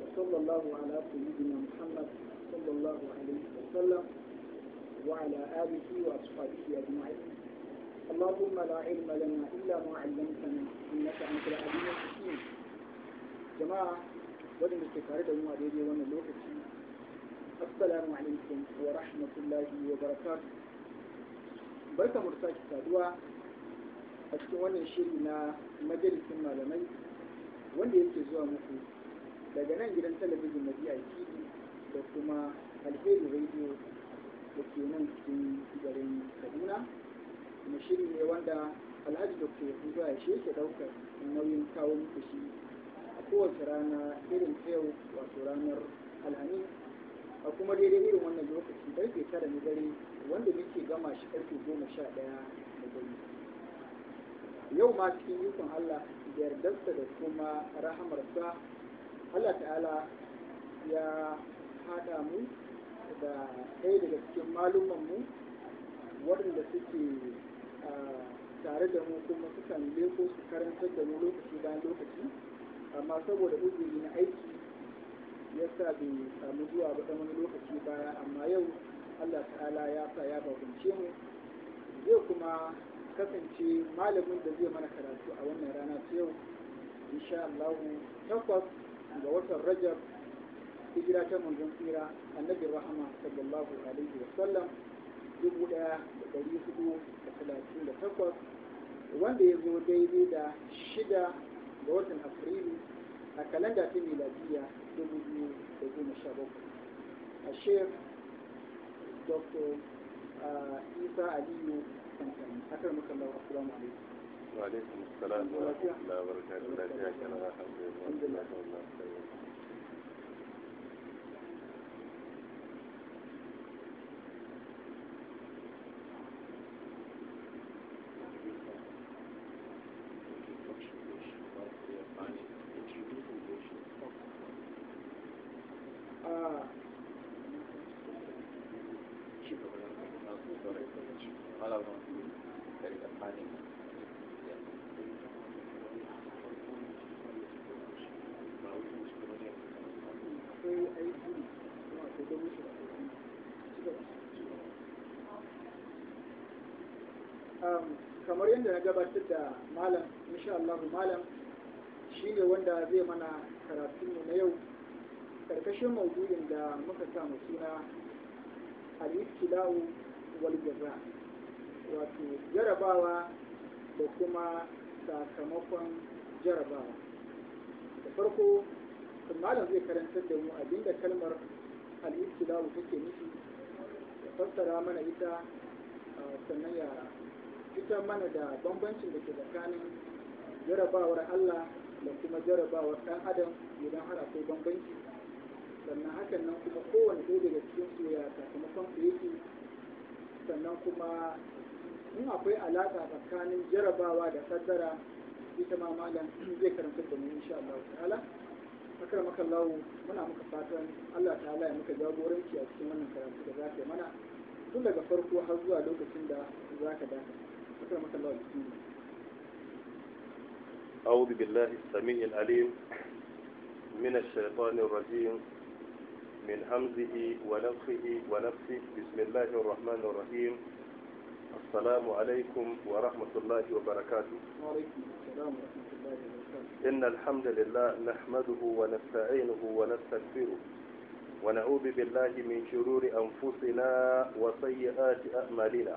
وصلى الله على سيدنا محمد صلى الله عليه وسلم وعلى آله وأصحابه أجمعين اللهم لا علم لنا إلا ما علمتنا إنك أنت العليم الحكيم جماعة ولم تكارد يوم أدري وانا لوكتي السلام عليكم ورحمة الله وبركاته barka mu da sake saduwa a cikin wannan shiri na majalisin malamai wanda yake zuwa muku daga nan gidan talabijin na biya tv da kuma alheri radio da ke nan cikin garin kaduna kuma shiri ne wanda alhaji dr yahuza ya shi yake daukar nauyin kawo muku shi a kowace rana irin ta yau wato ranar alhani, a kuma daidai irin wannan lokaci karfe tara na dare wanda muke gama shi karfe goma sha ɗaya da dare yau ma cikin ikon allah yardarsa da kuma rahamarsa Allah ta'ala ya haɗa mu da ɗaya daga cikin malumanmu waɗanda suke tare da mu kuma sukan leko su karantar da mu lokaci bayan lokaci amma saboda uzuri na aiki ya sa bai samu zuwa ba ɗan wani lokaci baya amma yau Allah ta'ala ya sa ya babance mu zai kuma kasance malamin da zai mana karatu a wannan rana ta yau insha Allah takwas ga watan Rajab hijira ta manzon tsira annabi rahama sallallahu alaihi wa sallam dubu ɗaya da dari hudu da talatin da takwas wanda ya zo daidai da shida ga watan afrilu a kalanda ta miladiya dubu biyu da goma sha bakwai a shek dr ah, isa aliyu وعليكم السلام ورحمة الله وبركاته لا شيء كان الحمد لله kamar yadda na gabatar da malam insha Allah malam shi ne wanda zai mana karatunmu na yau karkashin maudu'in da muka samu suna al-ibtila'u wal jaza wato jarabawa da kuma sakamakon jarabawa da farko malam zai karanta da mu abinda kalmar al-ibtila'u take nufi da fassara mana ita sannan yara. fitar mana da bambancin da ke tsakanin jarabawar Allah da kuma jarabawar ɗan adam idan har akwai bambanci sannan hakan nan kuma kowane ɗaya daga cikin su ya sakamakon su yake sannan kuma in akwai alaƙa tsakanin jarabawa da kaddara ita ma malam zai karanta da mu insha Allah ta'ala akar maka muna muka fatan Allah ta'ala ya muka jagoranci a cikin wannan karatu da za ka mana tun daga farko har zuwa lokacin da za ka dace أعوذ بالله السميع العليم من الشيطان الرجيم من همزه ونفخه ونفسه بسم الله الرحمن الرحيم السلام عليكم ورحمة الله وبركاته وعليكم السلام ورحمة الله وبركاته إن الحمد لله نحمده ونستعينه ونستغفره ونعوذ بالله من شرور أنفسنا وسيئات أعمالنا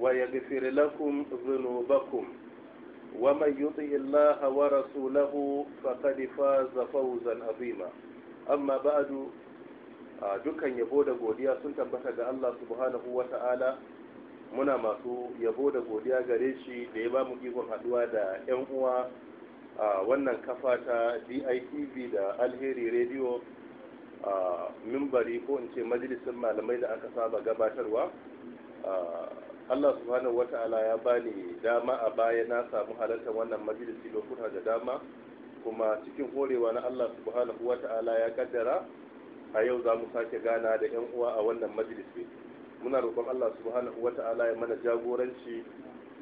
ويغفر لكم ذنوبكم ومن يطع الله ورسوله فقد فاز فوزا عظيما أما بعد dukkan yabo da godiya sun tabbata ga Allah subhanahu wa ta'ala muna masu yabo da godiya gare shi da ya bamu ikon haduwa da 'yan uwa a wannan kafa ta DITV da Alheri Radio a mimbari ko in ce majalisar malamai da aka saba gabatarwa Allah subhanahu wata'ala ya bani dama a baya na samu halartar wannan majalisi lokuta da dama kuma cikin horewa na Allah subhanahu wata'ala ya kaddara a yau za mu sake gana da 'yan uwa a wannan majalisi muna roƙon Allah subhanahu wata'ala ya mana jagoranci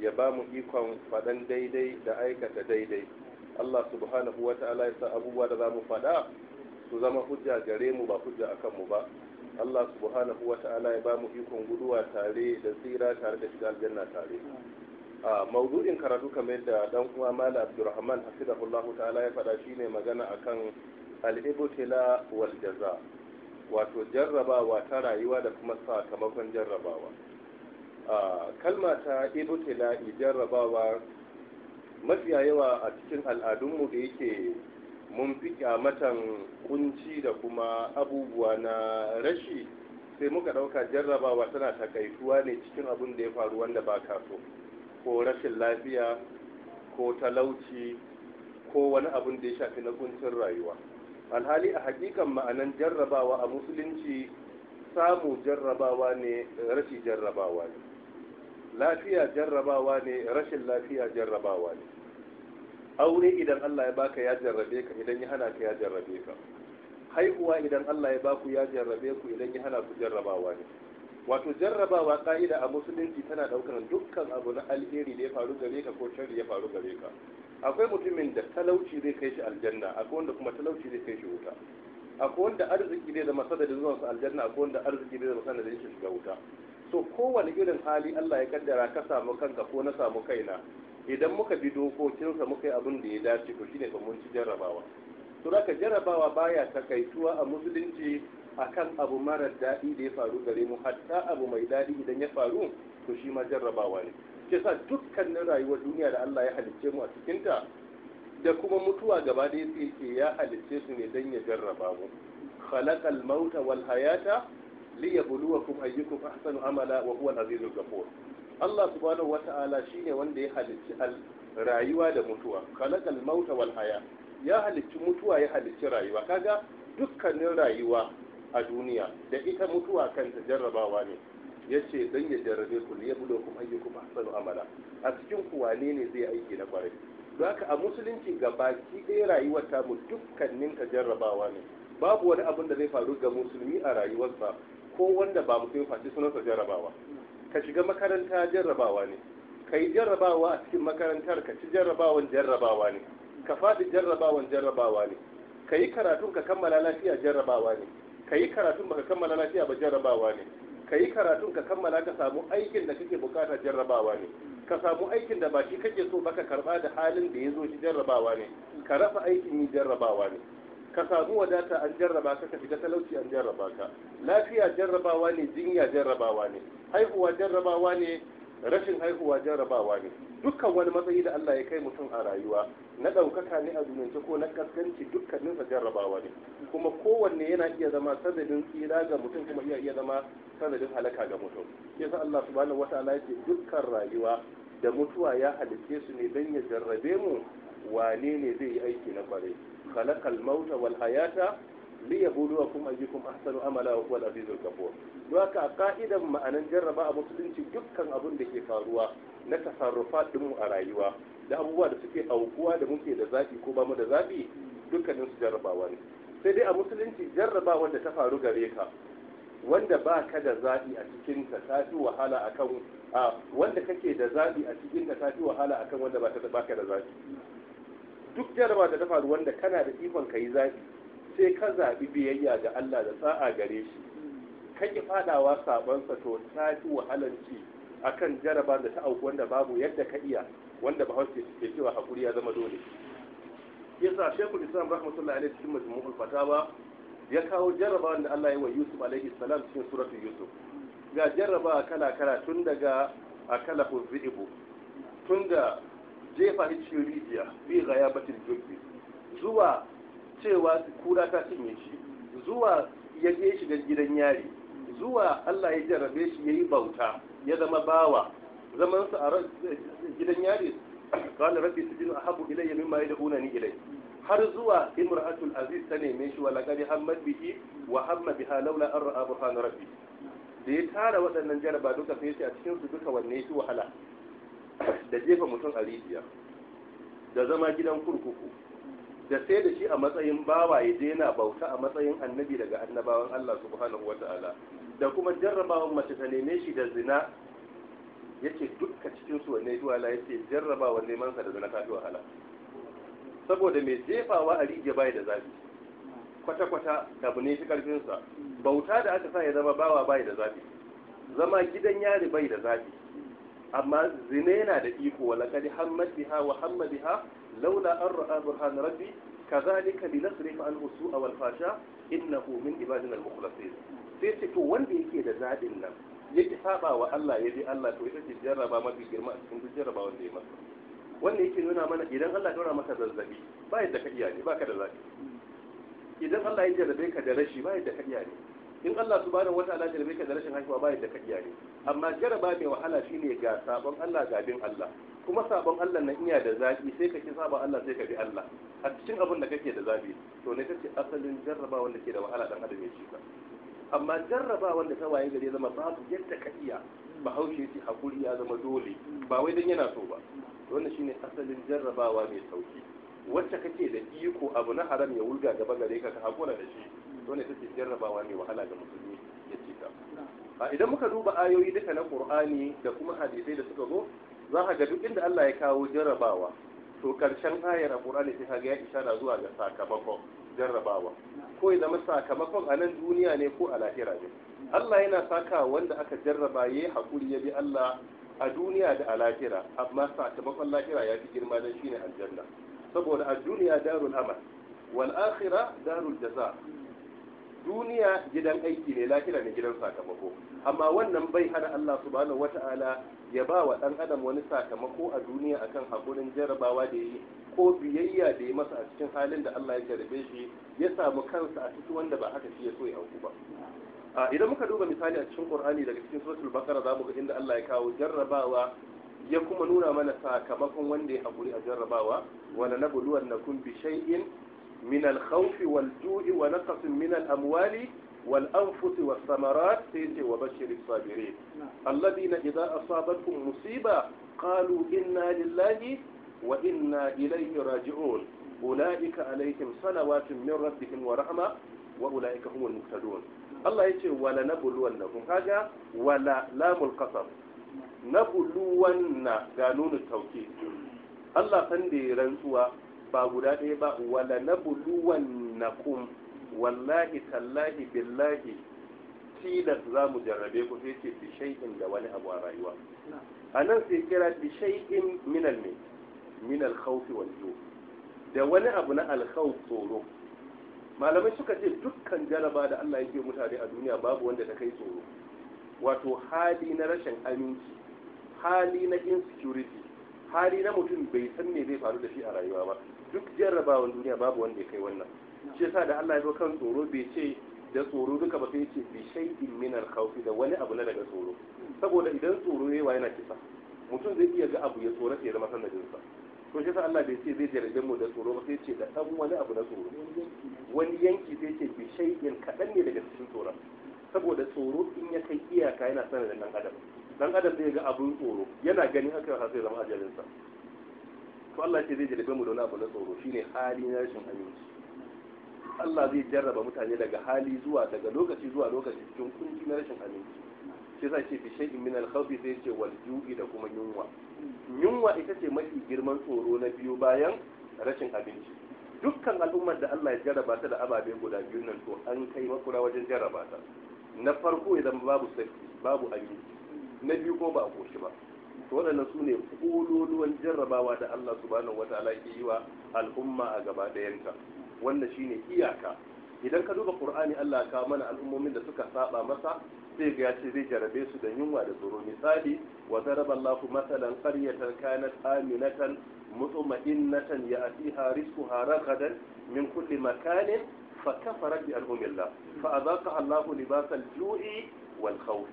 ya ba mu ikon faɗan daidai da aikata daidai Allah subhanahu wata'ala ya sa abubuwa da za mu faɗa su zama hujja gare mu ba hujja akan mu ba Allah subhanahu wa ta'ala ya ba mu ikon guduwa tare da tsira tare da shiga aljanna tare a maudu'in karatu kamar da dan uwa mala abdurrahman hafizahullahu ta'ala ya faɗa shine magana akan al-ibtila wal jaza wato jarrabawa ta rayuwa da kuma sakamakon jarrabawa A kalma ta ibtila jarrabawa mafiya yawa a cikin al'adunmu da yake mun fi kyamatan kunci da kuma abubuwa na rashi sai muka ɗauka jarrabawa tana takaituwa ne cikin abin da ya faru wanda ba ka so ko rashin lafiya ko talauci ko wani abin da ya shafi na kuncin rayuwa alhali a hakikan ma'anan jarrabawa a musulunci samu jarrabawa ne rashi jarrabawa ne lafiya jarrabawa ne rashin lafiya jarrabawa ne aure idan Allah ya baka ya jarrabe ka idan ya hana ka ya jarrabe ka haihuwa idan Allah ya baku ya jarrabe ku idan ya hana ku jarrabawa ne wato jarrabawa ka'ida a musulunci tana daukar dukkan abu na alheri da ya faru gare ka ko shari ya faru gare ka akwai mutumin da talauci zai kai shi aljanna akwai wanda kuma talauci zai kai shi wuta akwai wanda arziki zai zama da zuwan su aljanna akwai wanda arziki zai zama da shi shiga wuta so kowane irin hali Allah ya kaddara ka samu kanka ko na samu kaina idan muka bi dokokinsa muka yi abin da ya dace to shine mun ci jarrabawa to ka jarrabawa baya takaituwa a musulunci akan abu mara daɗi da ya faru gare mu hatta abu mai daɗi idan ya faru to shi ma jarrabawa ne ke sa dukkanin rayuwar duniya da Allah ya halicce mu a cikinta da kuma mutuwa gaba da sai ke ya halicce su ne dan ya jarraba mu khalaqal mauta wal hayata liyabluwakum ayyukum ahsanu amala wa huwa al-azizul ghafur Allah subhanahu wata'ala shine wanda ya halicci rayuwa da mutuwa khalaqal mauta wal haya ya halicci mutuwa ya halicci rayuwa kaga dukkanin rayuwa a duniya da ita mutuwa kanta jarrabawa ne yace dan ya jarrabe ku ne ya ku kuma ku ahsanu amala a cikin ku wane ne zai aiki na kwarai don haka a musulunci ga baki ɗaya rayuwar mu dukkanin ta jarrabawa ne babu wani abin da zai faru ga musulmi a rayuwarsa ko wanda ba musulmi face sunansa jarrabawa ka shiga makaranta jarrabawa ne ka yi jarrabawa a cikin makarantar ka ci jarrabawan jarrabawa ne ka faɗi jarrabawan jarrabawa ne ka yi karatun ka kammala lafiya jarrabawa ne ka yi karatun baka kammala lafiya ba jarrabawa ne ka yi karatun ka kammala ka samu aikin da kake bukata jarrabawa ne ka samu aikin da ba shi kake so ba ka karɓa da halin da ya zo shi jarrabawa ne ka rasa aikin yi jarrabawa ne ka samu wadata an jarraba ka ka fita talauci an jarraba ka lafiya jarrabawa ne jinya jarrabawa ne haihuwa jarrabawa ne rashin haihuwa jarrabawa ne dukkan wani matsayi da Allah ya kai mutum a rayuwa na ɗaukaka ne a zumunci ko na kaskanci dukkaninsa jarrabawa ne kuma kowanne yana iya zama sanadin tsira ga mutum kuma iya iya zama sanadin halaka ga mutum yasa Allah subhanahu wataala yake dukkan rayuwa da mutuwa ya halicce su ne dan ya jarrabe mu wane ne zai yi aiki na kwarai khalaqal mauta wal hayata liyabluwakum ayyukum ahsanu amala wa huwal azizul ghafur don haka ka'idan ma'anan jarraba a musulunci dukkan abin da ke faruwa na tasarrufa dinmu a rayuwa da abubuwa da suke aukuwa da muke da zafi ko ba mu da zafi dukkanin su sai dai a musulunci jarrabawa da ta faru gare ka wanda ba ka da zaɓi a cikin ta ta kake da zaɓi a cikin ta wahala akan wanda ba ka da zaɓi duk jaraba da ta faru wanda kana da ikon ka yi zafi, sai ka zaɓi biyayya ga Allah da sa'a gare shi ka ki faɗawa sabonsa to ta fi wahalanci akan jaraba da ta auku wanda babu yadda ka iya wanda hausa ke cewa hakuri ya zama dole yasa shekul islam rahmatullahi alaihi cikin majmu'ul fatawa ya kawo jarraba da Allah ya wa Yusuf alaihi salam cikin suratul Yusuf ga jarraba kala kala tun daga akala fuzibu tun da jefa ni cikin rijiya bi ga ya batin jirgi zuwa cewa kura ta cinye shi zuwa ya je shi da gidan yari zuwa Allah ya jarabe shi yayi bauta ya zama bawa zaman sa a eh, gidan yari qala rabbi sijinu ahabu ilayya mimma unani ilai har zuwa imra'atul aziz ta neme shi wala gari hammad bihi wa hamma biha laula an ra'a burhan rabbi da ya tara waɗannan jaraba duka sai ya a cikin su duka wanne shi wahala da jefa mutum a rijiya da zama gidan kurkuku da sai da shi a matsayin bawa ya je bauta a matsayin annabi daga annabawan Allah subhanahu wata'ala da kuma jarrabawan mace ta neme shi da zina yace duka cikin su wanne zuwa la yace jarrabawa neman sa da zina ta wahala saboda mai jefawa a rijiya bai da zafi kwata-kwata da ne shi karfin bauta da aka sa ya zama bawa bai da zafi zama gidan yari bai da zafi amma zina yana da iko kadi laqad hammatiha wa hammadiha laula an ra'a burhan rabbi kazalika linasrifa anhu su'a wal fasha innahu min ibadina al mukhlasin sai ce to wanda yake da zadin nan yake saba wa Allah ya bi Allah to yake jarraba mafi girma a cikin jarraba wanda ya masa wanda yake nuna mana idan Allah ya dora maka zazzabi ba yadda ka iya ne ba ka da zaki idan Allah ya jarrabe ka da rashi ba yadda ka iya ne in Allah su wata ala jarabe ka da rashin haihuwa ba yadda ka iya amma jaraba mai wahala shine ga sabon Allah ga bin Allah kuma sabon Allah na iya da zabi sai ka ki saba Allah sai ka bi Allah a cikin abin da kake da zabi to ne kace asalin jarraba wanda ke da wahala dan adam ya ci ka amma jarraba wanda ta waye gare zama babu yadda ka iya bahaushe ce hakuri ya zama dole ba wai dan yana so ba wannan shine asalin jarrabawa mai sauki wacce kake da iko abu na haram ya wulga gaba gare ka ka hakura da shi ne take jarrabawa ne wahala ga musulmi ya ci ka a idan muka duba ayoyi duka na qur'ani da kuma hadisai da suka zo za ka ga duk inda Allah ya kawo jarrabawa to karshen ayar a qur'ani sai ga ya isara zuwa ga sakamakon jarrabawa ko idan zama sakamakon a nan duniya ne ko a lahira ne Allah yana saka wanda aka jarraba yayi hakuri ya bi Allah a duniya da a lahira amma sakamakon lahira ya fi girma dan shine aljanna saboda a duniya darul amal wal akhira darul jaza duniya gidan aiki ne lahira ne gidan sakamako amma wannan bai hana Allah subhanahu wata'ala ya ba wa dan adam wani sakamako a duniya akan hakurin jarabawa da yi ko biyayya da ya masa a cikin halin da Allah ya jarabe shi ya samu kansa a cikin wanda ba haka shi ya so ya auku ba idan muka duba misali a cikin Qur'ani daga cikin suratul Baqara za mu ga inda Allah ya kawo jarrabawa ya kuma nuna mana sakamakon wanda ya haƙuri a jarrabawa wala na buluwan na kun bi shay'in min al wal ju'i wa naqsin min al-amwali wal anfusi was samarat sai ce wa bashiris sabirin alladina idza asabatkum musiba qalu inna lillahi wa inna ilayhi raji'un ulaika alaihim salawatun min rabbihim wa rahma wa ulaika humul muhtadun Allah yace wala na buluwan na kun kaga wala lamul qasam na buluwanna ga nuna tauke Allah san da ya rantsuwa ba guda ɗaya ba wala na buluwanna kum wallahi tallahi billahi tilas za mu jarrabe ku sai ce bishai'in da wani abu a rayuwa a nan sai kira bishai'in minal ne minal khawfi wal da wani abu na alkhawf tsoro malamai suka ce dukkan jaraba da Allah yake mutane a duniya babu wanda ta kai tsoro wato hali na rashin aminci hali na insecurity hali na mutum bai san me zai faru da shi a rayuwa ba duk jarrabawan duniya babu wanda ya kai wannan shi yasa da Allah ya zo kan tsoro bai ce da tsoro duka ba sai ce bi shay'in min al-khawfi da wani abu na daga tsoro saboda idan tsoro yayi wa yana kisa mutum zai iya ga abu ya tsora sai ya zama sanadin sa to shi yasa Allah bai ce zai jarrabe mu da tsoro ba sai ce da dan wani abu na tsoro wani yanki sai ce bi shay'in kadan ne daga cikin tsoron saboda tsoro in ya kai iyaka yana sanadin nan adam dan adam ya ga abun tsoro yana gani haka har sai zama ajalinsa to Allah ce zai jarrabe mu da wani abu na tsoro shine hali na rashin aminci Allah zai jarraba mutane daga hali zuwa daga lokaci zuwa lokaci cikin kunci na rashin aminci sai sa ce bishe in min al-khawfi sai ce wal ju'i da kuma yunwa yunwa ita ce mafi girman tsoro na biyu bayan rashin abinci dukkan al'ummar da Allah ya jarraba ta da ababe guda biyu nan to an kai makura wajen jarraba ta na farko idan babu safi, babu aminci na biyu ko ba a koshi ba to waɗannan su ne ƙololuwan jarrabawa da Allah subhanahu wa ta'ala ke yi wa al'umma a gaba ɗayanta wannan shine iyaka idan ka duba ƙur'ani Allah ka mana al'ummomin da suka saba masa sai ga ce zai jarabe su da yunwa da tsoro misali wa daraba Allahu masalan qaryatan kanat aminatan mutma'innatan harisku haraka da min kulli makanin فكفرت بأنهم الله Allah الله لباس الجوع والخوف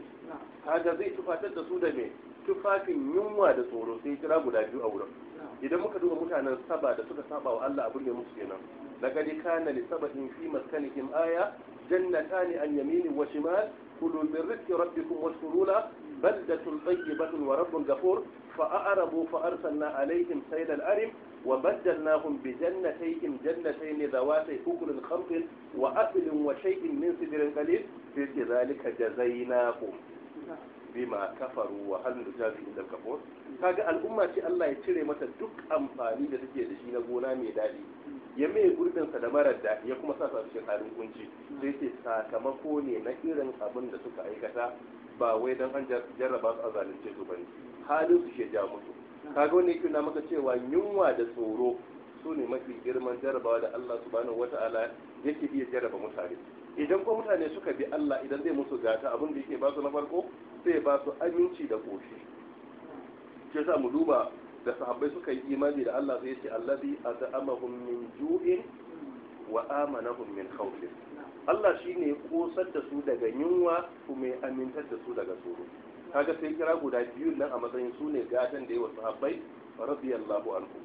هذا زي تفاتل دسو ده مين تفافين يموا ده صورو سي guda biyu a wurin. Idan muka duba mutanen saba da suka saba wa Allah abin da musu kenan daga di kana li sabahin fi maskanihim aya jannatani an yamini wa shimal kulu min rizqi rabbikum washkurula baldatun tayyibatun wa rabbun ghafur fa a'rabu fa arsalna alayhim sayla al-arim وبدلناهم بجنتيهم جنتين ذواتي أكل خمط وأكل وشيء من سدر قليل ذلك جزيناهم bima kafaru wa hal nujazi illa kaga al'umma ce Allah ya cire mata duk amfani da take da shi na gona mai daɗi. ya mai gurbin sa da marar da ya kuma sa sa cikin halin kunci sai ce sakamako ne na irin abin da suka aikata ba wai dan an jarraba su a zalunce su bane halin su ke ja mutu. kaga ne ke na maka cewa yunwa da tsoro su ne mafi girman jarabawa da Allah subhanahu wata'ala yake iya jaraba mutane idan ko mutane suka bi Allah idan zai musu gata abin da yake ba su na farko sai ba su aminci da kofi, sai sa mu duba da sahabbai suka yi imani da Allah sai yace allazi at'amahum min ju'in wa amanahum min khawf Allah shine kosar da su daga yunwa kuma ya amintar da su daga tsoro kaga sai kira guda biyu nan a matsayin su ne gadon da yi wa sahabbai radiyallahu anhu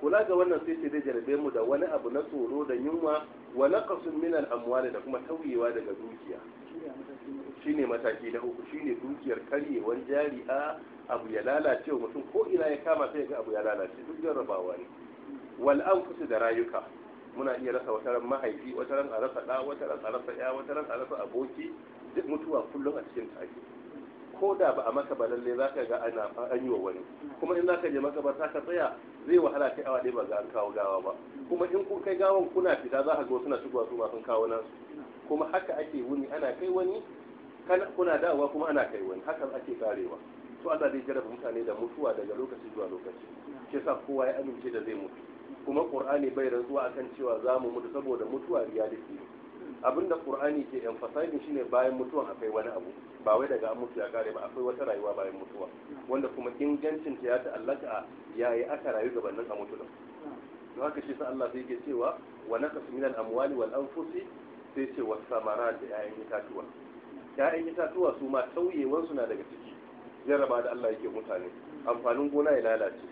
kula ga wannan sai sai dai jarabe mu da wani abu na tsoro da yunwa wa naqasun min al-amwal da kuma tauyewa daga dukiya shine mataki na uku shine dukiyar karyewar jari a abu ya lalace mutum ko ina ya kama sai ga abu ya lalace duk rabawa ne wal anfus da rayuka muna iya rasa wata ran mahaifi wata ran a rasa da wata ran a rasa ya wata ran a rasa aboki duk mutuwa kullum a cikin take ko da ba a maka ba lalle za ka ga ana an yi wa wani kuma in za ka je maka ba za ka tsaya zai wahala kai awa ɗaya ba ga an kawo gawa ba kuma in kun kai gawan kuna fita za ka ga suna shigowa su sun kawo nasu kuma haka ake wuni ana kai wani kuna dawowa kuma ana kai wani haka ake karewa to Allah zai jarraba mutane da mutuwa daga lokaci zuwa lokaci Ke sa kowa ya amince da zai mutu kuma Qur'ani bai rantsuwa akan cewa za mu mutu saboda mutuwa reality ne abinda qur'ani ke emphasize shine bayan mutuwa akwai wani abu ba wai daga mutu ya kare ba akwai wata rayuwa bayan mutuwa wanda kuma ingancin ta ya ta'allaka a yayi aka rayu gabanin a mutu don haka shi sa Allah sai yake cewa wa naqas min al amwali wal anfusi sai ce wa samarat da 'ya'yan itatuwa 'ya'yan itatuwa su ma tauyewan na daga ciki jarraba da Allah yake mutane amfanin gona ya lalace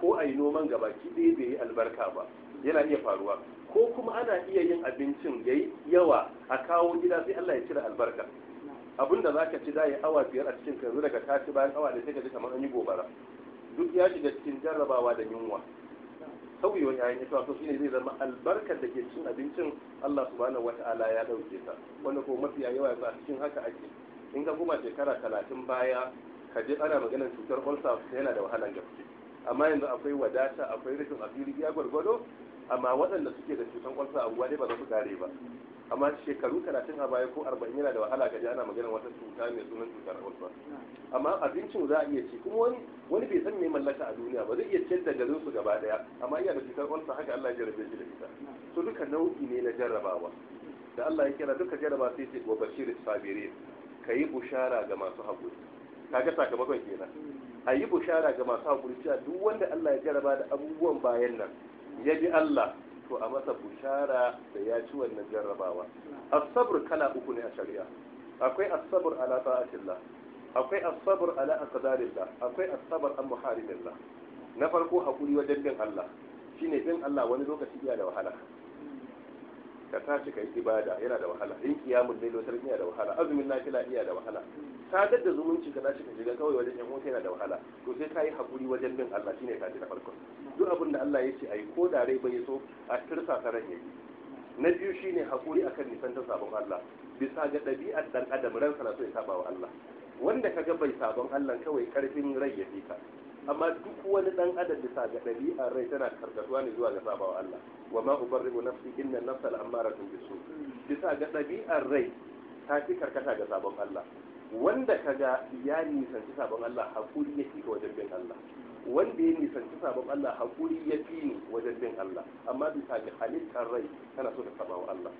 ko a yi noman gabaki ɗaya bai yi albarka ba yana iya faruwa ko kuma ana iya yin abincin ya yawa a kawo gida sai Allah ya cire albarka abin da za ka ci yi awa biyar a cikin kanzu daga tashi bayan awa da sai ka ji kamar an gobara duk ya shiga cikin jarrabawa da yunwa wani 'ya'yan ita wato shine zai zama albarkar da ke cin abincin Allah subhanahu wata'ala ya dauke ta wanda ko mafiya yawa ba a cikin haka ake in ka kuma shekara talatin baya ka je ana maganar cutar ulcer yana da wahalar gaske amma yanzu akwai wadata akwai rikin asiri ya gwargwado amma waɗanda suke da cutar kwalsa a ne ba za su kare ba amma shekaru talatin a baya ko arba'in yana da wahala gaji ana magana wata cuta mai sunan cutar kwalsa amma abincin za a iya ci kuma wani wani bai san me mallaka a duniya ba zai iya ce da garin su gaba daya amma iya da cutar kwalsa haka Allah ya jarabe shi da ita so duka nau'i ne na jarrabawa da Allah ya kira duka jarraba sai ce wa bashirin sabirin kayi bushara ga masu haƙuri kaga sakamakon kenan a yi bushara ga masu haƙuri cewa duk wanda Allah ya jaraba da abubuwan bayan nan ya bi Allah to a masa bushara da ya ci wannan jarrabawa asabur kala uku ne a shari'a akwai asabur ala ta'atillah akwai asabur ala aqdarillah akwai asabur an muharibillah na farko hakuri wajen bin Allah shine bin Allah wani lokaci iya da wahala ka tashi kai ibada yana da wahala in kiyamul layl wata iya da wahala azumin nafila iya da wahala sadar da zumunci ka tashi ka shiga kawai wajen yan uwa yana da wahala to sai ka yi hakuri wajen bin Allah shine ka ji na farko duk abin da Allah ya ce ai ko da rai bai so a tirsa ta ran yayi na biyu shine hakuri akan nisantar sabon Allah bisa ga ɗabi'ar dan adam ransa sa so ya saba wa Allah wanda kaga bai sabon Allah kawai karfin rai ya fita amma duk wani dan adam bisa ga ɗabi'ar rai tana karkatuwa ne zuwa ga sabawa Allah wa ma ubarribu nafsi inna nafsa al'amaratun bisu bisa ga ɗabi'ar rai ta fi karkata ga sabon Allah wanda kaga ya nisanci sabon Allah hakuri yake ga wajen bin Allah wanda ya nisanci sabon Allah hakuri ya fi ni wajen bin Allah amma bisa ga halittar rai tana so ta saba wa Allah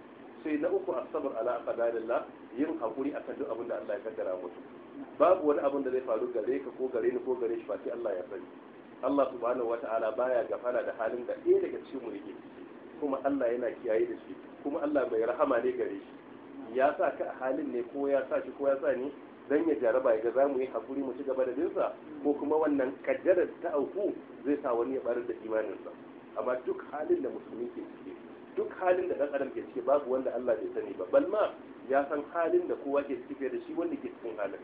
sai na uku asabar ala qadarillah yin hakuri akan duk abin da Allah ya kaddara mutu babu wani abin da zai faru gare ka ko gare ni ko gare shi face Allah ya sani Allah subhanahu wataala baya gafara da halin da ɗaya daga cikin mu yake kuma Allah yana kiyaye da shi kuma Allah bai rahama ne gare shi ya sa ka a halin ne ko ya sa shi ko ya sa ni dan ya jaraba ga za yi hakuri mu ci gaba da dinsa, ko kuma wannan kaddarar ta auku zai sa wani ya barar da imaninsa amma duk halin da musulmi ke ciki duk halin da dan adam ke ciki babu wanda Allah bai sani ba balma ya san halin da kowa ke ciki da shi wanda ke cikin halin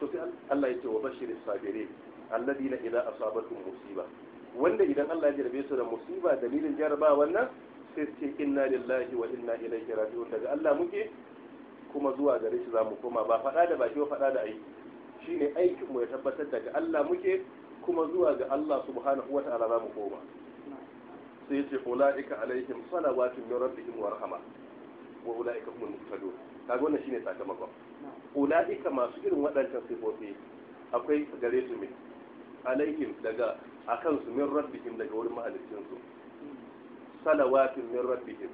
to sai Allah ya ce wa bashirin sabirin alladina idza asabatu musiba wanda idan Allah ya jarabe su da musiba dalilin jarabawa wannan sai su ce inna lillahi wa inna ilaihi raji'un daga Allah muke kuma zuwa gare shi zamu koma ba faɗa da baki ba faɗa da aiki shine aikin mu ya tabbatar daga Allah muke kuma zuwa ga Allah subhanahu wa ta'ala mu koma sai yace ulaika alaihim salawatun min rabbihim wa rahma wa ulaika humul muhtadun kaga wannan shine sakamakon ulaika masu irin waɗancan sifofi akwai gare su mai alaihim daga akan su min rabbihim daga wurin mahalicin su salawatin min rabbihim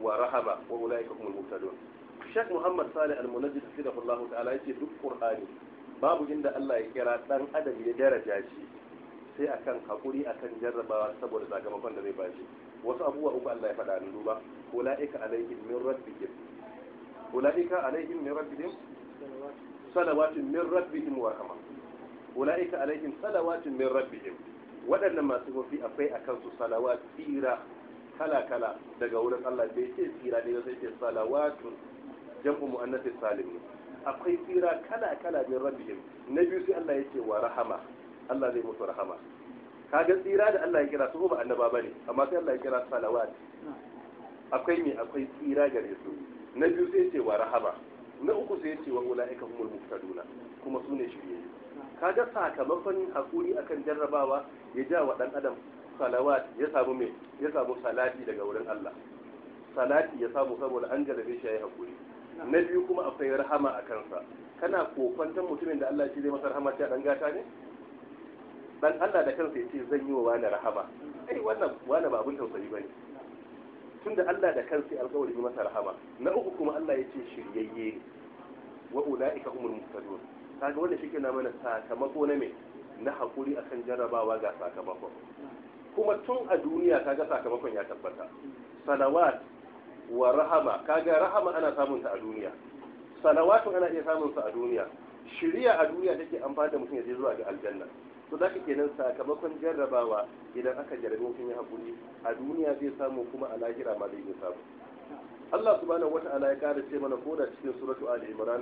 wa rahaba wa ulaika humul muhtadun Sheikh Muhammad Salih Al-Munajjid hafizahullahu ta'ala ce duk ƙur'ani babu inda Allah ya kira dan adam ya daraja shi sai akan hakuri jarrabawa saboda sakamakon da zai bashi wasu abubuwa uku Allah ya faɗa ni duba ulaika alaihim min rabbihim ulaika alaihim min rabbihim salawatun min rabbihim wa rahma ulaika alaihim salawatun min rabbihim waɗannan masu gofi akwai akan su salawat tsira kala-kala daga wurin Allah bai ce tsira ne sai ce salawatun jam'u mu'annasin salim akwai tsira kala-kala min rabbihim na biyu sai Allah ya ce wa rahama Allah zai musu rahama kaga tsira da Allah ya kira su ba annaba bane amma sai Allah ya kira salawat akwai me akwai tsira gare su na biyu sai ce wa rahama na uku sai ce wa ulaika humul muftaduna kuma su ne shirye kaga sakamakon hakuri akan jarrabawa ya ja wa dan adam salawat ya samu mai ya samu salati daga wurin Allah salati ya samu saboda an jarabe shi yayi hakuri na biyu kuma akwai rahama a kansa kana kokwantan mutumin da Allah shi zai masa rahama ta dan gata ne dan Allah da kansa yace zan yi wa wani rahama eh wannan wani ba abun tausayi bane tunda Allah da kansa ya alƙawari masa rahama na uku kuma Allah yace shiryayye ne wa ulaika humul muhtadun kaga wanda shike na mana sakamako na me na hakuri akan jarrabawa ga sakamako. kuma tun a duniya kaga sakamakon ya tabbata salawat wa rahama kaga rahama ana samun ta a duniya salawatun ana iya samun su a duniya Shirya a duniya take amfani da mutum ya je zuwa ga aljanna to za ka kenan sakamakon jarrabawa idan aka jarrabe mutum ya haƙuri a duniya zai samu kuma a lahira ma zai samu Allah subhanahu wata'ala ya kara ce mana koda cikin suratu Ali Imran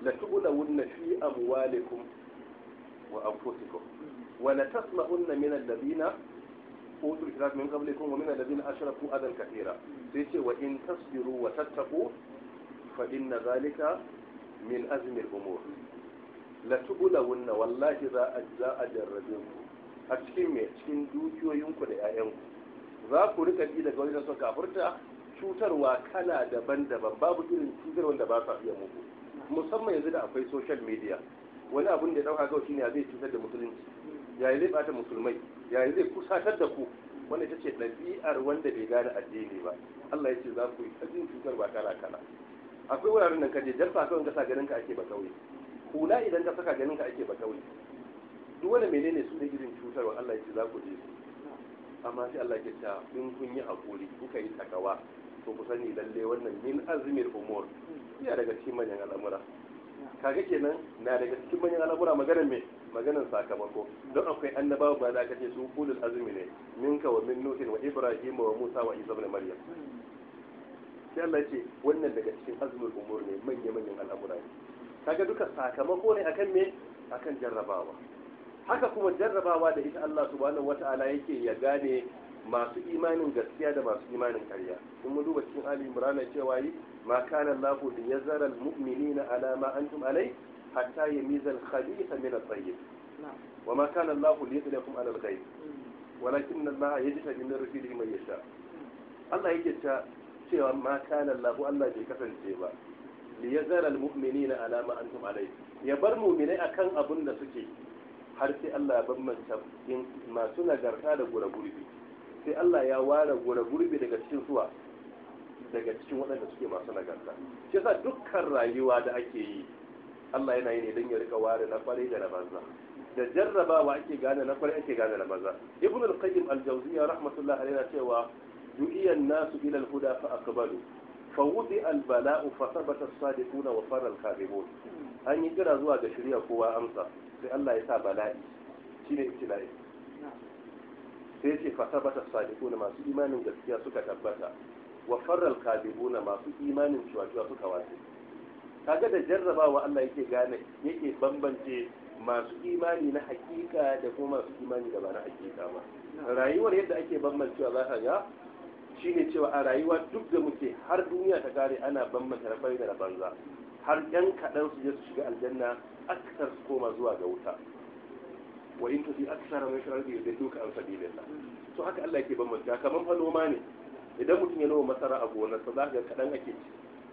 la tu'lawunna fi amwalikum wa anfusikum wa la tasma'unna min alladhina utul kitab min qablikum wa min alladhina ashraku adan kathira sai ce wa in tasbiru wa tattaqu fa inna zalika min azmi al-umur la tubulawunna wallahi za a za a jarrabe ku a cikin me cikin dukiyoyinku da 'ya'yanku za ku rika ji daga wajen son kafurta cutarwa kala daban-daban babu irin cutarwa da ba sa iya muku musamman yanzu da akwai social media wani abun da ya dauka kawai shine zai cutar da musulunci yayi zai bata musulmai yayi zai kusatar da ku wanda ita ce ɗabi'ar wanda bai gane addini ba Allah ya ce za ku yi ajin cutar ba kala kala akwai wuraren nan kaje fa kawai ka sa ganin ka ake ba kawai hula idan ka saka ganin ka ake ba kawai duk wanda menene su ne irin cutarwa Allah ya ce za ku je amma sai Allah ya ce in kun yi hakuri kuka yi takawa to ku sani lalle wannan min azmir umur yana daga cikin manyan al'amura kaga kenan na daga cikin manyan al'amura maganar me maganar sakamako don akwai annabawa ba za ka ce su kulul azumi ne ka wa min nuhin wa ibrahim wa musa wa isa ibn maryam sai Allah ce wannan daga cikin azumin umur ne manya manyan al'amura ne kaga duka sakamako ne akan me akan jarrabawa haka kuma jarrabawa da ita Allah subhanahu wata'ala yake ya gane masu imanin gaskiya da masu imanin karya in mu duba cikin ali imran cewa yi ma kana Allahu li yazara al-mu'minina ala ma antum alai hatta يميز الخبيث من الطيب وما كان الله kana على الغيب ولكن al-ghaib walakin Allah yajtabi min rusulihi man yasha Allah yake ta الله ma kana Allah Allah bai kasance ba liyazara almu'minina ala ma antum alayhi ya bar mu'minai akan abunda da ما har sai Allah ya bambanta in masu nagarta da gura gurbi sai Allah ya ware gurbi daga cikin daga cikin waɗanda suke masu nagarta shi yasa dukkan rayuwa da ake yi Allah yana yi ne don ya rika ware na kwarai da na banza da jarrabawa ake gane na kwarai ake gane na banza ibn al-qayyim al-jawziyya rahmatullah alayhi cewa du'iya an-nasu ila al-huda fa aqbalu fa wudi al-bala'u fa thabata as-sadiqun wa fara al-kadhibun an yi kira zuwa ga shirya kowa amsa sai Allah ya sa bala'i shine ibtila'i sai ce fa thabata as-sadiqun masu imanin gaskiya suka tabbata wa farra al-kadhibun masu imanin ciwa suka wace kaga da jarrabawa Allah yake gane yake bambance masu imani na hakika da kuma masu imani da ba na hakika ba rayuwar yadda ake bambancewa za ka ga shine cewa a rayuwa duk da muke har duniya ta kare ana bambanta na da banza har yan kaɗan su je su shiga aljanna aksar su koma zuwa ga wuta wa in tufi aksar mai shirar da yadda duka an da ta. to haka Allah yake bambanta kamar fa noma ne idan mutum ya noma masara a gonarsa za ka ga kaɗan ake ci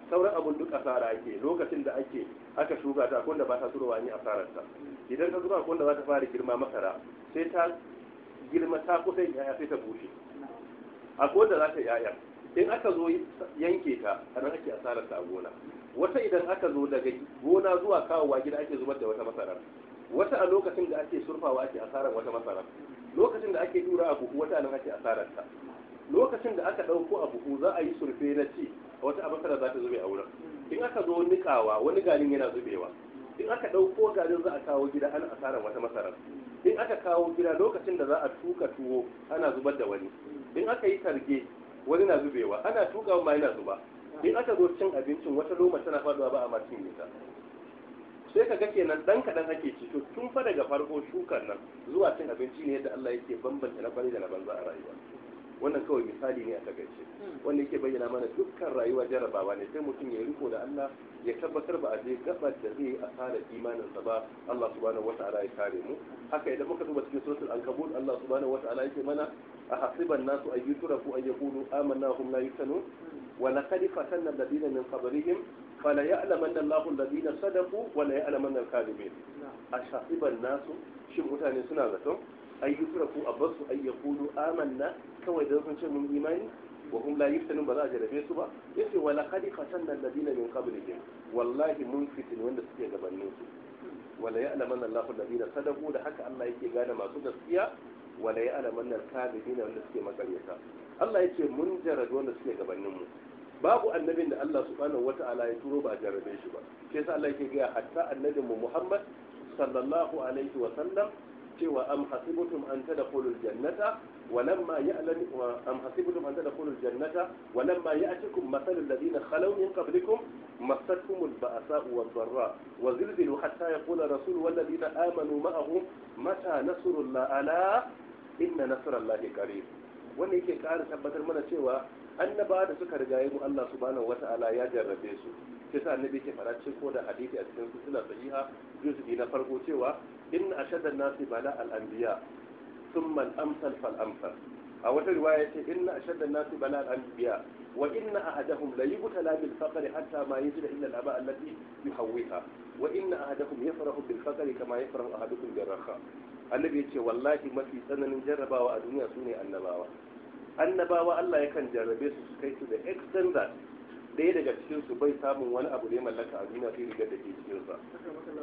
sauran abun duk asara ake lokacin da ake aka shuka ta kunda da ba ta turowa ni asararta idan ka zuba kunda da za ta fara girma masara sai ta girma ta kusa yaya sai ta bushe akwai da za ta yaya in aka zo yanke ta a nan ake asararta a gona wata idan aka zo daga gona zuwa kawowa gida ake zubar da wata masara, wata a lokacin da ake surfawa ake asarar wata masara, lokacin da ake dura a buhu wata nan ake asararta lokacin da aka ɗauko a buhu za a yi surfe na ci a wata abakara za ta zube a wurin in aka zo niƙawa wani galin yana zubewa in aka ɗauko garin za a kawo gida ana asarar wata masarar in aka kawo gida lokacin da za a tuka tuwo ana zubar da wani in aka yi targe wani na zubewa ana tuka ma yana zuba in aka zo cin abincin wata loma tana faɗuwa ba a ma cin nisa sai ka ga kenan dan kaɗan ake ci to tun fa daga farko shukar nan zuwa cin abinci ne yadda Allah yake bambanta na bari da na banza a rayuwa wannan kawai misali ne a takaice hmm. wanda yake bayyana mana dukkan rayuwa jarabawa ne sai mutum ya riko da Allah ya tabbatar ba a je gaba da zai asara imanin sa ba Allah subhanahu wataala ya kare mu haka idan muka duba cikin suratul ankabut Allah subhanahu wataala yake mana a hasiban nasu an yutura ku an ya kulu amanna hum la yutanu wa laqad fatanna alladina min qabrihim fala ya'lamanna Allahu alladina sadaqu wa la a hasiban nasu shin mutane suna zato ayyutraku abasu ay kudu amanna kawai da sun ce mun imani wa kuma la yuftanun ba za a jarabe su ba yace wa laqad fatanna alladina min qablihim wallahi mun fitin wanda suke gabanin su wala ya'lamanna Allahu alladina sadaku da haka Allah yake gane masu gaskiya wala ya'lamanna al-kadhibina wanda suke makaryata Allah yake mun jarabe wanda suke gabanin mu babu annabin da Allah subhanahu wata'ala ya turo ba a jarabe shi ba sai sa Allah yake ga hatta annabin mu Muhammad sallallahu alaihi wa sallam cewa am hasibutum an tadkhulul jannata walamma ya'lam am hasibutum an tadkhulul jannata walamma ya'tikum mathalul ladina khalaw min qablikum mata nasrullah ala inna nasrallahi qarib wannan yake ƙara tabbatar mana cewa annaba da suka rigaye mu Allah subhanahu wata'ala ya jarrabe su sai sa annabi ke fara cikin da hadisi a cikin na farko cewa inna ashadan nasi bala al-anbiya thumma al-amsal fal amsal a wata riwaya ce inna ashaddan nasi bala al wa inna a ahadahum la yubtala bil faqr hatta ma yi yajida illa al-aba allati yuhawwiha wa inna a ya yafrahu bil faqr kama ya yafrahu ahadukum bil raha annabi ce wallahi mafi tsananin jarrabawa a duniya su ne annabawa annabawa Allah yakan jarrabe su su kai su da extent ɗaya daga cikin su bai samun wani abu ne mallaka a duniya sai rigar da ke cikin sa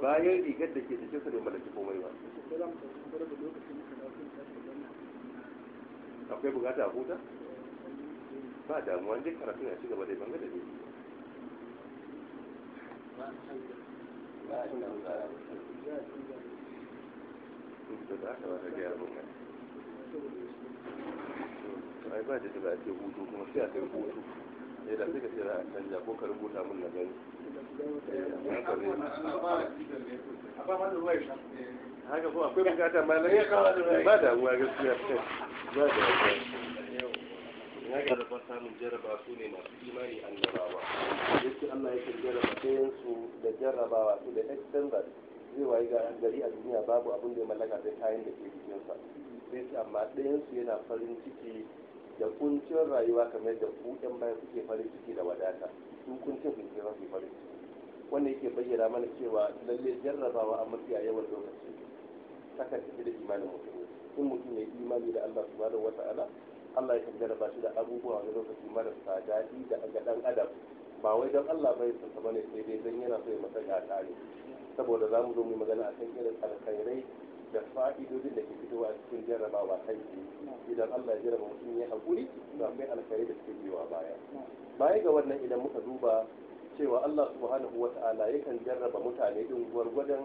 bayan rigar da ke cikin sa ne mallaki komai ba akwai bukata a huta ba damuwa dai karatun ya ci gaba dai bangare da ba da ba da ba sai a ba eh da sai ka ce za a canja ko ka rubuta min na gani eh, haka kuma akwai bukata malamai ba ruwa gaskiya ba damuwa ya jarraba samun jarraba su ne masu imani annabawa yake Allah yake jarraba sayan su da jarrabawa su da extended zai wayi ga gari a duniya babu abin da ya mallaka sai kayan da ke jikinsa sai amma ɗayan su yana farin ciki da kuncin rayuwa kamar da ku ɗan bayan kuke farin ciki da wadata su kuncin sun ke mafi farin ciki wanda yake bayyana mana cewa lalle jarrabawa a a yawan lokaci takan tafi da imanin mutum in mutum ya imani da Allah subhanahu wata'ala Allah kan jarraba shi da abubuwa wani lokaci marasa daɗi da ga ɗan adam ba wai don Allah bai sassa bane sai dai don yana so ya masa ya ne saboda za mu zo mu magana a kan irin alkhairai da fa'idodin da ke fitowa a cikin jarrabawa kai idan Allah ya jarraba mutum ya haƙuri to kai alkhairai da suke biyowa baya baya ga wannan idan muka duba cewa Allah subhanahu wa ta'ala yakan jarraba mutane din gwargwadon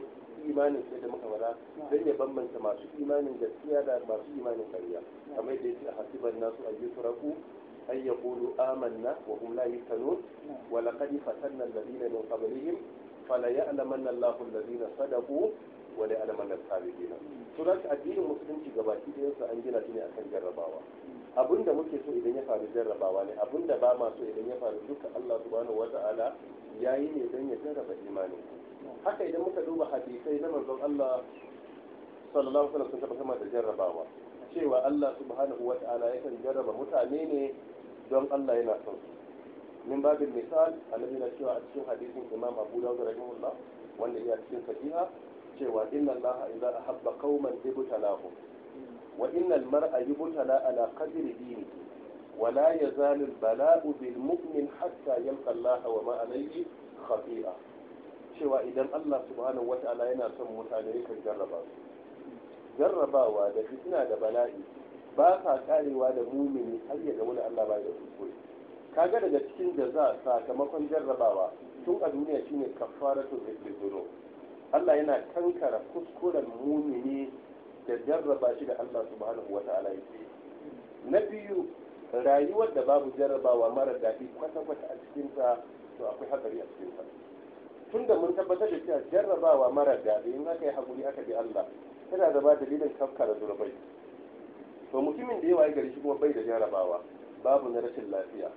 imanin sai da muka mara don ya bambanta masu imanin gaskiya da masu imanin ƙarya kamar da yake a hasiban nasu ayyukuraku أن يقولوا آمنا وهم لا يفتنون ولقد فتنا الذين من قبلهم فليعلمن الله الذين صدقوا wani tsari sabirina to da addinin musulunci ga baki yansu an gina shi ne akan jarrabawa abin da muke so idan ya faru jarrabawa ne abin da ba ma so idan ya faru duka Allah subhanahu wa ya yi ne don ya jarraba imani haka idan muka duba hadisai na manzon Allah sallallahu alaihi wasallam sun kama da jarrabawa cewa Allah subhanahu ta'ala yakan jarraba mutane ne don Allah yana son su min babin misal annabi na cewa a cikin hadisin Imam Abu Dawud rahimahullah wanda ya cikin sahiha cewa inna allaha idza ahabba qauman ibtalahu wa inna almar'a yubtala ala qadri dinihi wa la yazalu albala'u bil mu'min hatta yalqa allaha wa ma alayhi khafi'a cewa idan Allah subhanahu wata'ala yana son mutane yakan jarraba su jarrabawa da fitina da bala'i ba sa karewa da mumini har ya wani Allah ba da kuskure kaga daga cikin da za sakamakon jarrabawa tun a duniya shine kafaratu zikri Allah yana kankara kuskuren mumini da jarraba shi da Allah subhanahu wa ta'ala yake na biyu rayuwar da babu jarrabawa mara daɗi kwata-kwata a cikinsa to akwai hatsari a cikinsa tun da mun tabbatar da cewa jarrabawa mara daɗi in aka yi hakuri aka bi Allah tana da ba dalilin kafkara zurbai to mutumin da yawa ya gari shi kuma bai da jarrabawa babu na rashin lafiya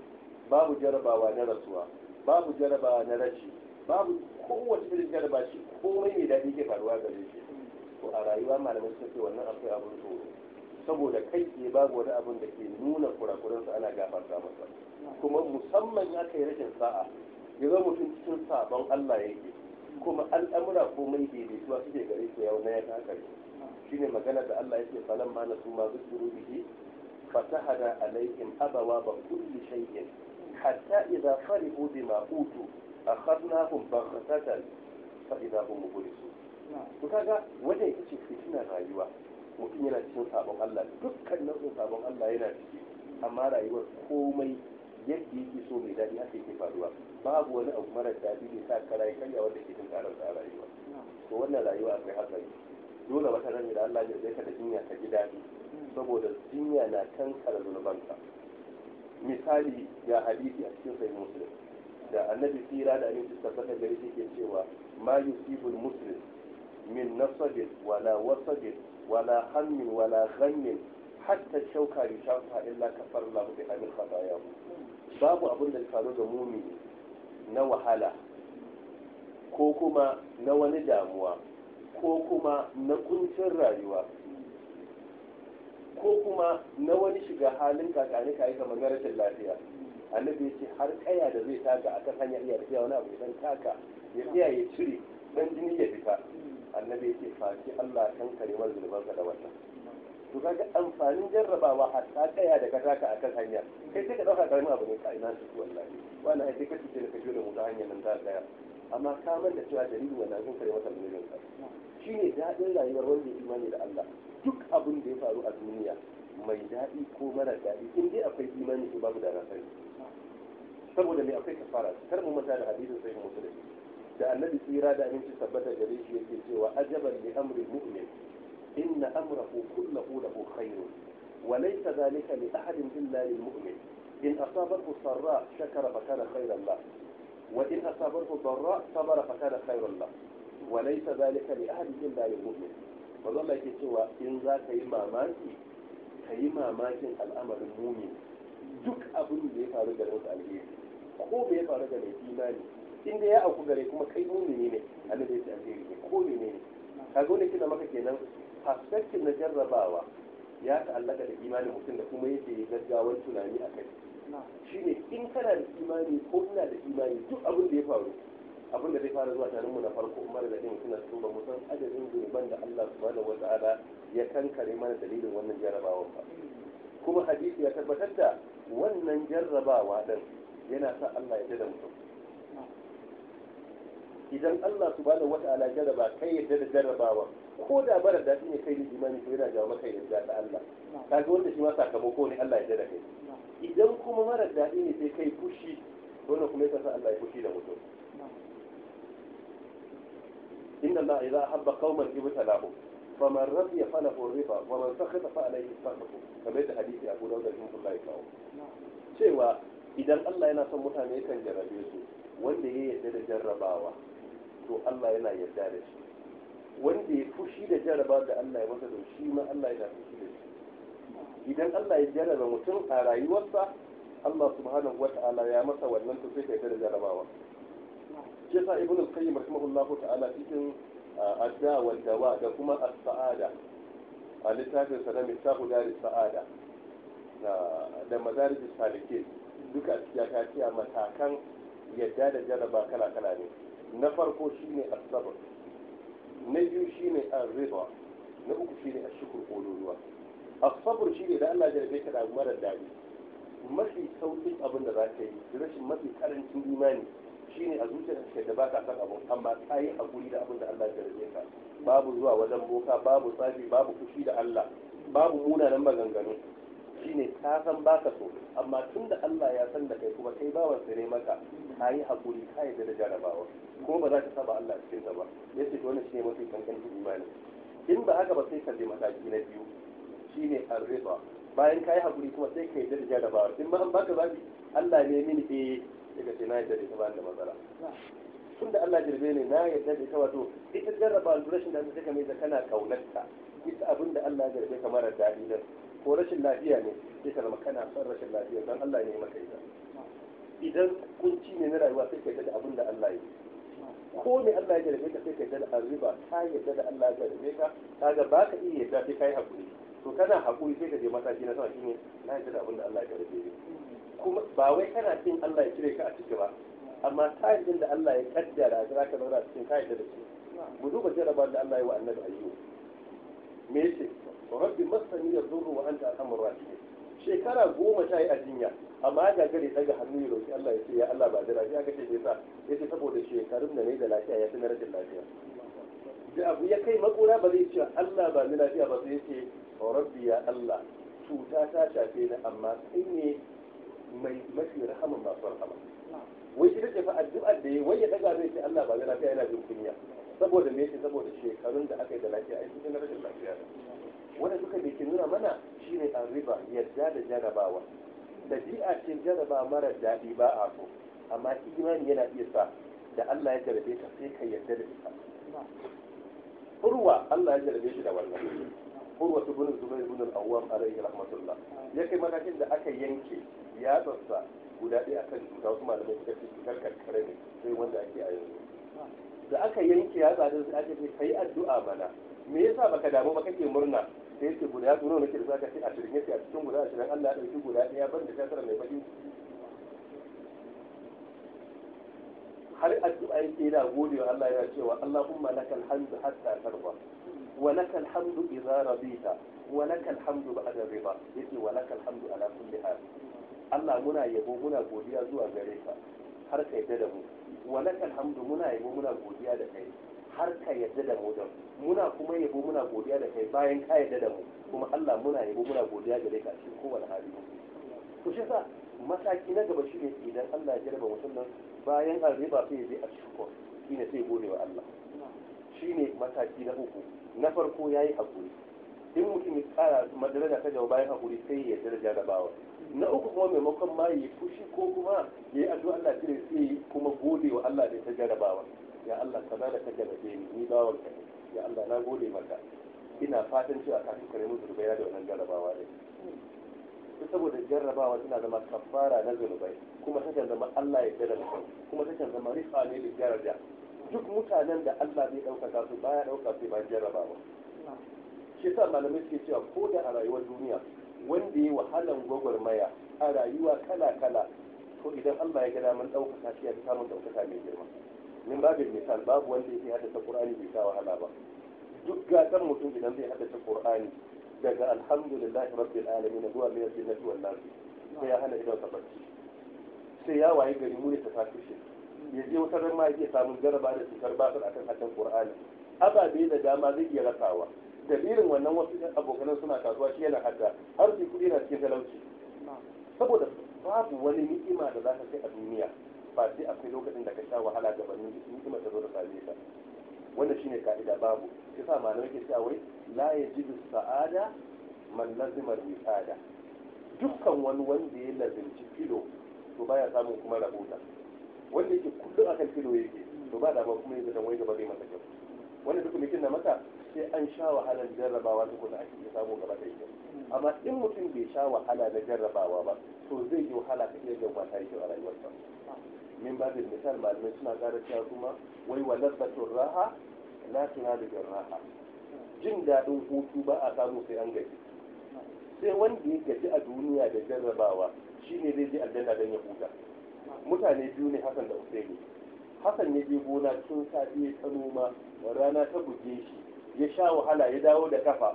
babu jarrabawa na rasuwa babu jarrabawa na rashi babu kowace irin shi komai mai daɗi ke faruwa gare shi to a rayuwa malamai suka ce wannan akwai abin tsoro saboda kai ke babu wani abin da ke nuna kurakuransa ana gafarta masa kuma musamman ya kai rashin sa'a ya zama mutum cikin sabon Allah yake kuma al'amura komai daidaituwa suke gare su yau na ya Shi ne magana da Allah yake falon ma na su ma zukuru bihi fatahada alaihim abawa ba kulli shay'in hatta idza farihu bima utu akhadnahum baghtatan fa idza hum mublisun to kaga wannan yake cikin fitinar rayuwa mutum yana cikin sabon Allah dukkan nau'in sabon Allah yana ciki amma rayuwar komai yadda yake so mai daɗi ake yake faruwa babu wani abu mara daɗi ne sa ka rayu karya wanda ke tunkarar a rayuwa to wannan rayuwa akwai hatsari dole wata ran da Allah ya zai da jinya ka ji daɗi saboda jinya na kankara zunubanka misali ya hadisi a cikin sahih muslim da annabi tsira da aminci tabbata gari yake cewa ma yusibul muslim min nasabin wala wasabin wala hammin wala ghannin hatta shauka bi shauka illa kafar Allah bi hamil khataya babu abin da faru ga mumi na wahala ko kuma na wani damuwa ko kuma na kuncin rayuwa ko kuma na wani shiga halin kakanika ya kamar rashin lafiya annabi ya ce har kaya da zai taka a kan hanya iya tafiya wani abu idan taka ya tsaya ya cire dan jini ya fita annabi ya ce fashi Allah kan kare wani zunubansa da wannan to kaga amfanin jarrabawa har ta kaya da ka taka a kan hanya kai sai ka dauka karamin abu ne ka ina su wallahi wannan ai sai ka tuce da ka jure mu ta hanyar nan ta tsaya amma ka manta cewa dalilin wannan kan kare wata zunubin ka shine daɗin rayuwar wanda ya imani da Allah duk abin da ya faru a duniya mai daɗi ko mara daɗi in dai akwai imani ko babu da na saboda mai akwai kafara kar mu mata da hadisin sai musulmi da annabi tsira da aminci tabbata gare shi yake cewa ajaban li amri mu'min inna amrahu kullahu lahu khairun wa laysa dhalika li ahadin illa lil mu'min in asabahu sarra shakara fa kana khairan lahu wa in asabahu darra sabara fa kana khairan lahu wa laysa dhalika li ahadin illa lil mu'min manzo yake cewa in za ka yi mamaki ka yi mamakin al'amarin mumin duk abin da ya faru da wasu alheri ko bai ya faru da mai imani in dai ya auku gare kuma kai mumini ne annabi ya ce ne ko ne ne zo ne kina maka kenan perspective na jarrabawa ya ta'allaka da imanin mutum da kuma yake gaggawar tunani a kai Shi ne in kana da imani ko ina da imani duk abin da ya faru abin da zai fara zuwa mu na farko umar da ɗin suna tuba mu san adadin zunuban da Allah subhanahu wa ta'ala ya kankare mana dalilin wannan jarrabawa ba kuma hadisi ya tabbatar da wannan jarrabawa ɗin yana sa Allah ya da mutum idan Allah su wata ala jaraba kai yadda da jarrabawa ko da bara daɗi ne kai imani to yana jawo maka yadda da Allah ga wanda shi ma sakamako ne Allah ya da kai idan kuma mara daɗi ne sai kai fushi wannan kuma yasa Allah ya fushi da mutum inna Allah idza habba qauman ibtalahum faman radiya falahu riba wa man sakhata fa alayhi sakhatu kamar da hadisi Abu Dawud da Ibn Bukhari kawo cewa idan Allah yana son mutane yakan jarrabe su wanda ya yarda da jarrabawa to Allah yana yarda da shi wanda ya fushi da jarraba da Allah ya masa da shi ma Allah yana fushi da shi idan Allah ya jarraba mutum a rayuwarsa Allah subhanahu wa ta'ala ya masa wannan to sai ka da jarrabawa shi yasa ibn al-qayyim rahimahullahu ta'ala cikin adda wal dawa da kuma as-sa'ada a littafin sa na mitahu dari sa'ada da madarijus salikin duka ya ta ce matakan yadda da jaraba kala kala ne na farko shine sabon na biyu shine riba na uku shine a sabon shi ne da Allah ya jarabe ka da mara dadi mafi sauƙin abin da za ka yi rashin mafi karancin imani shi ne a zuciyar da ba ka san abu amma ka yi hakuri da abin da Allah ya jarabe ka babu zuwa wajen boka babu tsafi babu fushi da Allah babu munanan maganganu shine ka san baka so amma tun da Allah ya san da kai kuma kai ba wa ne maka ka yi hakuri ka yi da jarabawa kuma ba za ka saba Allah cikin ka ba yace to wannan shine mafi kankancin imani in ba haka ba sai ka je mataki na biyu shine arriba bayan ka yi hakuri kuma sai ka yi da jarabawa in ba an baka zabi Allah ne mini eh daga sai na yadda da ba da matsala tun da Allah jirbe ne na yadda da ita wato ita jarraba rashin da ta kame da kana kaunarta ita abin da Allah jirbe ka mara daɗi nan ko rashin lafiya ne sai ka zama kana son rashin lafiya don Allah ne maka ita idan kunci ne na rayuwa sai ka yi da abin da Allah ya yi ko ne Allah ya jarabe ka sai ka yarda da riba ka yarda da Allah ya jarabe ka kaga ba ka iya yarda sai yi hakuri to kana hakuri sai ka je mataki na sama shine na yarda da abin da Allah ya jarabe ni kuma ba wai kana cin Allah ya cire ka a ciki ba amma kayan da Allah ya kaddara za ka zauna cikin kayan da shi mu duba jarabar da Allah ya yi wa annabi ayyu me yake rabbi masani ya zuru wa anta alhamur rahim shekara goma ta yi a jinya amma ga gari ta ga hannu ya roki Allah ya ce ya Allah ba da ya ga ce sa ya ce saboda shekarun da ne da lafiya ya fi na rashin lafiya da abu ya kai makura ba zai ce Allah ba ni lafiya ba sai ya ce rabbi ya Allah cuta ta shafe ni amma kai ne mai mafi rahaman masu rahama wai shi take fa addu'a da yayi wai ya daga zai ce Allah ba ni lafiya yana jin kunya saboda me yake saboda shekarun da aka yi da lafiya ai cikin rashin lafiya wanda duka da ke nuna mana shine riba yadda da jarabawa dabi'a ce jaraba mara daɗi ba a so amma imani yana iya sa da Allah ya jarabe ka sai ka yarda da ita urwa Allah ya jarabe shi da wannan urwa ibn zubair ibn gudun awwam alayhi rahmatullah ya kai matakin da aka yanke ya yatsarsa guda ɗaya akan cuta wasu malamai suka ce cutar karkare ne sai wanda ake a yanzu da aka yanke ya tsada sai ake ce kai addu'a mana me yasa baka damu ba kake murna da yake guda ya zuwa nake da zaka ce ashirin yake a cikin guda ashirin Allah ya ɗauki guda ɗaya ban da kasar mai baƙin har addu'a yake yana gode wa Allah yana cewa Allahumma lakal hamdu hatta tarba wa lakal hamdu idza rabita wa lakal hamdu ba'da riba yace wa lakal hamdu ala kulli hal Allah muna yabo muna godiya zuwa gare ka har kai da mu wa lakal hamdu muna yabo muna godiya da kai har ka yadda da mu da muna kuma yabo muna godiya da kai bayan ka yadda da mu kuma Allah muna yabo muna godiya da ka cikin kowane hali to shi sa mataki na gaba shine idan Allah ya jarba mutum nan bayan an riba sai ya je a shukr shine sai gode wa Allah shine mataki na uku na farko yayi hakuri in mutum ya tsara madaraja ta gaba bayan hakuri sai ya daraja bawa na uku kuma maimakon ma ya fushi ko kuma ya yi addu'a Allah sai kuma gode wa Allah da ta jarabawa ya Allah ka da kake da ni ni bawon ka ya Allah na gode maka ina fatan cewa ka kare mu zurbaya da wannan jarrabawa ne ta saboda jarrabawa tana zama kafara na zunubai kuma kan zama Allah ya da mutum kuma kan zama rifa ne da daraja duk mutanen da Allah bai ɗaukaka su baya ɗauka sai ba jarrabawa shi sa malamai suke cewa ko da a rayuwar duniya wanda ya wahalan gwagwarmaya a rayuwa kala kala to idan Allah ya gada mun ɗaukaka shi ya samun ɗaukaka mai girma min babin misal babu wanda yake haddasa qur'ani bai sa wahala ba duk gatan mutum idan zai haddasa qur'ani daga alhamdulillahi rabbil alamin zuwa min jannati wal nar sai ya hana idan sabacci sai ya waye gari mu ta shi. ya je wata ran ma yake samun jaraba da cutar basir akan haddan qur'ani ababe da dama zai iya rasawa dalilin wannan wasu abokan suna kasuwa shi yana hadda har su kuɗi na cikin talauci saboda babu wani ni'ima da za ka kai a duniya ba sai akwai lokacin da ka sha wahala gabanin ni'ima ta zo da same ka wannan shine ka'ida babu sa malamai ke cewa wai la yajidu sa'ada man lazimar wisada dukkan wani wanda ya lazimci filo to baya samun kuma rahota, wanda yake kullum akan filo yake to ba da ba kuma yanzu dan wai gaba zai masa kyau wanda duk mutum na mata sai an sha wahalar jarrabawa duk da ake samu gaba da ita amma in mutum bai sha wahala da jarrabawa ba to zai yi wahala ka iya gaba ta yi kyau a rayuwarsa min ba da misal malamai suna kara cewa kuma wai wa lazzatul raha la tunadu bir raha jin daɗin hutu ba a samu sai an gaji sai wanda ya gaji a duniya da jarrabawa shine zai je aljanna don ya huta mutane biyu ne hasan da usaini hasan ya je gona tun safi ya ta noma rana ta buge shi ya sha wahala ya dawo da kafa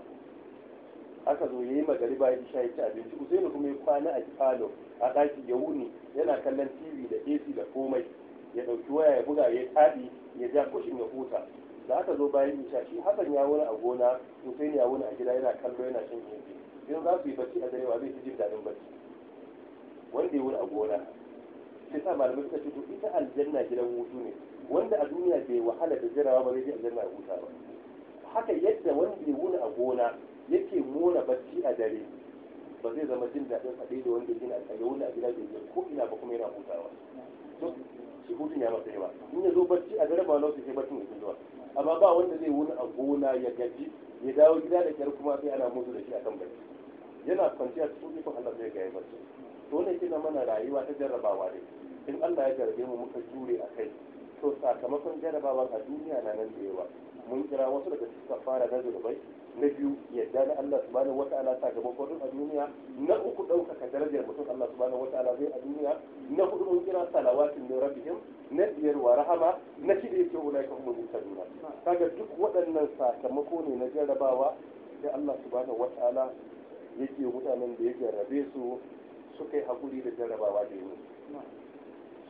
aka zo ya yi magariba ya sha ya ci abinci usaini kuma ya kwana a falo a ɗaki ya wuni yana kallon tv da ac da komai ya ɗauki waya ya buga ya taɗi ya ja kushin ya huta da aka zo bayan isha shi hakan ya wuni a gona hussein ya wuni a gida yana kallo yana shan kifi idan za su yi bacci a darewa zai fi jin daɗin bacci wanda ya wuni a gona sai sa malamai suka ce to ita aljanna gidan hutu ne wanda a duniya bai wahala da jarawa ba zai ji aljanna a huta ba haka yadda wanda ya wuni a gona yake mona bacci a dare ba zai zama jin daɗin faɗe da wanda jin alƙaƙe wanda a gida jirgin ko ina ba kuma yana hutawa to shi hutun ya masa yawa in ya zo barci a gare ba wani sai barcin ya fi zuwa amma ba wanda zai wuni a gona ya gaji ya dawo gida da kyar kuma sai ana musu da shi kan barci yana kwanciya cikin ikon Allah zai ga ya barci to wannan kina mana rayuwa ta jarrabawa ne in Allah ya jarrabe mu muka jure a kai to sakamakon jarrabawar a duniya na nan da yawa mun kira wasu daga cikin fara na zunubai na biyu yadda na Allah subhanahu wata'ala sakamakon a duniya na uku ɗaukaka darajar mutum Allah subhanahu wata'ala zai a duniya na hudu mun kira salawatin min rabbihim na biyar wa rahama na shida yake ulai ka Ta mutaduna kaga duk waɗannan sakamako ne na jarabawa da Allah subhanahu wata'ala yake mutanen da ya jarrabe su suka yi hakuri da jarabawa da yi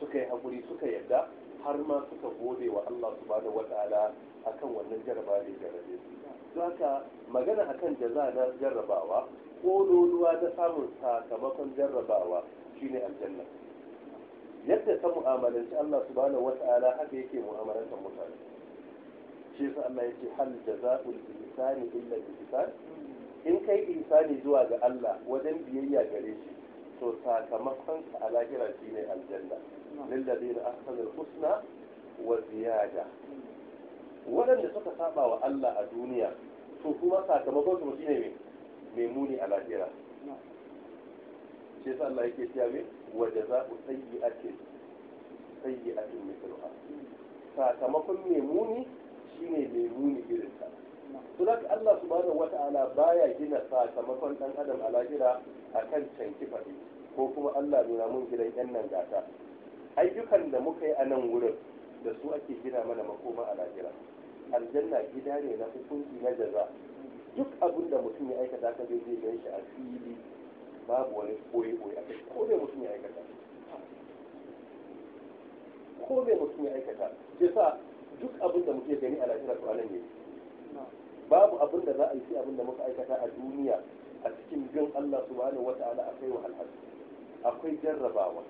suka yi hakuri suka yadda har ma suka gode wa Allah subhanahu wata'ala akan wannan jarraba da jarrabe su haka magana akan jaza na jarrabawa ko loluwa ta samun sakamakon jarrabawa shine aljanna yadda ta mu'amalanci Allah subhanahu ta'ala haka yake mu'amalantar mutane shi yasa Allah yake hal jaza'ul insani illa ihsan in kai insani zuwa ga Allah wajen biyayya gare shi to sakamakon ka a lahira shine aljanna lil na al-husna wa ziyada waɗanda suka saba wa Allah a duniya to kuma sakamakon su shine mai muni a lahira shi yasa Allah yake cewa me wa jazaa'u a sayyi'atin mithluha sakamakon mai muni shine mai muni irin ta to zaka Allah subhanahu wata'ala baya gina sakamakon ɗan adam a lahira akan canki faɗi? ko kuma Allah nuna mun gidan yan nan gata ayyukan da muka yi a nan wurin da su ake gina mana makoma a lahira aljanna gida ne na hukunci na jaza duk abin da mutum ya aikata ka zai zai shi a fili babu wani koyi koyi a kai ko mai mutum ya aikata ko mai mutum ya aikata ke sa duk abin da muke gani a lafiyar su anan ne babu abin da za a yi sai abin da muka aikata a duniya a cikin bin Allah subhanahu wata'ala akwai wahalhal akwai jarrabawa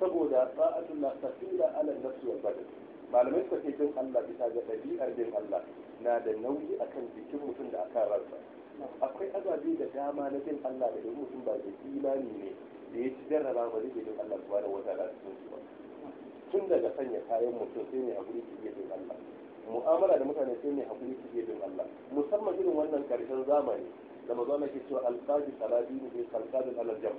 saboda sa'atun na tafila ala nafsi wal badan malamai suka ce jin Allah bisa ga ɗabi'ar jin Allah na da nauyi akan jikin mutum da aka rarsa akwai azabi da dama na jin Allah da domin mutum ba da imani ne da ya ci jarraba ba zai jin Allah zuwa da wata da cikin ba tun daga sanya kayan mutum sai ne hakuri ki jin Allah mu'amala da mutane sai ne hakuri ki jin Allah musamman irin wannan karshen zamani da mazo na ke cewa alqadi salabi ne sai alal jam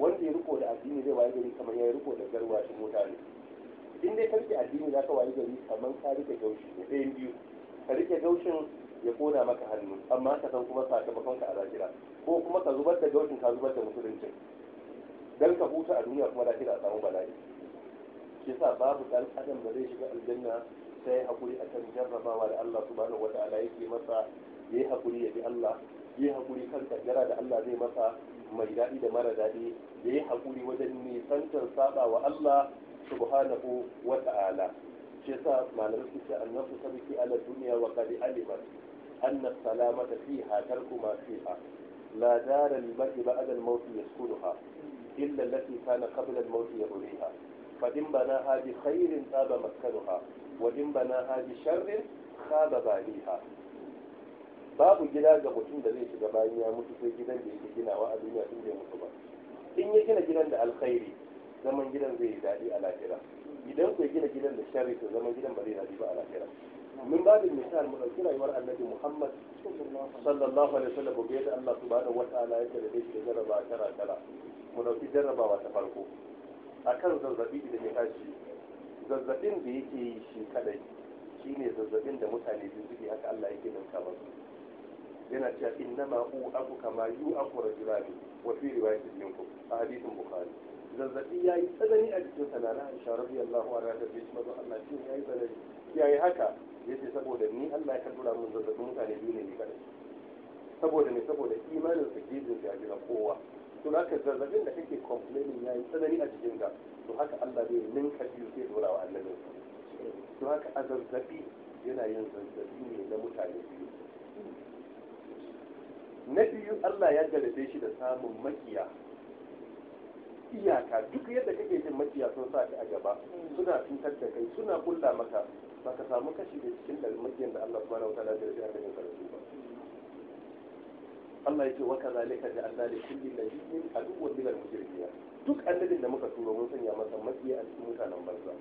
wanda ya riko da addini zai waye gari kamar ya riko da garwashin mutane in dai karki addini za ka wayi gari kamar ka rike gaushi da ɗayan biyu ka rike gaushin ya kona maka hannu amma ka san kuma sakamakon ka a zahira ko kuma ka zubar da gaushin ka zubar da musuluncin dan ka huta a duniya kuma lafiya a samu bala'i shi yasa babu dan adam da zai shiga aljanna sai hakuri akan jarrabawa da Allah subhanahu wata'ala yake masa Ya yi hakuri ya bi Allah Ya yi hakuri kan kaddara da Allah zai masa mai daɗi da mara daɗi yi hakuri wajen nisantar saɓa wa Allah subhanahu wa ta'ala shi yasa malamai su ce annabi sabiki ala duniya wa qad alimat anna salamata fiha tarku ma fiha la dara lil mar'i ba'da al mawt yaskunuha illa allati kana qabla al mawt yuriha fa in bana bi khairin taba maskanuha wa in bana bi sharrin khaba baliha babu gida ga mutum da zai shiga bayan ya mutu sai gidan da yake ginawa a duniya in bai mutu ba in ya gina gidan da alkhairi zaman gidan zai yi daɗi a lafiya idan kai gina gidan da sharri to zaman gidan ba zai daɗi ba a lafiya min da misal mu ɗauki rayuwar annabi muhammad sallallahu alaihi wasallam ko yadda allah subhanahu wa ta'ala ya da shi da jarraba tara tara mu ɗauki jarrabawa ta farko akan zazzabi da ya tashi zazzabin da yake yi shi kadai shine zazzabin da mutane biyu suke haka allah yake ninka masu yana cewa innama u abu kama yu aku rajulani wa fi riwayatin minkum a hadisin bukhari zazzabi ya yi tsanani a jikin sanana a sha rabi Allah wa da bai shi mazu Allah shi ya yi tsanani ya yi haka ya ce saboda ni Allah ya kaddura mun zazzabi mutane biyu ne ni saboda ne saboda imanin su gizin ya gina kowa to haka zazzabin da kake complaining ya yi tsanani a jikin ka to haka Allah zai ninka biyu sai dora wa annabin to haka a zazzabi yana yin zazzabi ne na mutane biyu na biyu Allah ya galabe shi da samun makiya iyaka duk yadda kake jin makiya sun sa a gaba suna cutar da kai suna kulla maka ba ka samu kashi da cikin da makiyan da Allah wuta da zai rufe hannun karfi ba Allah ya ce wa kazalika da li kulli nabiyyin aduwwan lil mujrimin duk annabin da muka tura mun sanya masa makiya a cikin mutanen banza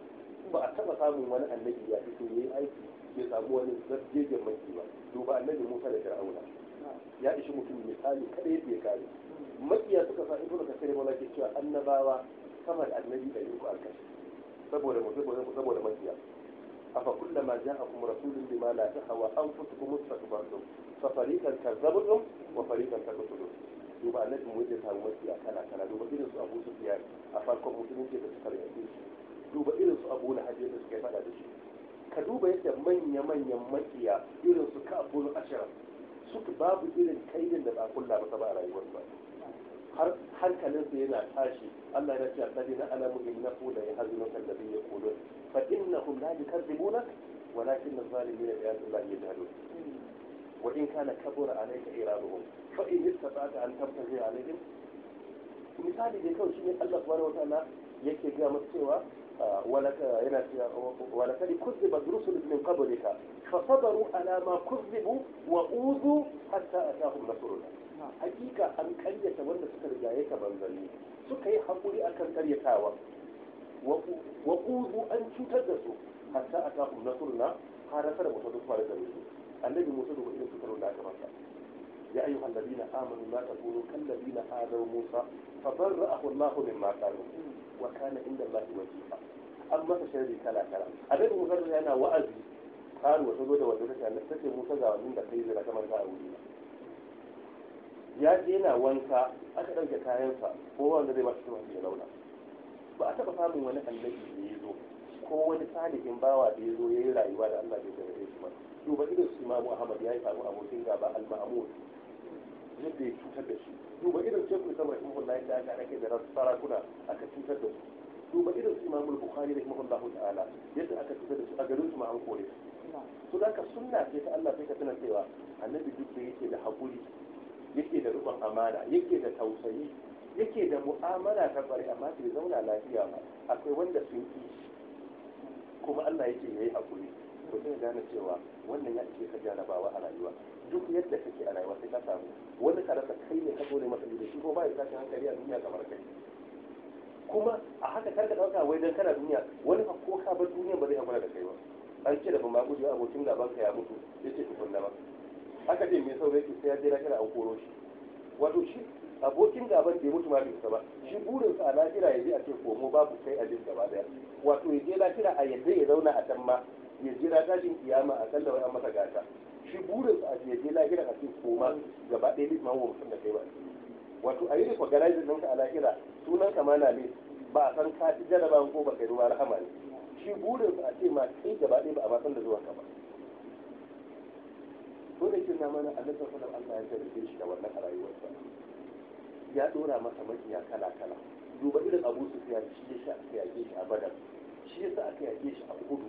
ba a taba samun wani annabi ya fito yi aiki ya samu wani zargegen maki ba duba annabi Musa da Fir'auna ya ishi mutum misali kada yadda ya kare makiya suka sa ibnu kasir ma ke cewa annabawa sama da annabi da yanku an kashe saboda mu saboda mu saboda makiya afa kullama kuma rasulun bima la tahawa anfusukum mustakbartum fa fariqan kazzabtum wa fariqan taqtulun duba annabi mu yake samu makiya kala kala duba irin su Abu Sufyan a farkon musulunci da suka shi duba irin su Abu na da suka yi fada da shi ka duba yadda manya-manyan makiya irin su ka abu ashirar suka babu irin kaidin da ba kulla masa ba a rayuwar ba har hankalinsa yana tashi Allah ya ce alladhi na alamu innahu la yahzunka alladhi yaqulun fa innahum la yukadzibuna walakin adh-dhalimina bi ayati yajhalun wa in kana kabura alayka iraduhum fa in istata'ta an tabtaghi alayhim misali da kawai shine Allah subhanahu wa ta'ala yake ga masa cewa ولقد كذبت رسل من قبلك فصبروا على ما كذبوا وأوذوا حتى أتاهم رسولنا حقيقة أن كرية وأن سكر جايك منزلي سكي حقولي أكن كرية تاوى وأوذوا أن تتدسوا حتى أتاهم رسولنا هذا سنة متدفع لتنزل النبي موسى دخل إلى سكر الله كمان يا أيها الذين آمنوا لا تكونوا كالذين آذوا موسى فبرأه الله مما قالوا وكان عند الله وجيها أما تشهد كلا كلا أبيت مغرر أنا وأبي قال وتزو da wata take Allah take Musa ga wannan da kai da kamar ka wuri ya je yana wanka aka ɗauke kayansa ko wanda zai ba shi wani ya launa ba a taba samun wani annabi da ya zo ko wani in bawa da ya zo ya yi rayuwa da Allah bai da shi ba duba irin su Imam Ahmad ya yi samu abokin gaba al-Ma'mun yadda ya cutar da shi duba irin shekul sama rahimahullah da aka rake da sarakuna aka cutar da su duba irin su imamul bukhari rahimahullahu ta'ala yadda aka cutar da su a garin su ma an kore su to haka sunna sai ta Allah sai ka sanar cewa annabi duk da yake da haƙuri, yake da rubar amana yake da tausayi yake da mu'amala ta bari amma bai zauna lafiya ba akwai wanda sun ki kuma Allah yake yayi haƙuri to sai gane cewa wannan ya ce ka jarabawa a rayuwa duk yadda kake a rayuwa sai ka samu wani ka rasa kai ne ka zo ne masa da shi ko ba ya tashi hankali a duniya kamar kai kuma a haka karka dauka wai dan kana duniya wani fa ko ka bar duniya ba zai hakura da kai ba an ce da ban bakuji abokin gaban ka ya mutu ce tukun da ba haka dai mai saurayi ke sai ya je lafiya an koro shi wato shi abokin gaban bai mutu ma bai ba shi burinsa a lafira ya je a ce komo babu kai a jin gaba daya wato ya je lafira a yadda ya zauna a can ma ya jira tashin kiyama a kan da wani masa gata shi burin su a jeje lahira a cikin koma gaba ɗaya ne ma mutum da kai ba wato a yi da organizer ɗinka a lahira sunan ka mana ne ba a san ka ci jaraba ko ba kai ruwa rahama ne shi burin su a ce ma kai gaba ɗaya ba a san da zuwa ka ba dole shi na mana a ta fara Allah ya jarrabe shi da wannan a rayuwarsa ya ɗora masa makiya kala kala duba irin abu su fiya shi ya sha aka yake shi a badar shi yasa aka yake shi a kudu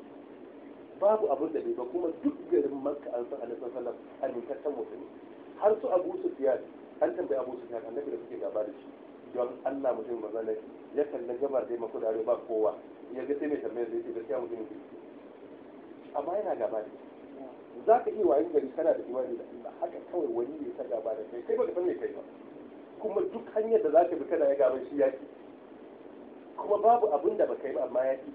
babu abin da bai ba kuma duk garin makka an san alaihi wasallam amintaccen mutum har su abu su fiya an tambayi abu su fiya annabi da suke gaba da shi don allah mutum manzan ne ya kallon gabar dai mako da ba kowa ya ga sai mai tambayar zai ce gaskiya mutum ne amma yana gaba da shi za ka iya wayin gari kana da imani da Allah haka kawai wani ne ta gaba da kai kai ba ka san me kai ba kuma duk hanyar da za ka bi kana ya gaba shi yaki kuma babu abin da ba kai ba amma yaki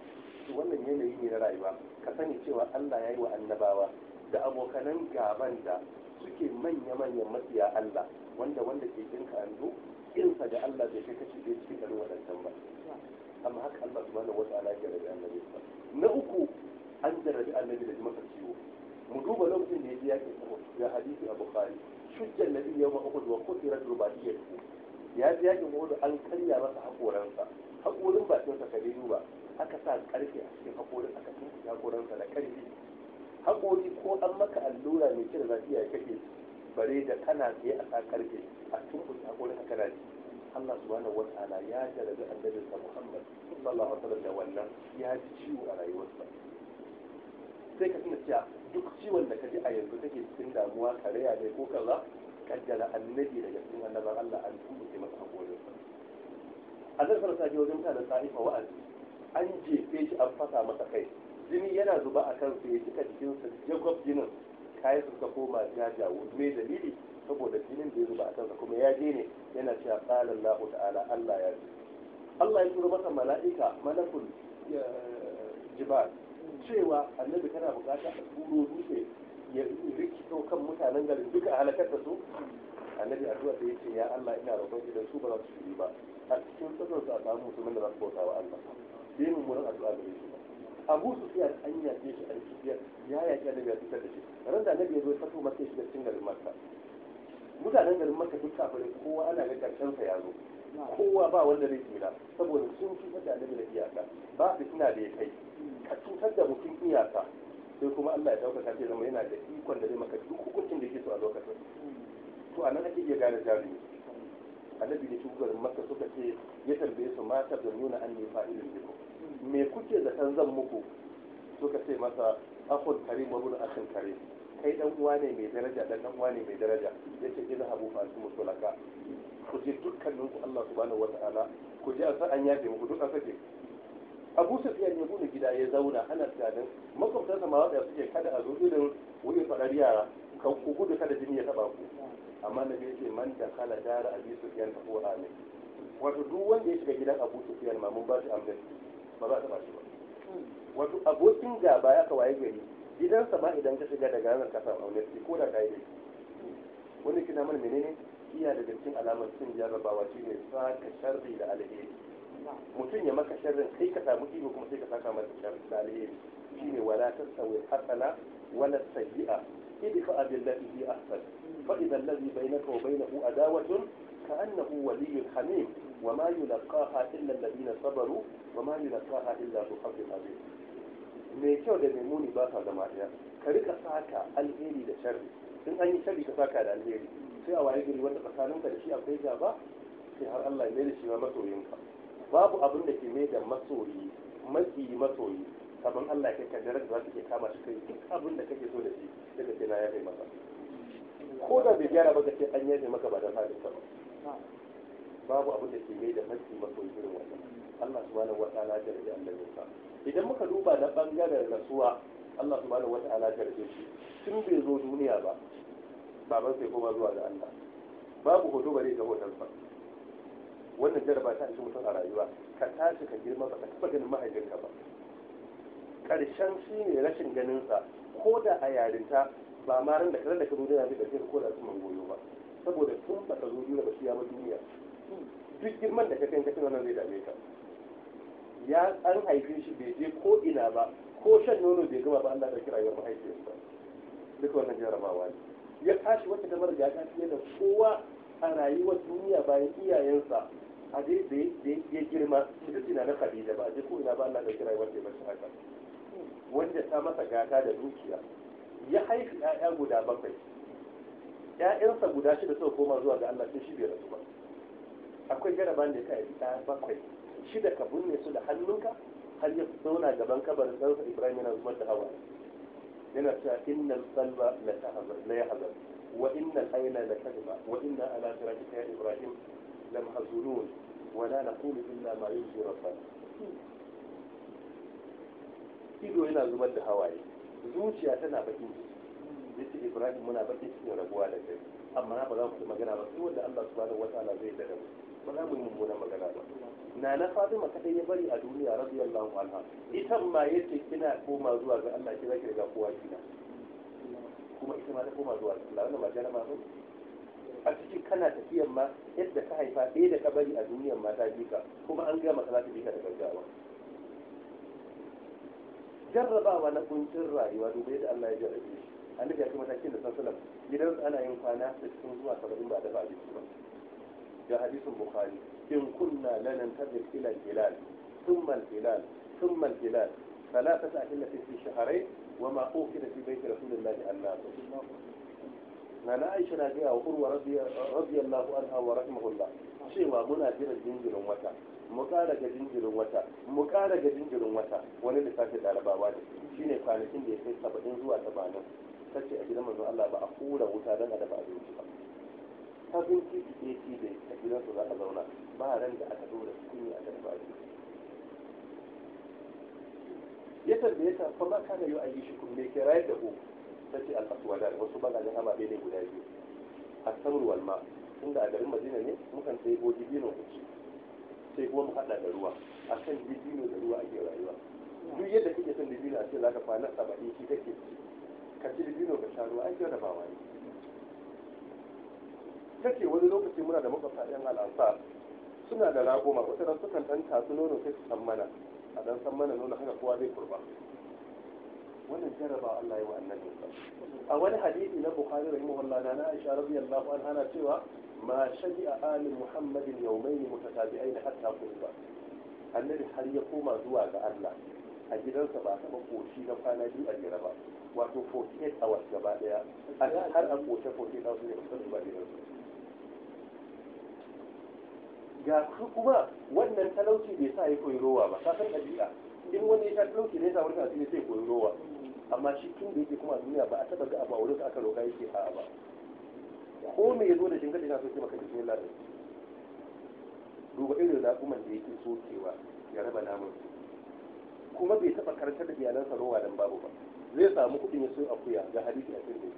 ciki wannan yanayi ne na rayuwa ka sani cewa Allah ya yi wa annabawa da abokanan gaban da suke manya-manyan matsiya Allah wanda wanda ke jin ka ando irinsa da Allah bai kai kashi ɗaya cikin ɗarin waɗancan ba amma haka Allah subhanahu wata'ala ya rabi annabi na uku an jarabi annabi da jama'a ciwo mu duba lokacin da ya yake yakin Uhud ya hadisi a Bukhari shujjan nabi uku Uhud wa kutirat rubaiyatu ya ji yakin da an karya masa hakoransa hakorin bakinsa ka duba aka sa karfe a cikin haƙorin aka tunkuta haƙorinsa da karfe haƙori ko an maka allura mai kira lafiya ya kashe bare da kana tsaye a sa karfe a tunkuta haƙorin aka dace Allah subhanahu wataala ya jarabi annabinsa Muhammad sallallahu alaihi wasallam da wannan ya ji ciwo a rayuwarsa sai ka tuna cewa duk ciwon da ka ji a yanzu take cikin damuwa karaya ne ko kaza kaddala annabi daga cikin annaban Allah an tunkuta masa haƙorinsa a zai sarrafa wajen mutanen sa'ifa wa an jefe shi an fasa masa kai jini yana zuba a kansa ya cika jikinsa jagob jinin kayan su ka koma jaja mai dalili saboda jinin da ya zuba a kan sa kuma ya je ne yana cewa qala Allah ta'ala Allah ya ce Allah ya turo masa mala'ika malakul jibal cewa annabi kana bukata a turo dutse ya rikito kan mutanen garin duka halakar da su annabi addu'a da yake ya Allah ina roƙon ki dan su ba za su yi ba a cikin tsakar su a samu musulmin da za su bauta wa Allah sai mun mun addu'a da yake Abu Sufyan an yaƙe shi a kibiyar ya yaƙi annabi ya fitar da shi ran da annabi ya zo ya fito masa shi da cikin garin Makka mutanen garin Makka duk kafirin kowa ana ga karshen sa ya zo kowa ba wanda zai tsira saboda sun cutar da annabi da iyaka ba fitina da ya kai ka cutar da mutum iyaka sai kuma Allah ya dauka ta zama yana da ikon da zai maka duk hukuncin da yake so a lokacin to a nan ake iya gane jarumi annabi ya shigo garin maka suka ce ya tambaye su mata da nuna an ne fa'ilin biko me kuke da san zan muku suka ce masa akwai kare maru da akhin kare kai dan uwa ne mai daraja dan dan uwa ne mai daraja Ya ce ina habu fa su laka ku je dukkanin ku Allah subhanahu wataala ku je an an yafe muku duk an sake Abu Sufyan ne bude gida ya zauna ana tsadan makwabtansa ma wanda suke kada a zo irin wurin faɗar yara kan ku gudu kada jini ya taba ku amma na bai ce man da kala dara abi yan ta huwa ne wato duk wanda ya shiga gidan abu su yan ma mun ba shi amfani ba za ta ba shi ba wato abokin gaba ya kawai gari gidansa ba idan ka shiga daga ranar kasa amnesty ko da kai wani kina mana menene iya daga cikin alamar cin jarrabawa shi ne saka sharri da alheri mutum ya maka sharrin kai ka samu ido kuma sai ka saka masa sharri da alheri shine wala tasawil hasana wala sayi'a ادفع بالتي هي أحسن فإذا الذي بينك وبينه عداوة كأنه ولي حميم وما يلقاها إلا الذين صبروا وما يلقاها إلا ذو حظ عظيم Me kyau da mai muni ba sa zama ɗaya ka rika saka alheri da sharri in an yi sharri ka saka da alheri sai a waye gari wanda tsakaninka da shi akwai gaba sai har Allah ya mai da shi ma masoyinka babu abin da ke mai da masoyi maki masoyi sabon Allah kai kaddarar da za su iya kama shi kai duk abin da kake so da shi daga ce na yafe maka ko da bai gyara maka sai an yafe maka ba da halin ba babu abin da ke mai da maso masoyi irin wannan Allah subhanahu wa ta'ala da rage annabi sa idan muka duba na bangaren rasuwa Allah subhanahu wa ta'ala da rage shi tun bai zo duniya ba baban sai koma zuwa ga Allah babu hoto bare ga hoton ba wannan jarabata ta shi mutum a rayuwa ka tashi ka girma ba ka taba ganin mahaifinka ba ƙarshen shi ne rashin ganinsa ko da a yarinta ba ma ran da kare da karo da yanzu ko da su goyo ba saboda tun ba ka zo duniya ba shi ya ba duniya duk girman da ka kai kafin wannan zai dame ka ya an haife shi bai je ko ina ba ko shan nono bai gama ba Allah da kira yawan sa duk wannan jarabawa ne ya tashi wata damar ya ta fiye da kowa a rayuwar duniya bayan iyayensa a dai da ya girma shi da na kabila ba a je ko ina ba Allah da kira yawan mahaifiyarsa haka wanda ta masa gata da dukiya ya haifi 'ya'ya guda bakwai ‘ya'yansa guda shida suka koma zuwa ga Allah sai shi bai rasu ba akwai jaraban da ta haifi bakwai shida ka binne su da hannunka har ya zauna gaban kabarin ɗansa Ibrahim yana zubar da hawa yana cewa innal salba la tahzan la yahzan wa innal ayna la kadba wa inna ala Ibrahim lam hazunun wa la naqulu illa ma yurdi rabbana ido yana zubar da hawaye zuciya tana bakin jiki yace ibrahim muna bakin cikin rabuwa da kai amma ba za mu yi magana ba sai wanda Allah subhanahu ta'ala zai daga mu ba za mu yi mummunan magana ba na na fatima kadai ya bari a duniya radiyallahu anha ita ma yace kina koma zuwa ga Allah ki zaki daga kowa kina kuma ita ma ta koma zuwa ga Allah wannan ba jana ba a cikin kana tafiyan ma yadda ka haifa ɗaya da ka bari a duniyar mata jika kuma an gama ka za ta jika da gaggawa jarrabawa na kuncin rayuwa dubai da Allah ya jarrabe shi annabi ya kai matakin da sallallahu gidan ana yin kwana 60 zuwa 70 ba da ba abinci ba ga hadisin bukhari in kunna lanantazir ila hilal ثم الهلال ثم الهلال ثلاثة أهلة في شهرين وما أوكل في بيت رسول الله الناس Nana aisha na gaya wa urwa radiyallahu anha wa rahimahullah cewa muna jiran jinjirin wata mu ƙara ga jinjirin wata mu ƙara ga jinjirin wata wani lissafin larabawa ne shine kwanakin da ya kai saba'in zuwa tamanin ta ce a gidan manzon Allah ba a kura wuta don a dafa abinci ba ta bin titi ke da a gidan su za a zauna ba ran da aka dora cikin a dafa abinci ya kana a yi shi me ke rayar da ta ce alfasuwa da wasu bagajen ababe ne guda biyu a samuwal ma inda a garin madina ne mukan sai ko dibino ku sai kuma mu hada da ruwa a kan dibino da ruwa ake rayuwa duk yadda kake son dibino a ce za ka kwana saba'in shi kake ci ka ci dibino ka sha ruwa ai kyau da ba wani kake wani lokaci muna da makwabta ɗan al'ansar suna da rago ma wata ran sukan dan tasu nono sai su san mana a dan san mana nono haka kowa zai kurba wannan jaraba Allah ya wa annabi a wani hadisi na Bukhari imam allah na Aisha radiyallahu anha na cewa ma a ali Muhammadin yawmayn mutatabi'ain hatta qurba annabi har ya koma zuwa ga Allah a gidansa ba ta koshi na kwana biyu a jira ba wato 48 hours gaba daya har a koce 48 hours ne kusa zuwa gidansa ga kuma wannan talauci bai sa ya koyi rowa ba ta san ɗabi'a in wani ya talauci ne ya sa wani sai koyi rowa amma shi tun da yake kuma a duniya ba a taba ga abu a wurin aka roƙa yake a ba ko me yazo da shinkafa yana so ce maka bismillah da duba irin zakuman da yake sokewa ya raba namun kuma bai taba karantar da bayanan rowa dan babu ba zai samu kuɗin ya so akuya ga hadisi a cikin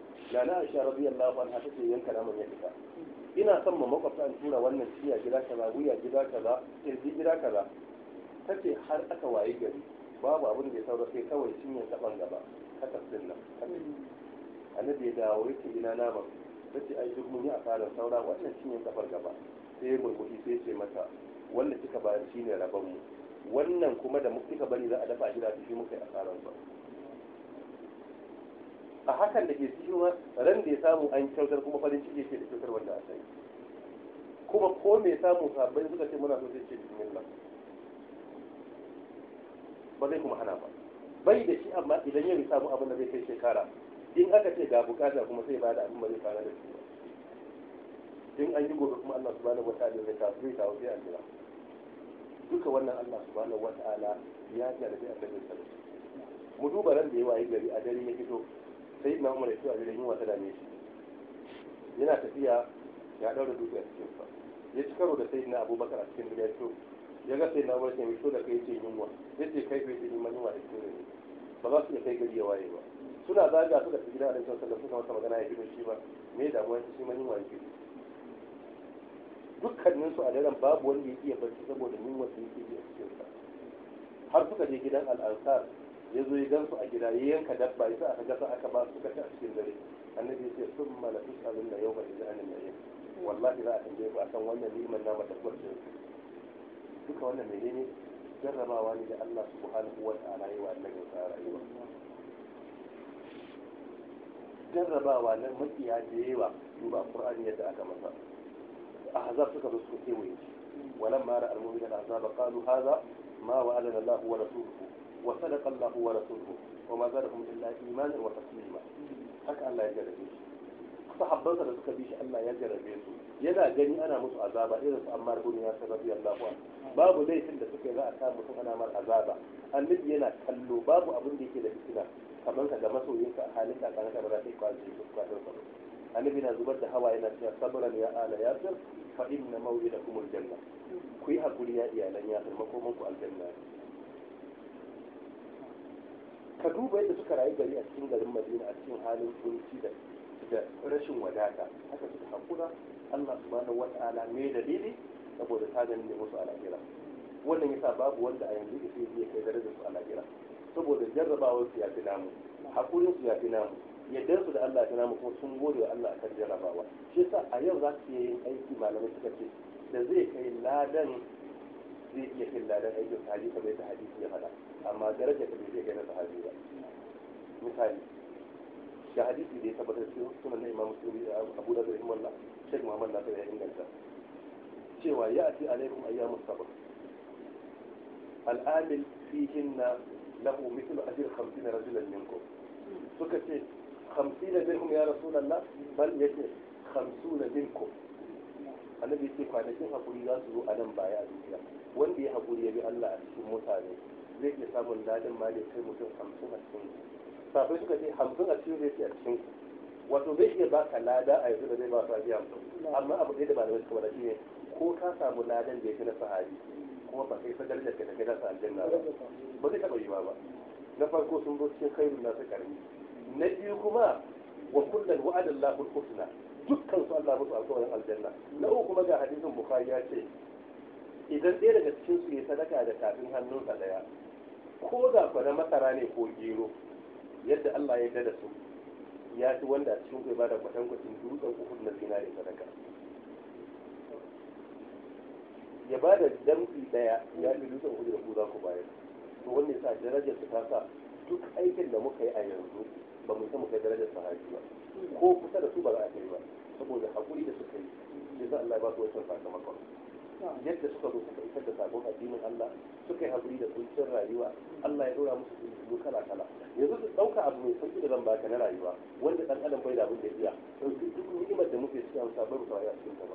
na aisha radiyallahu anha take yanka namun ya fita ina son ma makwabta an tura wannan ya gida kaza wuya gida kaza kirji gida kaza tace har aka waye gari babu abin da ya saura sai kawai cinyar taban gaba kasar din nan annabi ya dawo ya ce ina naman ta ce ai duk mun yi saura wannan cinyar taban gaba sai ya murmushi sai ce mata wanda kika bayar shi ne rabon mu wannan kuma da kika bari za a dafa a gida shi muka yi asarar ba a hakan da ke cikin ran da ya samu an kyautar kuma farin ciki ke da kyautar wanda a sai kuma ko mai samu sabbin suka ce muna so sai ce bismillah ba zai kuma hana ba bai da shi amma idan ya rika mu abin da zai kai shekara in aka ce ga bukata kuma sai ba da abin ba zai fara da shi ba in an yi gobe kuma Allah subhanahu wataala zai kawo zai kawo sai an jira duka wannan Allah subhanahu wataala ya jarabi a kan sa mu duba ran da ya wayi gari a dare ya fito sai Imam Umar ya a yin yunwa ta dame shi yana tafiya ya daura dutse a cikin sa ya ci karo da sayyidina Abubakar a cikin gidan ya ga sai na wani mai so da kai ce yunwa ya ce kai kai ce neman yunwa da fito da ba za su iya kai gari ya waye ba suna zaga suka su gida gidan rikin sallar suka masa magana ya fi shi ba me damuwa shi mani yunwa yake dukkanin su a daren babu wanda ya iya barci saboda yunwa da yake a cikin sa har suka je gidan al'ansar ya zo ya gan su a gida ya yanka dabba ya sa aka gasa aka ba suka ci a cikin dare annabi ya ce sun malafi tsarin na yau ba da zanen na yau wallahi za a tambaye a akan wannan ni'imar na matakwar jinsu duka wannan ne jarrabawa ne da Allah subhanahu wa ta'ala yi wa annabi ta rayuwa jarrabawa nan makiya da yawa ba qur'ani yadda aka masa ahzab suka zo suke ke wai walan ma ra'al mu'minuna ahzab qalu hadha ma wa'ada Allah wa rasuluhu wa sadaqa Allah wa rasuluhu wa ma zarahum illa imanan wa taslima haka Allah ya gare shi sahabbansa da suka bi shi Allah ya jarabe su yana gani ana musu azaba irin su ya sanar Yasir Allah babu laifin da suka za a sa musu ana mar azaba annabi yana kallo babu abin da yake da fitina kamar ka ga masoyinka a halin ka kana kamar sai kwaji su kwatar sa annabi na zubar da hawa yana cewa sabran ya ala ya sir fa inna maw'idakum aljanna ku yi hakuri ya iyalan sir makoman ku aljanna ka duba yadda suka rayu gari a cikin garin Madina a cikin halin kunci da da rashin wadata haka suka hakura Allah subhanahu wata'ala me dalili saboda ta ganin musu al'akira wannan yasa babu wanda a yanzu da zai kai darajar su al'akira saboda jarrabawar su ya fi namu hakurin su ya fi namu yadda su da Allah ya fi namu kuma sun gode wa Allah akan jarrabawa shi yasa a yau za su yin aiki malamai suka ce da zai kai ladan zai iya kai ladan aikin sahabi kamar yadda hadisi ya faɗa amma darajar da zai kai na sahabi ba misali ga hadisi da ya tabbatar cikin sunan na imam musulmi da abu da zai wallah shek muhammad na ya inganta cewa ya ati alaikum ayyamus sabr al'amil fihinna lahu mithlu ajr 50 rajulan minkum suka ce 50 minkum ya rasulullah bal yace 50 minkum annabi yace kwanakin hakuri za su zo a nan baya a duniya wanda ya hakuri ya bi Allah a cikin mutane zai iya samun ladan ma da kai mutum 50 a cikin safe suka ce hamsin a cikin zai a cikin wato zai iya ba ka lada a yanzu da zai baka biya hamsin amma abu ɗaya da ba da wasu kamar shi ne ko ka samu ladan da ya fi na sahabi kuma ba kai sadar da kai da sa aljanna ba ba zai taɓa yi ba na farko sun zo cikin khairun nasu karni na biyu kuma wa kullum wa'adin Allahul kusina dukkan su Allah musu alƙawarin aljanna na uku kuma ga hadisin bukari ya ce idan ɗaya daga cikin su ya sadaka da kafin hannunsa ɗaya ko da kwana masara ne ko gero yadda Allah ya da su ya fi wanda a cikin ba da kwatankwacin dutsen uhud na zinari sadaka ya ba da damfi daya ya fi dutsen uhud da ku za ku bayar to wanda sa darajarsa su ta sa duk aikin da muka yi a yanzu ba mu san muka darajar sahabi ba ko kusa da su ba za a kai ba saboda hakuri da suka yi sa Allah ba su wancan sakamakon yadda suka zo suka isar da sabon addinin Allah suka yi haƙuri da kuncin rayuwa Allah ya dora musu su kala kala yanzu su ɗauka abu mai sauƙi da zan ka na rayuwa wanda ɗan adam bai da abin da iya ɗauki duk ni'imar da muke cikin bai rufa ya cikin ba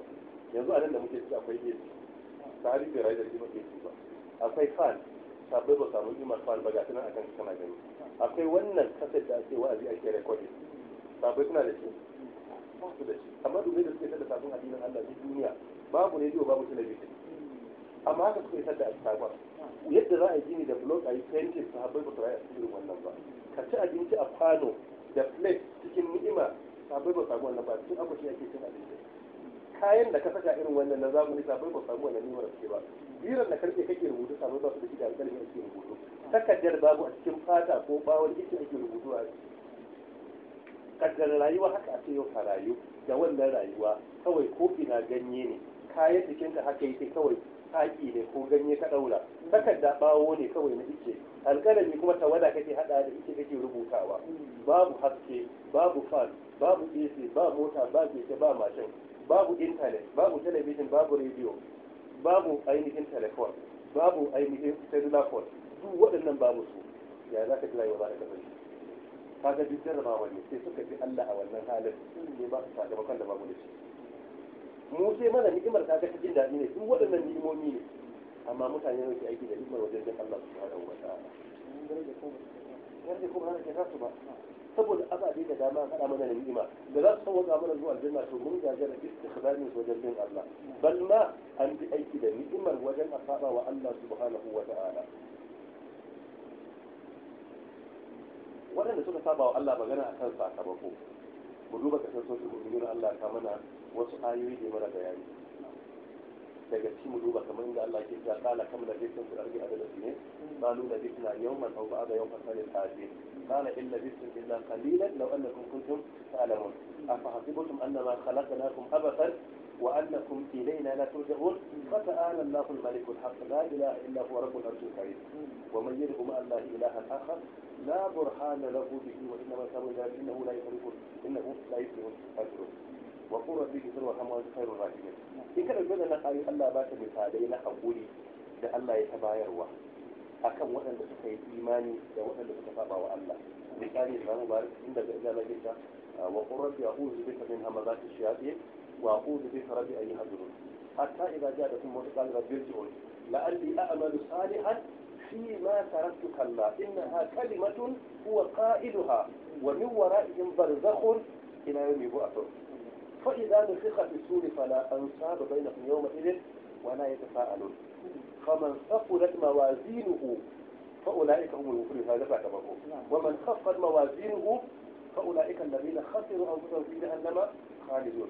yanzu a nan da muke cikin akwai AC tsari bai rayu da ni'imar AC ba akwai fan sabai ba samu ni'imar fan ba ga a kan kana gani akwai wannan kasar da ake wa'azi ake rekodin sabai suna da shi da shi amma dubai da suke da sabon addinin Allah duk duniya babu rediyo babu talabijin amma haka suka isar da asaba yadda za a yi gini da blog a yi fentin su haɓar ba su rayu a cikin wannan ba ka ci abinci a kwano da plate cikin ni'ima sabai ba samu wannan ba cikin akwashi ake cin abinci kayan da ka saka irin wannan na zamani sabai ba samu wannan ni'imar ke ba biran da karfe kake rubutu sabai ba su da shiga alƙalmi ake rubutu takardar babu a cikin fata ko bawon ice ake rubutu a ciki kaddar rayuwa haka a ce yau ka rayu da wannan rayuwa kawai ko ina ganye ne kayan jikinta haka yake kawai taki ne ko ganye ka daura takarda bawo ne kawai na ice alƙalami kuma ta tawada kake hada da ice kake rubutawa babu haske babu fan babu ac ba mota ba keke ba mashin babu intanet babu talabijin babu rediyo babu ainihin telefon babu ainihin cellular phone duk waɗannan babu su ya za ka kira ba da kafin kaga duk jarrabawa ne sai suka fi Allah a wannan halin ne ba sakamakon da babu da shi mu sai mana ni'imar ta ta jin daɗi ne duk waɗannan ni'imomi ne amma mutane ne ke aiki da ni'imar wajen jin Allah subhanahu wa ta'ala garje kuma hana ke saboda ababe da dama faɗa mana da ni'ima da za su sauwaka mana zuwa aljanna to mun gagara istikhdamin su wajen bin Allah bal ma an bi aiki da ni'imar wajen asaba wa Allah subhanahu wa ta'ala waɗanda suka saba wa Allah magana a akan sakamako mu duba kasar sosu mu nuna Allah ka mana wasu ayoyi da mana bayani daga ci mu duba kamar inda Allah ke ta kala kamar da bisin su arbi adala su ne ba nuna bisin a yau man hau ba a yau fasalin illa bisin illa kalilan lau annakum kuntum ta'lamun afa hasibatum annama khalaqnakum abathan وأنكم إلينا لا ترجعون فتعالى الله الملك الحق لا إله إلا هو رب العرش الكريم ومن يرغب أن لا إله آخر لا برهان له به وإنما كان ذلك إنه لا يفلح إنه لا يفلح أجره وقل ربي اغفر وارحم وأنت خير الراحمين إن كان الجنة نقاي ألا بات مثالي لحقولي da Allah ya ta bayarwa akan waɗanda suka yi imani da waɗanda suka saba wa Allah misali da zamu bayar inda ga ila lagita wa qurrati a'udhu bika min hamazati shayatin وأقول به ربي أيها الذنوب حتى إذا جاءت الموت قال ربي ارجعون لعلي أعمل صالحا فيما تركت كلا إنها كلمة هو قائلها ومن ورائهم برزخ إلى يوم يبعثون فإذا نفخ في السور فلا أنصاب بينهم يومئذ ولا يتساءلون فمن ثقلت موازينه فأولئك هم المفلحون هذا بعد نعم. ومن خفت موازينه فأولئك الذين خسروا أنفسهم في جهنم خالدون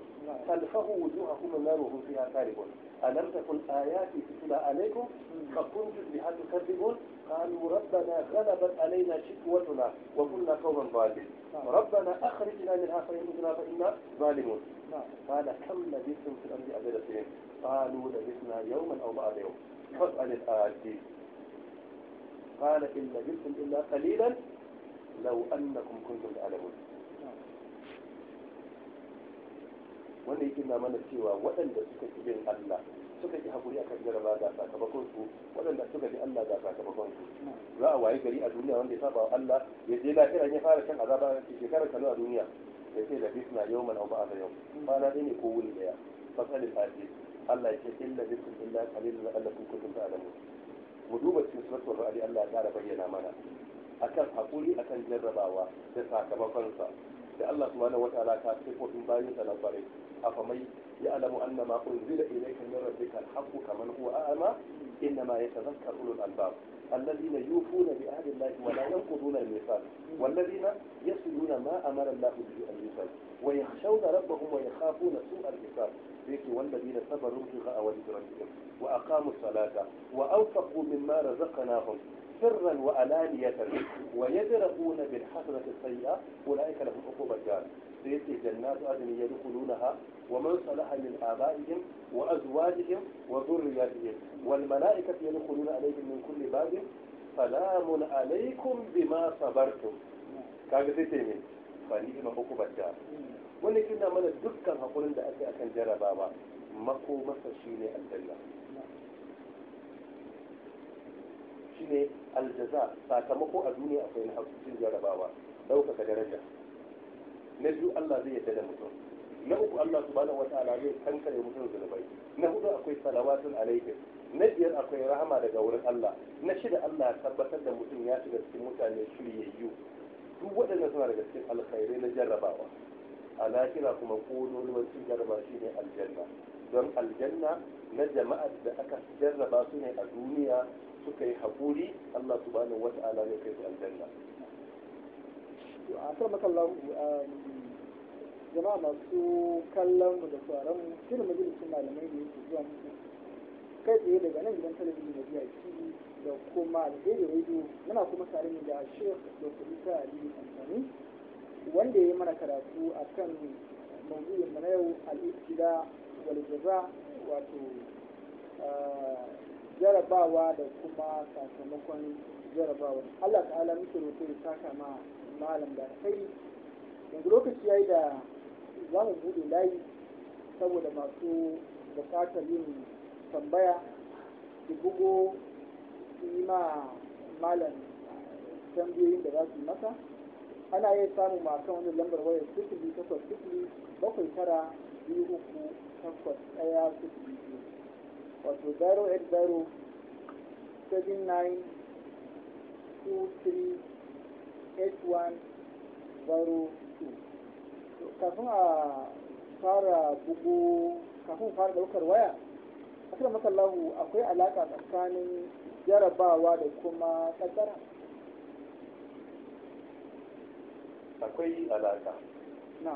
تلفه نعم. وجوههم النار وهم فيها كارهون ألم تكن آياتي تتلى عليكم فكنتم بها تكذبون قالوا ربنا غلبت علينا شكوتنا وكنا قوما ظالمين نعم. ربنا أخرجنا منها فإننا فإنا ظالمون نعم. قال كم لبثتم في الأرض عدد سنين قالوا لبثنا يوما أو بعد يوم فاسأل الآتي قال إن لبثتم إلا قليلا lau أنكم كنتم تعلمون wanda yake na mana cewa waɗanda suka ki bin Allah suka ki hakuri kan jaraba ga sakamakon su waɗanda suka bi Allah ga sakamakon su za a wayi gari a duniya wanda ya saba wa Allah ya je kiran ya fara kan azaba shekarar kano a duniya ya ce da bisna yawman aw ba'da yau. kwana ɗaya ne ko wuni ɗaya fasali fasi Allah ya ce illa bisu illa qalilun allakum da alamu mu duba cikin suratul ra'd Allah ya ƙara bayyana mana akan hakuri akan jarrabawa da sakamakonsa da Allah subhanahu wataala ta sifofin bayin sa na kwarai afamai ya alamu anna ma unzila ilayka min rabbika alhaqqu kaman huwa a'ma inna ma yatadhakkaru ulul albab الذين يوفون بعهد الله ولا ينقضون ya والذين يصلون ما امر الله به ان يصل ويخشون ربهم ويخافون سوء الحساب بيت والذين صبروا Wa وجه ربهم واقاموا الصلاه واوفقوا مما رزقناهم سرا وعلانية ويدرؤون بالحسنة السيئة أولئك لهم عقوبة الدار سيأتي جنات عدن يدخلونها ومن صلح من آبائهم وأزواجهم وذرياتهم والملائكة يدخلون عليهم من كل باب سلام عليكم بما صبرتم kaga sai taimai ba ni ima uku bacca wanda kina mana dukkan hakurin da ake akan jaraba ba mako masa shine aljanna shine aljaza sakamako a duniya akwai na cin jarabawa ɗaukaka daraja na biyu Allah zai yarda da mutum na uku Allah subhanahu wa ta'ala zai kankare mutum zunubai na hudu akwai salawatun alaikum na biyar akwai rahama daga wurin Allah na shida Allah ya tabbatar da mutum ya shiga cikin mutane shiryayyu duk waɗannan suna daga cikin alkhairai na jarrabawa a lahira kuma kololuwar cin jarraba shi ne aljanna don aljanna na jama'ar da aka jarraba su ne a duniya suka yi hakuri, Allah subhanahu wa ta'ala ya kai su aljanna a kan makallahu jama'a masu kallon mu da sauran mu shirin majalisun malamai da yake zuwa mu kai tsaye daga nan gidan talabijin da biya shi da kuma alheri radio muna kuma tare ne da shekh dr isa ali amfani wanda ya yi mana karatu akan kan mawuyin mana yau al'ibtida wal jaza wato jarabawa da kuma sakamakon jarabawa Allah ta'ala muke roƙo ya saka ma malam da kai yanzu lokaci yayi da zamu mu buɗe layi saboda masu bukatar yin tambaya su bugo su yi ma malam tambayoyin da za su masa ana iya samun masu wani lambar wayar sifili takwas sifili bakwai tara biyu uku takwas ɗaya sifili wato three, eight, one, 81 two, kafin a fara bugu kafin fara daukar waya a kan matsalahu akwai alaka tsakanin jarabawa da kuma tsakara akwai alaka na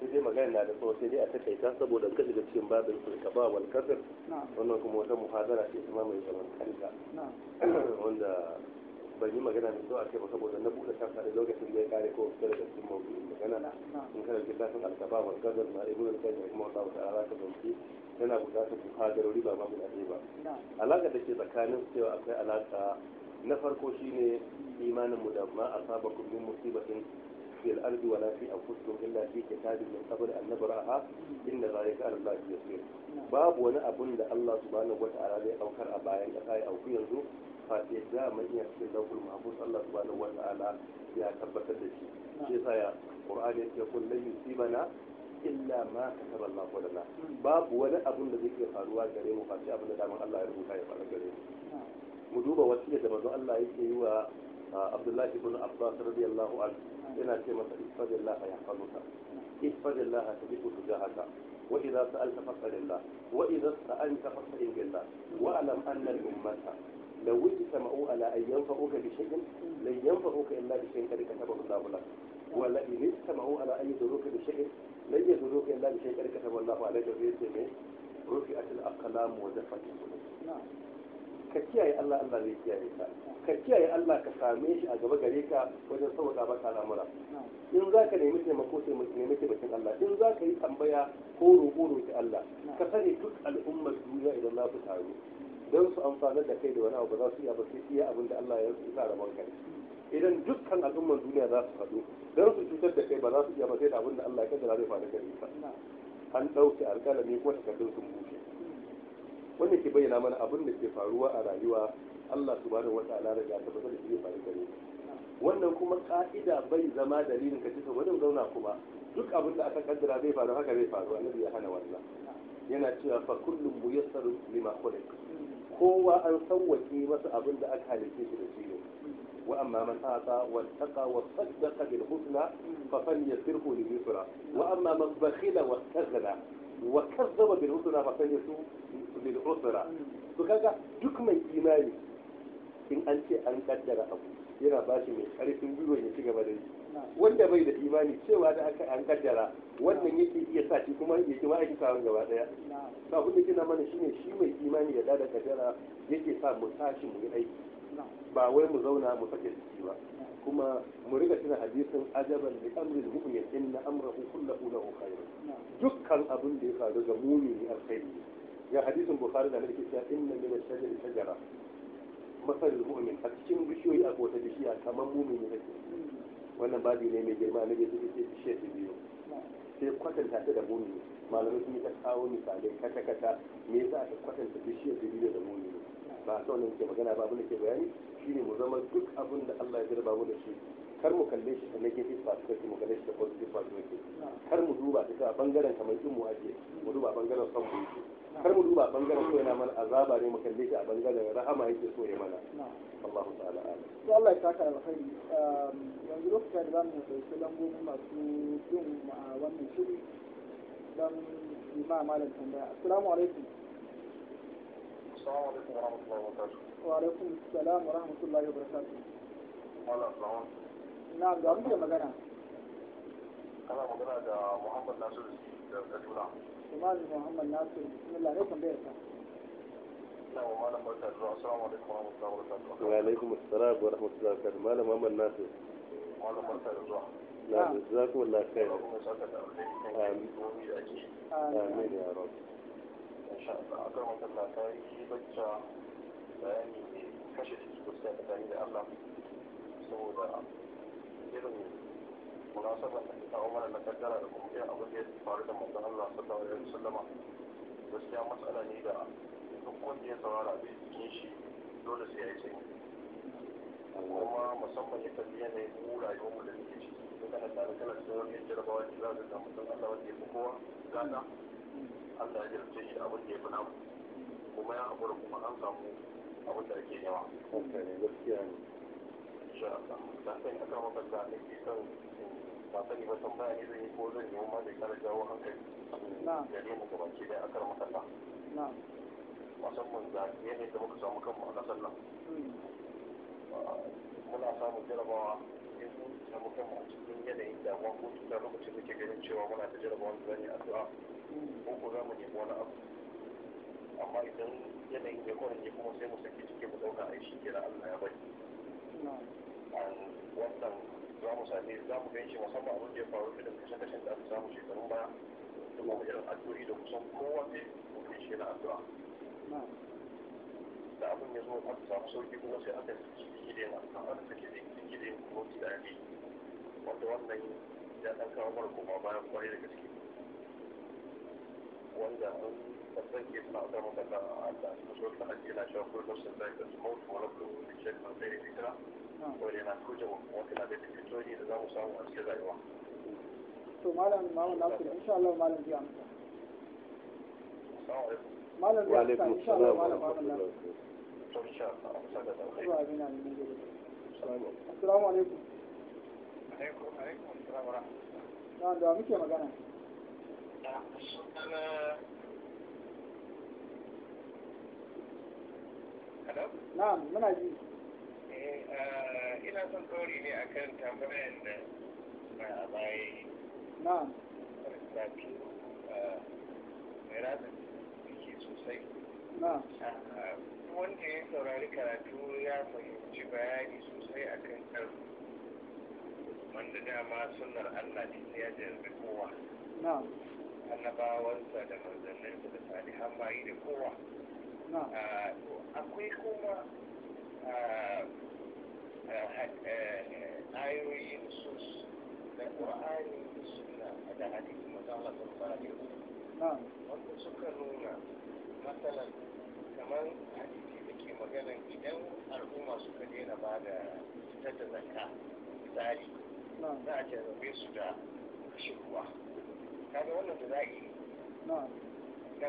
sai dai magana na da tsawo sai dai a takaita saboda kashi da cikin babin ba wal kasar wannan kuma wata muhadara ce kuma mai zaman kanta wanda ban yi magana mai zuwa ba saboda na buɗe shafa da lokacin da ya kare ko fitar da cikin mawuyi magana in kana littafin alkaba wal gadar na ibn al-qayyim kuma wa ta'ala ta zanci yana buƙatar muhadarori ba babu dade ba alaka da ke tsakanin cewa akwai alaka na farko shine imanin mu da ma asabakum min musibatin في الأرض ولا في أنفسكم إلا في كتاب من قبل أن نبرأها إن ذلك على الله يسير باب وانا أبن الله سبحانه وتعالى زي أوكر أباين أخاي أو في ينزو فاتي جاء من يحسن له المحفوظ الله سبحانه وتعالى يا تبت الشيء شيء سايا القرآن يقول لن يصيبنا إلا ما كتب الله لنا باب وانا أبن ذكر فاروا جريم وفاتي أبن دامن الله يربو كاي فاروا جريم mu duba wasiyar da manzo Allah yake yi wa abdullahi ibn abbas radiyallahu an yana ce masa ittaqillaha yahfazuka ittaqillaha tajidu tujahaka wa idza sa'alta fasalillah wa idza sa'alta fasalillah wa alam anna al-ummata law wujtama ala an yanfa'uka bi shay'in lan yanfa'uka illa bi shay'in kadaka tabu Allahu lak wa la in istama'u ala an yadruka bi shay'in lan yadruka illa bi shay'in kadaka tabu Allahu alayka fi yadihi rufi'at al-aqlam wa zafat al-qulub na'am ka kiyaye Allah Allah zai kiyaye ka ka kiyaye Allah ka same shi a gaba gare ka wajen saboda baka lamura. in za ka nemi taimako sai mu nemi taimakon Allah in za ka yi tambaya ko roƙo roƙi Allah ka sani duk al'ummar duniya idan za su taru don su amfana da kai da wani abu ba za su iya ba sai iya abin da Allah ya yi sa rabon kai idan dukkan al'ummar duniya za su haɗu don su cutar da kai ba za su iya ba sai da abin da Allah ya kaddara zai faru da ka an ɗauke alƙalami ko takardun sun bushe wanda ke bayyana mana abin da ke faruwa a rayuwa Allah subhanahu wa ta'ala da ya tabbatar da shi faru gare wannan kuma ka'ida bai zama dalilin ka ci saboda zauna kuma duk abin da aka kaddara zai faru haka zai faru annabi ya hana wannan yana cewa fa kullum muyassar lima khulq kowa an sawwake masa abin da aka halice shi da shi ne wa amma man ata wa taqa wa saddaqa bil husna fa falyasirhu lil yusra wa amma man bakhila wa istaghna wa kazzaba bil husna fa sai su bil usra su kaga duk mai imani in an ce an kaddara yana ba shi mai karfin gwiwa ya ci gaba da yi wanda bai da imani cewa da aka an kaddara wannan yake iya sa shi kuma ya ma aiki kawon gaba daya ba kuma kina mana shine shi mai imani ya da kaddara yake sa mu tashi mu yi aiki ba wai mu zauna mu sake ciki ba kuma mu riga tuna hadisin ajaban bi amrin mu'min inna amrahu kullahu lahu khairun dukkan abin da ya faru ga mumini alkhairi ya hadisin bukhari da nake cewa inna min ash-shajari shajara masal mu'min a cikin bishiyoyi a kota bishiya kamar mumini nake wannan babi ne mai girma na gaji ce shi biyu sai kwatanta ta da mumini malamai sun yi ta kawo misalai kata-kata me yasa aka kwatanta bishiyar biyu da mumini ba a ne ke magana ba abin da ke bayani shi ne mu zama duk abin da Allah ya jarba mu da shi kar mu kalle shi ta negative perspective mu kalle shi ta positive perspective kar mu duba ta bangaren kamar kin mu ake mu duba bangaren son mu kar mu duba bangaren so yana mana azaba ne mu kalle shi a bangaren rahama yake so ya mana Allahu ta'ala to Allah ya saka alkhairi yanzu lokacin da zamu dauki lambobin masu yin wannan shiri dan imama malam tambaya assalamu alaikum السلام عليكم ورحمة الله وبركاته وعليكم السلام ورحمة الله وبركاته مالا أفلامان نعم دعون بي مغانا أنا مغانا دا محمد ناصر الزيب سمال محمد ناصر بسم الله عليكم بيرتا السلام عليكم ورحمة الله وبركاته وعليكم السلام ورحمة الله وبركاته مالا محمد ناصر مالا محمد ناصر نعم جزاكم الله خير آمين آمين يا رب insha Allah akan yi bacca bayani kashe jiki ko sai da da Allah saboda irin munasabar da ta na kaddara da kuma irin abin da ya faru da Allah matsala ne da duk wanda ya saurara bai shi dole sai ya yi sanyi kuma musamman ya yanayin mu rayuwar da muke ciki kana tare jarabawa ne za ka ga mutum Allah Allah ya ce shi abin da ya fi namu kuma ya haƙura kuma an samu abin da ake yawa. Haka ne gaskiya ne. Insha Allah. Da sai aka maka da ne ke son ba sani ba san bayani zai yi ko zan yi ma da kara jawo hankali. ne mu gaban ki da aka maka da. Musamman da yanayin da muka samu kanmu a ƙasar nan. Hmm. Muna samun jarabawa yanzu na muka a cikin yanayin damuwa ko tuta lokacin da ke ganin cewa muna ta jarraba wani zani addu'a ko ko za mu nemi wani abu amma idan yanayin ya kwanne kuma sai mu sake cike mu ɗauka a shi kira Allah ya bari wannan za mu sami za mu ganshi musamman abin da ya faru da kashe-kashen da aka samu shekarun baya da kuma irin addu'o'i da kusan kowa sai mu ganshi na addu'a da abin ya zo a samu sauki kuma sai aka yi da yana aka saki da yanki da yanki ko da yi wanda wannan ya ɗan kawo mara koma bayan kwarai da gaske wanda an tabbai ke suna da maka da Allah su so ta hajji na shawo kullum sun zai da small wata wani kuma the check na sai da kira wani yana kuje wata na da fitoni da za mu samu a cikin rayuwa to malam malam nasu insha Allah malam amsa malam malam malam to assalamu alaikum na da muke magana muna ji. ina son tsori ne akan tambayar da na baya Na'am. Rafi, mai rafi sosai. wanda ya saurari karatu ya fahimci bayani sosai a kan tsaro wanda dama sunar allah ne ya jarbi kowa annabawansa da manzanninsa da salihan bayi da kowa ah, akwai kuma ah, ah, eh, eh, ayoyin su da ƙwa'ani suna da hadisi masu allah sun fara wanda suka nuna matsalan kamar hadisi da ke maganan idan al'umma suka daina ba da fitar da zakka misali za a jarrabe su da kashe ruwa kaga wannan da yi na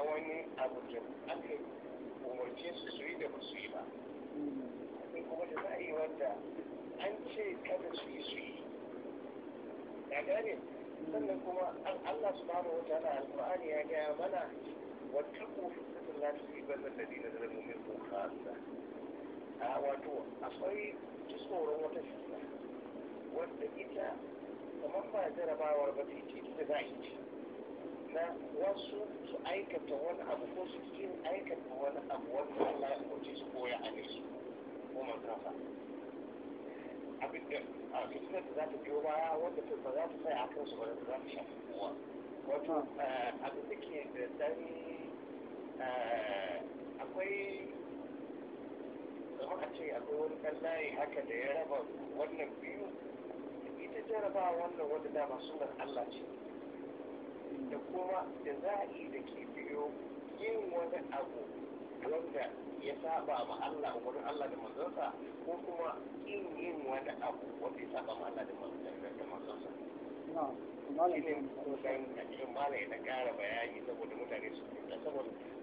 wani abu da aka umarce su su yi da ba su yi ba mm-hmm. akwai kuma da yi wanda an ce kada su yi su yi ya gane mm-hmm. sannan kuma Allah subhanahu wa ta'ala alqur'ani ya gaya mana wa taqu la tusibanna alladhina zalamu a wato akwai tsoron wata wadda ita kamar ba jarabawar ba ce ce da za a na wasu su aikata wani abu ko su aikata wani abu Allah ya kwace su koya a ne su ko abin da a da za ta biyo baya za ta tsaya a kansu ba za ta shafi kowa wato abin da ke da Eh, akwai zama a ce akwai wani kallaye haka da ya raba wannan biyu ita jaraba wannan wanda dama sunan Allah ce da kuma da za a yi da ke biyo yin wani abu wanda ya saba ma Allah wani Allah da manzansa ko kuma yin yin wani abu wanda ya saba ma Allah da manzansa. Shi ne kusan a cikin malai na ƙara bayani saboda mutane su fita saboda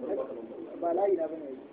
ba layi na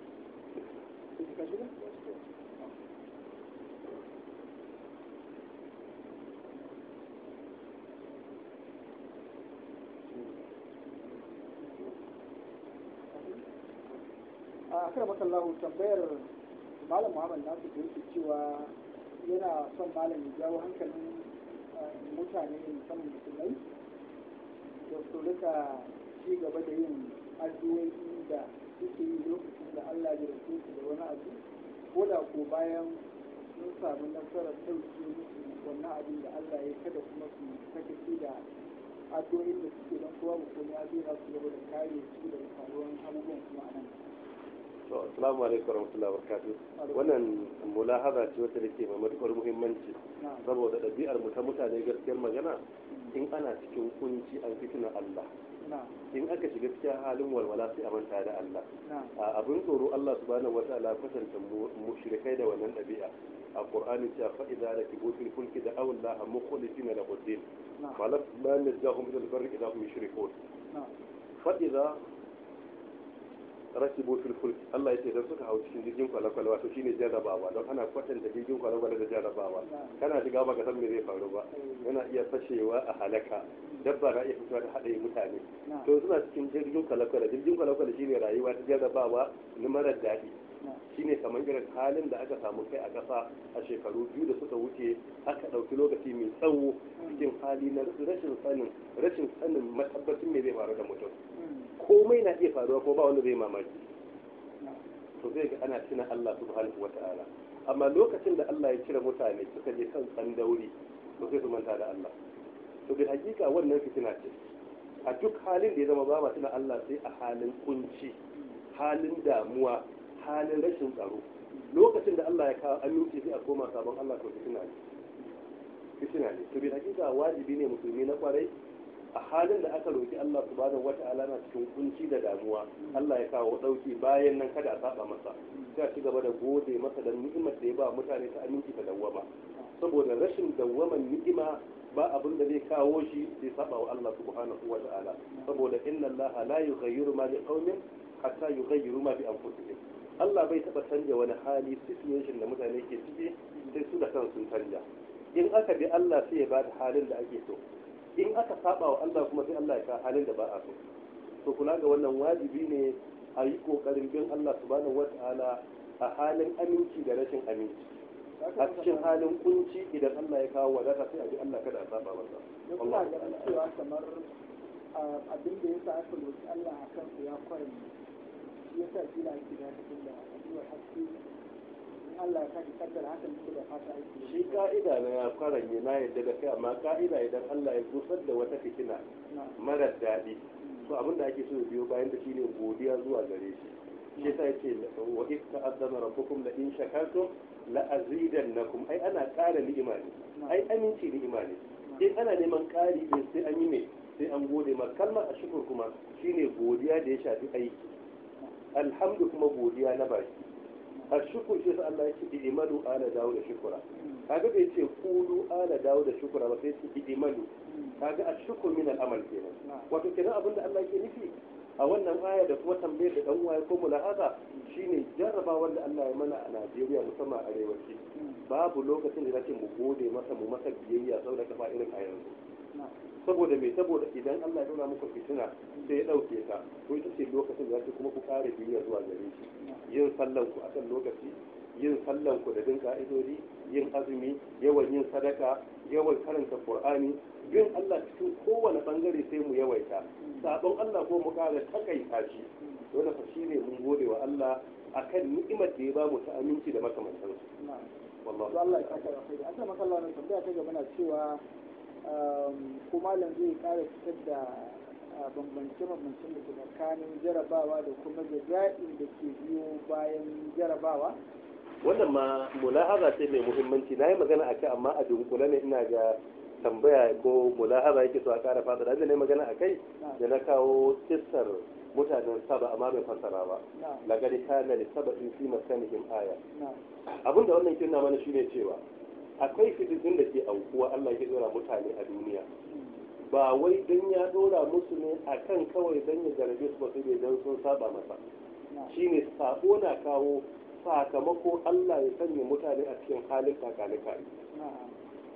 a kar lahun tambayar malam muhammad nasu da yake cewa yana son malam jawo hankalin eh, mutane musamman musulmai da su rika ci gaba da yin addu'o'i da suke yi lokacin da Allah ya rufe su da wani abu ko da ko bayan sun samu nasarar ɗauke musu wannan abin da Allah ya kada kuma su sakaci da addu'o'in da suke don kowa ba komai ya zai su gaba da kare su da faruwan abubuwan kuma nan. to assalamu alaikum warahmatullahi wabarakatuh wannan mulahaza ce wacce take mai matukar muhimmanci saboda ɗabi'ar mu ta mutane gaskiyar magana in ana cikin kunci an fitina Allah in aka shiga cikin halin walwala sai a manta da Allah abin tsoro Allah subhanahu wataala kwatanta mushrikai da wannan ɗabi'a a qur'ani cewa fa idza rakibu fil kulki da awla mukhlisina lahu din falam ma najahum ila al-barri idza hum yushrikun fa idza rakibu fil fulki Allah yake da suka hau cikin jirgin kwalakwal wato shine jarrabawa don ana kwatanta jirgin kwalakwal da jarrabawa kana shiga ba ka san me zai faru ba yana iya fashewa a halaka dabba na iya fitowa da haɗe mutane to suna cikin jirgin kwalakwal jirgin kwalakwal shine rayuwa ta jarrabawa na marar daɗi shine kamar irin halin da aka samu kai a ƙasa a shekaru biyu da suka wuce aka ɗauki lokaci mai tsawo cikin hali na rashin sanin rashin sanin matabbacin me zai faru da mutum komai na iya faruwa ko ba wanda zai mamaki to zai ga ana tuna Allah subhanahu wata'ala amma lokacin da Allah ya cire mutane suka je kan tsandauri to sai su manta da Allah to bi hakika wannan fitina ce a duk halin da ya zama ba ma tuna Allah sai a halin kunci halin damuwa halin rashin tsaro lokacin da Allah ya kawo aminci sai a koma sabon Allah to fitina ne fitina ne to bi hakika wajibi ne musulmi na kwarai a halin da aka roki Allah subhanahu wata'ala na cikin kunci da damuwa Allah ya kawo dauki bayan nan kada a saba masa sai a ci gaba da gode masa da ni'imar da ya ba mutane ta aminci da dawwama saboda rashin dawwaman ni'ima ba abin da zai kawo shi sai saba wa Allah subhanahu wa ta'ala saboda inna Allah la yughayyiru ma bi qaumin hatta yughayyiru ma bi anfusihim Allah bai taɓa canja wani hali situation da mutane ke ciki sai su da kan sun canja in aka bi Allah sai ya bada halin da ake so in aka saba wa Allah kuma sai Allah ya ka halin da ba a so to kula ga wannan wajibi ne a yi kokarin bin Allah subhanahu wata'ala a halin aminci da rashin aminci a cikin halin kunci idan Allah ya kawo wadata sai a bi Allah kada a saba masa Allah ya kamar ah, abin da ya sa aka roki Allah akan su ya kware shi yasa shi da ake da da addu'ar haske in Allah ya saki kaddara haka muke da fata aiki. shi ka'ida na ya faranye na yadda da kai amma ka'ida idan Allah ya gusar da wata fitina mara daɗi to abin da ake so ya biyo bayan da ne godiya zuwa gare shi shi yasa yace wa in ta'azzama rabbukum da in shakartum la kuma. ai ana ƙara ni'ima ne ai aminci ni'ima ne in ana neman ƙari din sai an yi mai sai an gode ma kalmar ashukur kuma shine godiya da ya shafi aiki alhamdu kuma godiya na baki a shukur shi sa Allah ya ce idimalu ala dawo da shukura kaga bai ce kulu ala dawo da shukura ba sai ce idimalu kaga a shukur min al'amal kenan wato kenan abin da Allah ke nufi a wannan aya da kuma tambayar da dan uwaye ko mulahaza shine jarraba wanda Allah ya mana a Najeriya musamman a arewaci babu lokacin da zaki mu gode masa mu masa biyayya saboda kafa irin a yanzu saboda mai saboda idan Allah ya nuna muku fitina sai ya ɗauke ta to ita ce lokacin da zai kuma ku kare biyya zuwa gare shi yin sallan ku akan lokaci yin sallan ku da bin ka'idodi yin azumi yawan yin sadaka yawan karanta qur'ani yin Allah cikin kowane bangare sai mu yawaita sabon Allah ko mu kare takaita shi dole fa shine mun gode wa Allah akan ni'imar da ya bamu ta aminci da makamantansu wallahi Allah ya da kai a sama kallon tambaya ta gaba na cewa Ehm, kuma malam zai kara fitar da ah, bambance bambancin da ke tsakanin jarabawa da kuma jaza'in da ke biyo bayan jarabawa wannan ma mulahaza ce mai muhimmanci na yi magana a kai amma a dunkule ne ina ga tambaya ko mulahaza yake so a kara fata da zai magana a kai da na kawo kissar mutanen saba amma bai fasara ba lagari kana li saba in fi masanihin aya abinda wannan kirna mana shi ne cewa akwai fitinin da ke aukuwa Allah ya dora mutane a duniya ba wai dan ya dora musu ne akan kawai dan ya jarabe su ba sai dan sun saba masa shine sabo na kawo sakamako Allah ya sanya mutane a cikin halin kakalika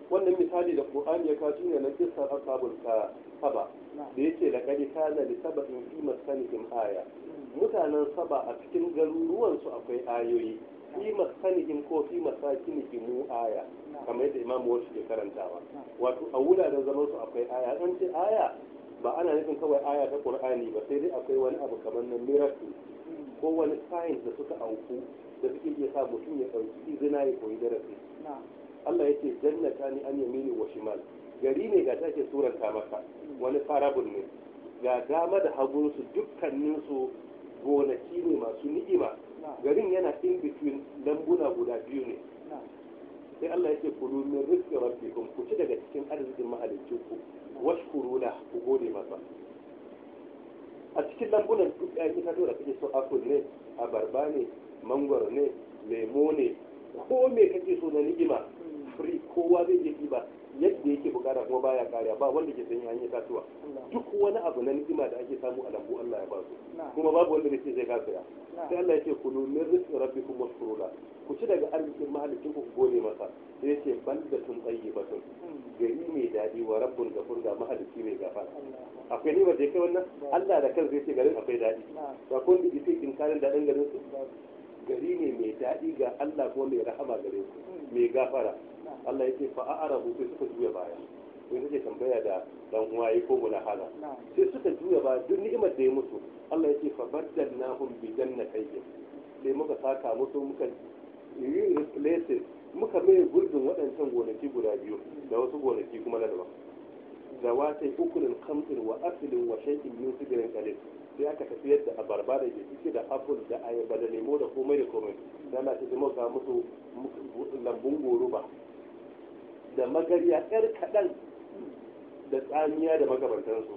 wannan misali da Qur'an ya kawo shine na kissar ashabul saba da yake da kadi kana li sabatin fi masanihim aya mutanen saba a cikin garuruwan su akwai ayoyi fi masanihim ko fi masakinihim mu aya kamar yadda imamu wasu ke karantawa wato a wuraren zaman su akwai aya an ce aya ba ana nufin kawai aya ta qur'ani ba sai dai akwai wani abu kamar na miracle ko wani science da suka auku da suke iya sa mutum ya ɗauki izina ya koyi darasi Allah yake jannata ni an yamini wa shimal gari ne ga take suranta maka wani farabul ne ga dama da hagu su dukkaninsu gonaki ne masu ni'ima garin yana in between lambuna guda biyu ne sai Allah ya ce kulu min rizqi rabbikum ku ci daga cikin arzikin mahalicin ku washkuru la ku gode masa a cikin lambunan duk ƴaƴan itatuwa da kake so apple ne abarba ne mangoro ne lemo ne ko me kake so na ni'ima free kowa zai yi ba yadda yake bukata kuma baya kariya ba wanda ke sanya hanyar tatuwa duk wani abu na ni'ima da ake samu a lambu Allah ya ba su kuma babu wanda ne zai ka saya sai Allah ya ce kulu min rizqi rabbikum waskurula ku ci daga arzikin mahallin ku gode masa sai ya ce baldatun tayyibatun hmm. gari mai dadi wa rabbul da ga mahalicci mai gafara akwai ni ba da kai wannan Allah da kansa zai ce garin akwai dadi ba kun da ke cikin karin dadin garin su gari ne mai daɗi ga Allah ko mai rahama gare su mai gafara Allah yake fa a'arabu sai suka juya baya ko suke tambaya da dan uwa ko ko hala sai suka juya baya duk ni'imar da ya mutu Allah yake fa baddalnahum bi jannatayhi sai muka saka musu muka yi replaces muka mai gurbin waɗancan gonaki guda biyu da wasu gonaki kuma na daban da wasu ukulin kamtin wa asilin wa shaikin min sigirin kalin sai aka tafiyar da abarba da ke cike da apple da ayaba da nemo da komai da komai da na ta zama ga mutu lambun goro ba. da magariya yar kaɗan da tsamiya da magabantansu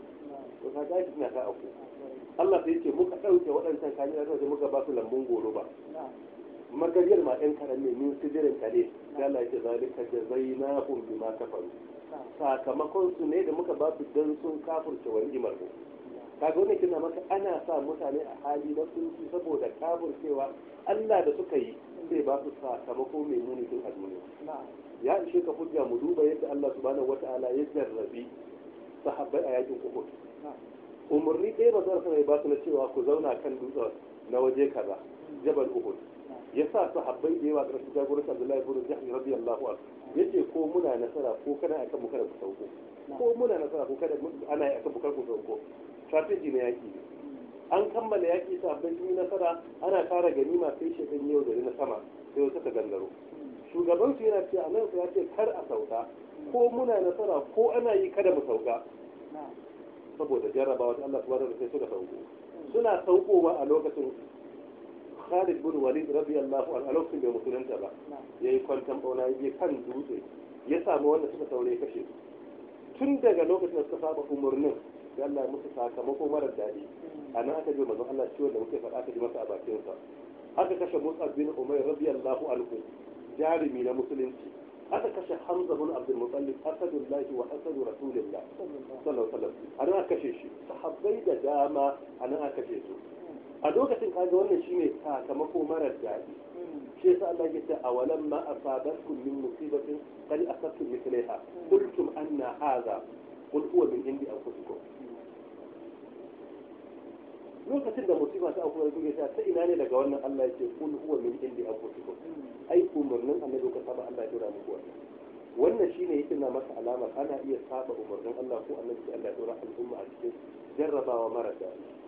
ko ka gaji ina ta aku Allah sai ce muka ɗauke waɗancan kayan da muka ba su lambun goro ba. magariyar ma ɗan kaɗan ne min sidirin kare da Allah ya ce zalika jazainahum bima kafaru sakamakon su ne da muka ba su dan sun kafurta wani imar kaga wannan kina maka ana sa mutane a hali na kunci saboda kabur cewa Allah da suka yi zai ba su sakamako mai muni tun a duniya ya ishe ka hujja mu duba yadda Allah subhanahu wataala ya jarrabi sahabbai a yakin Uhud Umurni ɗaya ba zan ya ba su na cewa ku zauna kan dutsen na waje kaza jabal Uhud ya sa sahabbai da yawa ƙarshen jagoranci Abdullahi ibn Jahsh radiyallahu anhu yace ko muna nasara ko kana akan mu kada ku sauko ko muna nasara ko kada ana yi akan bukar kusa ko strategy na yaki an kammala yaki ta ban yi nasara ana kara ganima sai shekan yau da na sama sai wasu ta gangaro shugaban su yana cewa nan ya ce kar a sauka ko muna nasara ko ana yi kada mu sauka saboda jarrabawa ta Allah subhanahu wa ta'ala sai suka sauko suna saukowa a lokacin Khalid bin Walid radiyallahu anhu a lokacin bai musulunta ba yayi kwantan bauna yaje kan dutse ya samu wanda suka saurayi kashe su tun daga lokacin da suka saba umarnin sai Allah ya musu sakamako marar daɗi a nan aka ji manzon Allah ciwon da muke faɗa aka ji masa a bakinsa aka kashe Musa bin Umair allahu anhu jarumi na musulunci aka kashe Hamza bin Abdul Muttalib asadullahi wa asadu rasulillah sallallahu alaihi wasallam a nan aka kashe shi sahabbai da dama a nan aka kashe su a lokacin kaga wannan shine sakamako marar daɗi shi yasa Allah ya ce a walam ma asabatkum min musibatin qad asabtum mithlaha qultum anna hadha qul huwa min indi anfusikum lokacin da musiba ta akwai zuwa ta ta ina ne daga wannan Allah ya ce qul huwa min indi anfusikum ai umarnin annabi ka saba Allah ya dora muku wannan wannan shine yake na masa alamar ana iya saba umarnin Allah ko annabi Allah ya dora al'umma a cikin jarrabawa marar daɗi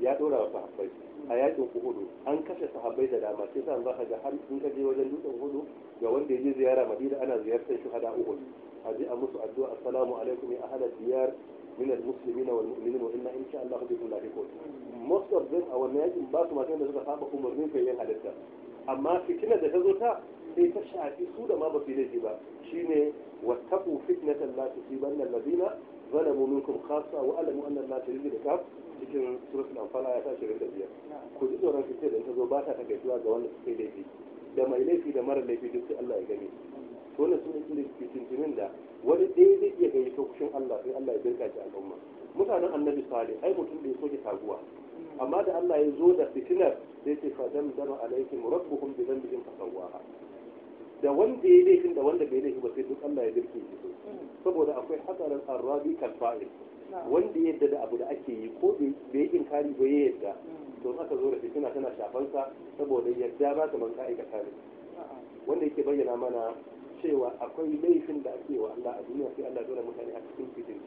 ya dora wa sahabbai a yakin uhudu an kashe sahabbai da dama sai sa zaka ga har in ka je wajen dutsen uhudu ga wanda ya je ziyara madina ana ziyartar shuhada uhud a ji a musu addu'a assalamu alaikum ya ahlal diyar min almuslimina wal mu'minin wa inna insha Allah bikum lahiqun most of them a wannan yakin ba su matan da suka saba umarnin kai yan halitta amma fitinar da ta zo ta sai ta shafi su da ma ba su laifi ba shine wattaqu fitnatan la tusibanna alladhina ظلموا منكم خاصة وألموا أن الله تريد الكاف cikin suratul ya aya ta biyar ku ji tsoron fice da ta zo ba ta gaisuwa ga wanda suke laifi da mai laifi da mara laifi duk sai Allah ya gani to ne sune sune fitintunin da wani ɗaya zai iya gani ta kushin Allah sai Allah ya birka shi al'umma mutanen annabi salih ai mutum da ya soke taguwa amma da Allah ya zo da fitinar sai ce fa dan dama alaikum rabbukum bi dhanbihim fasawaha da wanda ya laifin da wanda bai laifi ba sai duk Allah ya birke shi saboda akwai hadarin arrabi kalfa'il wanda yadda da abu da ake yi ko bai yi inkari ko ya yadda to haka zo da fitina tana shafansa saboda yadda ba ta manka aikata ne wanda yake bayyana mana cewa akwai laifin da ake wa Allah a duniya sai Allah dole mutane a cikin fitin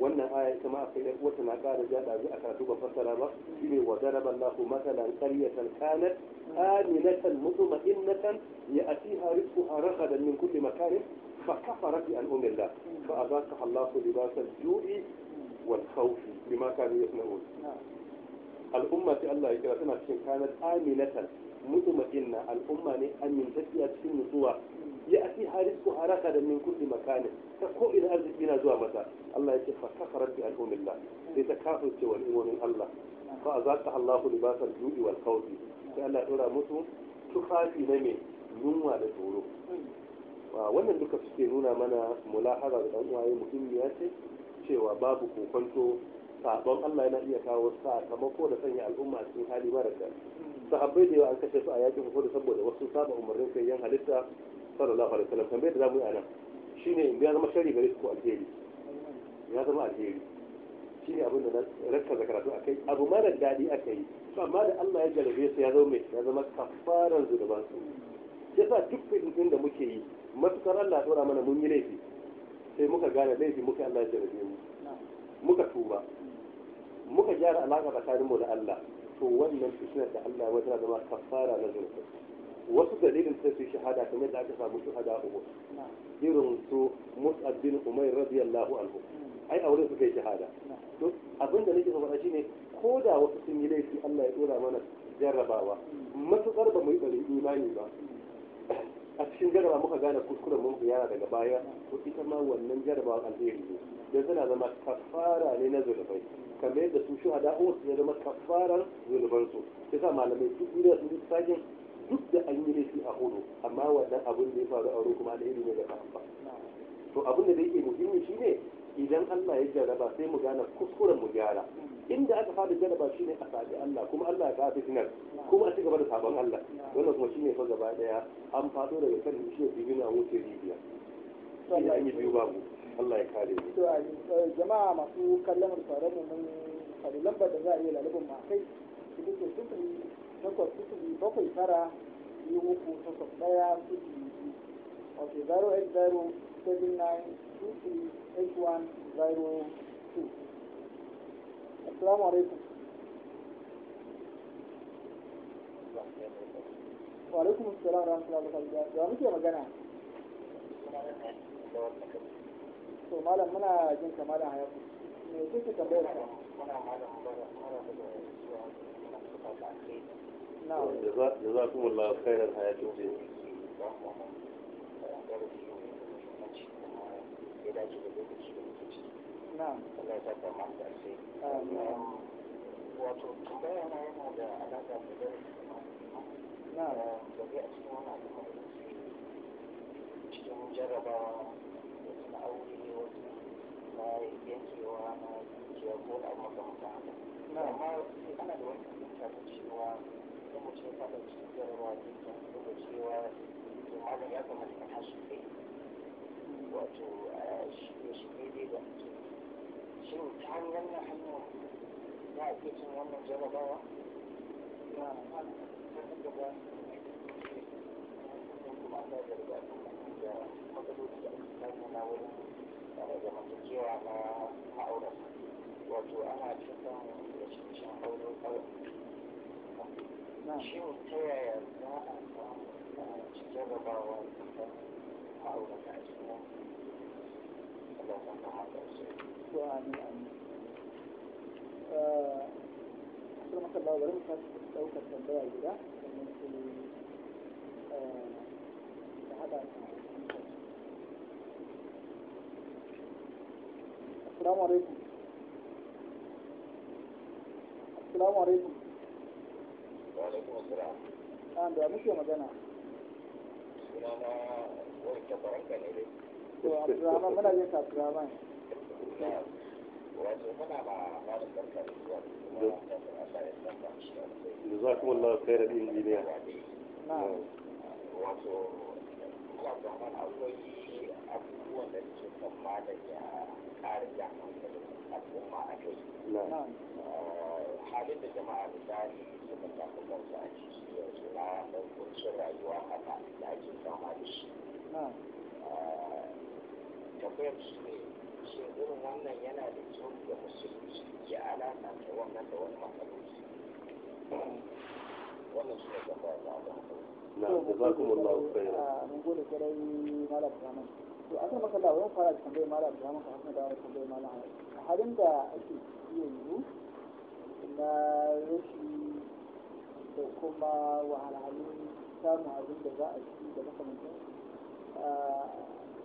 wannan aya ita ma akwai ɗan wata na ƙara da zai a karatu ba fassara ba shi ne wa daraba Allahu masalan qaryatan kanat aminatan mutma'innatan ya'tiha rizquha ragadan min kulli makanin فكفرت بأنعم الله فأذاقها الله لباس الجوع والخوف بما كانوا يصنعون الأمة الله يكرا cikin كانت آمنة مطمئنة الأمة ne amintacciya cikin nutsuwa ya ati harisku haraka da min kulli makani ta ko ina arziki na zuwa mata Allah yake fa kafarat bi al'umillah sai ta kafirce wa ni'imomin Allah fa azaqaha Allahu libasal ju'i wal khawfi sai Allah ya tufafi na me yunwa da tsoro Ah, wannan duka suke nuna mana mulahaza da dan uwaye muhimmiya ce cewa babu kokonto sabon Allah yana iya kawo sa ko da sanya al'umma a cikin hali mara kyau sahabbai da yawa an kashe su a yakin da saboda wasu saba umarnin kai yan halitta sallallahu alaihi wasallam tambayar da zamu yi anan shine in ya zama shari gare su ko alheri ya zama alheri shine abin da na rakka da karatu akai abu mara daɗi akai su amma da Allah ya jarabe su ya zama mai ya zama kafaran su yasa duk fitin da muke yi matukar Allah ya dora mana mun yi laifi sai muka gane laifi muka Allah ya jarabe mu muka tuba muka gyara alaka tsakanin mu da Allah to wannan fitinar da Allah ya wata zama kafara na zunubi wasu dalilin sai su shahada kamar da aka samu shahada uku irin su Mus'ab bin Umair radiyallahu anhu ai aure su kai shahada to abin da nake so faɗa shine ko da wasu sun yi laifi Allah ya dora mana jarrabawa matukar ba mu yi imani ba a cikin jarraba muka gane kuskuren mun ziyara daga baya Ko ita ma wannan jaraba alheri ne dan tana zama kafara ne na zulubai kamar yadda su shuhada ko su zama kafarar zulubar su yasa malamai su kira su duk da an yi laifi a hudu amma wannan abin da ya faru a wurin kuma alheri ne ga kafa to abin da yake muhimmi ne? idan Allah ya jaraba sai mu gane kuskuren mu gyara inda aka fara jaraba shine a sabi Allah kuma Allah ya kafa fitinar kuma a cigaba da sabon Allah wannan kuma shine fa gaba daya an fado daga kan shi bibin a wuce rijiya idan an yi biyu babu Allah ya kare mu to jama'a masu kallon tsaron mu mun kadi lambar da za a yi lalubun ma kai su yi sufuri takwas yi bakwai tara biyu uku takwas daya eight zero seven nine. 228102. Assalamu alaikum. Wa alaikum assalam wa rahmatullahi wa barakatuh. Da magana? To malam muna jin ka malam hayatu. Me kike tambayar Muna malam malam da ya dace da lokaci da muke ciki Allah ya saka da sai wato na yana da alaƙa da na eh, da a cikin wannan al'amari cikin jarrabawa da aure wasu na yankewa na dukiya ko da makamata haka amma ana da wani fahimta ta cewa idan mutum ya cikin jarrabawa da ta cewa malam ya kamata ka tashi kai wato eh, shi daidai ba shin ta hanyar na hanyar za a iya cin wannan jarabawa na ta gaba kuma ta zarga da matsaloli da ake samu na wurin zamantakewa na ma'auran wato ana cikin rashin cin aure kawai shin ta yaya za a samu cikin jarabawa tsakanin kuma kallawa bari mu kasu ta Assalamu alaikum. Assalamu alaikum. Wa alaikum assalam. da muke magana. Sunana to abdurrahman muna je abdurrahman zaman akwai abubuwan da ke kama da ya da hankalin a kai halin da jama'a misali suka samu kansu a ciki yanzu na rayuwa haka da ake kama da shi tambayar su ne shi irin wannan yana da kyau da musulunci ya alaka ta wannan da wani matsaloli wannan su ne tambayar da ah, da fara a halin da ake yanzu na rashi da kuma wahalhalun samun abin da za a ci da makamantansu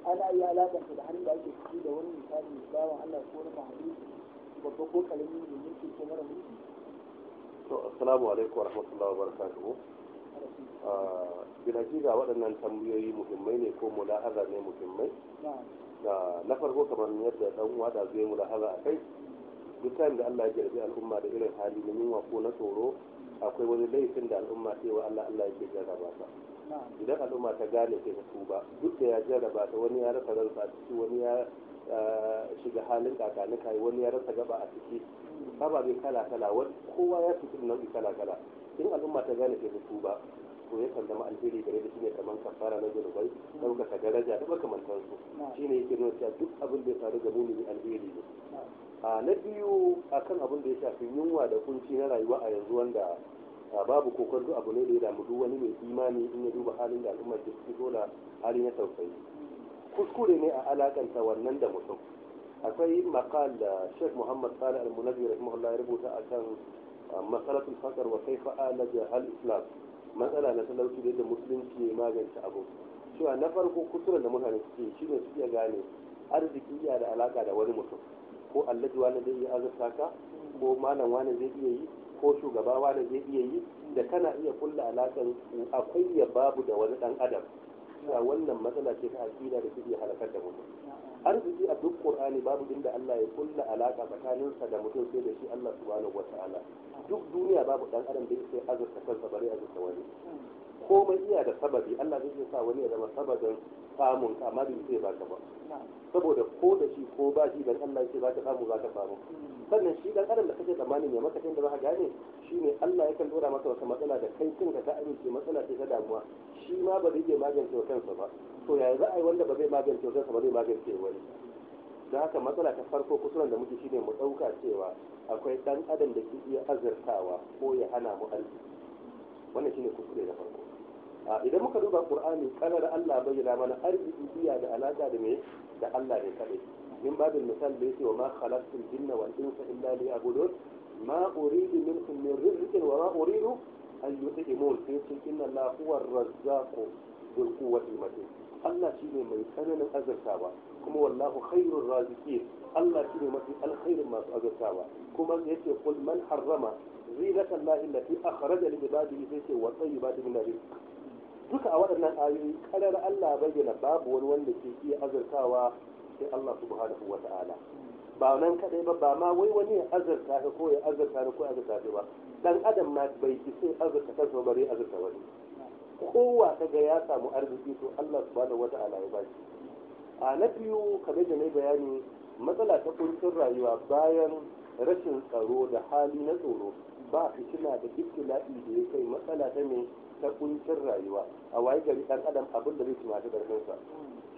ana yi alaƙanta da hannun da ake ciki da wani misali bawan Allah ko wani mahalli babba ko kalamin da yake ke mara mulki to assalamu alaikum warahmatullahi wabarakatuh binaji ga waɗannan tambayoyi muhimmai ne ko mula'aza ne muhimmai da na farko kamar yadda dan uwa da zai mula'aza a kai duk da Allah ya jarbi al'umma da irin hali na yunwa ko na tsoro akwai wani laifin da al'umma wa Allah Allah yake jarraba ta idan al'umma ta gane sai ta tuba duk da ya jarraba ta wani ya rasa ransa a ciki wani ya eh, shiga halin kakanika wani ya rasa gaba a ciki ababe kala kala wani kowa ya fito nau'i kala kala in al'umma ta gane kai su ba to yakan zama alheri gare da shine kaman kafara na zunubai ɗaukaka daraja da makamantansu shine yake nuna cewa duk abin da ya faru ga mumini alheri ne a ah, na biyu akan abin da ya shafi yunwa da kunci na rayuwa a yanzu wanda babu kokonto abu ne da ya damu duk wani mai imani in ya duba halin da al'ummar da suke dole hali na tausayi kuskure ne a alakanta wannan da mutum akwai makal da Sheikh Muhammad Salih Al-Munazzi rahimahullah ya rubuta kan ah, masalatul fakar wa kaifa alaja al-islam matsala na talauci da musulunci ya magance abu cewa na farko kusuran da mutane suke shi ne suke gane arziki iya da alaka da wani mutum ko allaji wani zai iya azurta ka ko malam wani zai iya yi ko shugaba wani zai iya yi da kana iya kulla alaƙar akwai ya babu da wani ɗan adam a wannan matsala ce ta aƙida da take halakar da mutum arziki a duk qur'ani babu inda Allah ya kulla alaka tsakaninsa da mutum sai da shi Allah subhanahu wataala duk duniya babu ɗan adam da yake azurta kansa bare azurta wani komai iya da sababi Allah zai sa wani ya zama sababin samun amma bai sai baka ba saboda ko da shi ko ba shi dan Allah yake baka samu ka samu sannan shi dan adam da kake zamanin ya maka tunda zaka gane shine Allah yakan dora maka wata matsala da kai kin ka ta amince matsala ce ta damuwa shi ma ba zai iya magance kansa ba to yaya za a wanda ba zai magance kansa ba zai magance wani da haka matsala ta farko kusuran da muke shine mu dauka cewa akwai dan adam da ke iya azurtawa ko ya hana mu alƙi wannan shine kusure da farko idan muka duba qur'ani kalar Allah bayyana mana arziki iya da alaka da me da Allah ne kadai min babin misal da yake wa ma khalaqtul jinna wal insa illa liya'budun ma uridu minhum min rizqin wa ma uridu an yut'imun sai ce inna Allah huwa ar-razzaqu dhul quwwati matin Allah shine mai tsananin azurtawa kuma wallahu khairur raziqin Allah shine mafi alkhairin masu azurtawa kuma yace kul man harrama zinatan lahi allati akhraja li ibadihi sai ce wa tayyibati min rizq duka a waɗannan ayoyi karar Allah bayyana babu wani wanda ke iya azurtawa sai Allah subhanahu wa ta'ala ba nan kadai ba ba ma wai wani ya azurta ka ko ya azurta ka ko ya azurta ba dan adam ma bai ki sai azurta ka so bare azurta wani kowa kaga ya samu arziki to Allah subhanahu wa ta'ala ya bashi a na biyu kamar da mai bayani matsala ta kuncin rayuwa bayan rashin tsaro da hali na tsoro ba na da ibtila'i da ya kai matsala ta mai ta kuncin rayuwa a waye gari dan adam abin da zai tunaci garminsa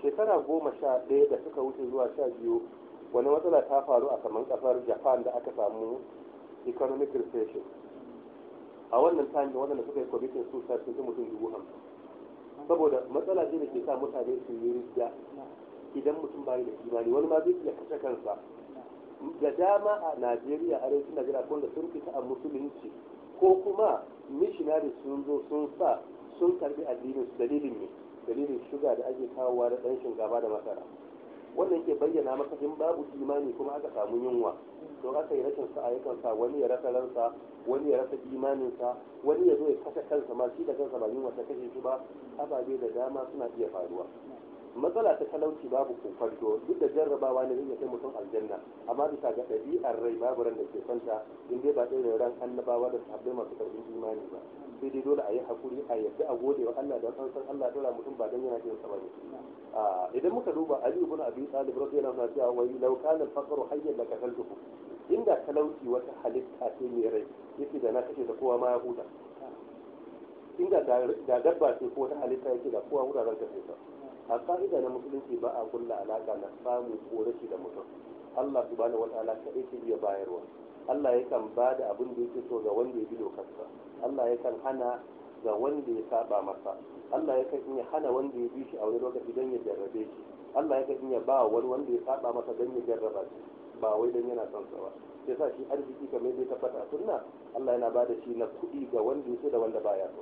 shekara goma sha ɗaya da suka wuce zuwa sha biyu wani matsala ta faru a kaman kasar japan da aka samu economic recession a wannan time da suka yi committing suicide sun fi mutum dubu hamsin saboda matsala ce da ke sa mutane su yi rijiya idan mutum bai da imani wani ma zai iya kashe kansa da dama a najeriya arewacin najeriya da sun fita a musulunci ko kuma mishinari sun zo sun sa sun karbi addinin su dalilin ne dalilin shuga da ake kawowa da ɗan shinkafa da masara wannan ke bayyana maka in babu imani kuma aka samu yunwa to aka yi rashin sa ayyukan sa wani ya rasa ransa wani ya rasa imaninsa wani ya zo ya kashe kansa ma shi da kansa ba yunwa ta kashe shi ba ababe da dama suna iya faruwa matsala ta talauci babu kofarto duk da jarrabawa ne zai kai mutum aljanna amma bisa ga ɗabi'ar rai babu ran da ke santa in dai ba da ran annabawa da sahabbai masu karfin imani ba sai dai dole a yi hakuri a yadda a gode wa Allah da san Allah dora mutum ba dan yana cikin sa bane idan muka duba Ali ibn Abi Talib radiyallahu anhu ya wai law kana al-faqru hayyan la qataltuhu inda talauci wata halitta ce mai rai yake da na kashe da kowa ma ya huta inda da dabba ce ko wata halitta yake da kowa wuraren kashe ta a ka'ida na musulunci ba a kulla alaka na samu korafi da mutum Allah subhanahu wataala kaɗai shi iya bayarwa Allah ya ba da abin da yake so ga wanda ya bi dokarsa Allah ya kan hana ga wanda ya saba masa Allah ya kan iya hana wanda ya bi shi a wani lokaci don ya jarrabe shi Allah ya kan iya ba wani wanda ya saba masa don ya jarraba shi ba wai don yana son sa sai sa shi arziki kamar yadda ya tabbata sunna Allah yana bada shi na kuɗi ga wanda ya so da wanda baya so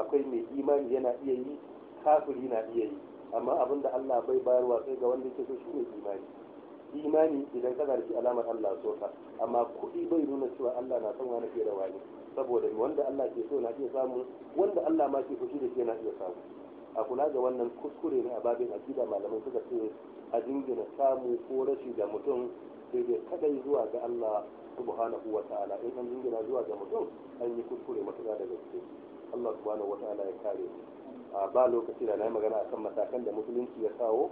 akwai mai imani yana iya yi kafiri na iya yi amma abin da Allah bai bayarwa sai ga wanda yake so ne imani imani idan kana da shi alamar Allah so ka amma kuɗi bai nuna cewa Allah na son wani fiye da wani saboda wanda Allah ke so na iya samu wanda Allah ma ke so shi da ke na iya samu a kula da wannan kuskure ne a babin akida malamai suka ce a jingina samu ko rashi da mutum sai dai kadai zuwa ga Allah subhanahu wa ta'ala in an jingina zuwa ga mutum an yi kuskure matuƙa da gaske Allah subhanahu wa ta'ala ya kare mu ba lokaci da na yi magana akan matakan da musulunci ya kawo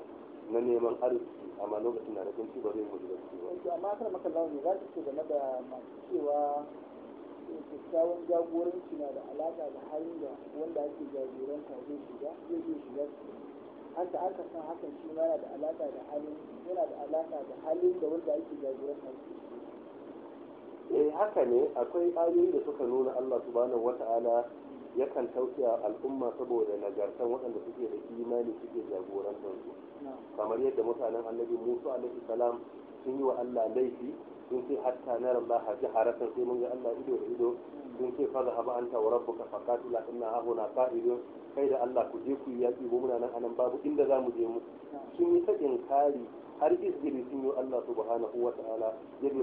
na neman arziki amma lokacin na da ci ba zai gudu da su ba. amma kar maka launi za ki ce game da masu cewa kyakkyawan jagoranci na da alaƙa da halin da wanda ake jagoranta zai shiga zai iya shiga ta aka san hakan shi ma yana da alaƙa da halin yana da alaƙa da halin da wanda ake jagoranta zai shiga. eh haka ne akwai ayoyi da suka nuna Allah subhanahu wata'ala yakan tausaya al'umma saboda nagartan waɗanda suke da imani suke jagorantar su kamar yadda mutanen annabi Musa alaihi salam sun yi wa allah laifi sun ce hatta na rallaha jaharatan sai mun ga allah ido da ido sun ce fa zahaba anta wa rabbuka faqatila inna na qa'idun kai da allah ku je ku yi yaƙi ko muna nan anan babu inda za mu je mu sun yi saƙin kari har izgiri sun yi Allah subhanahu wa ta'ala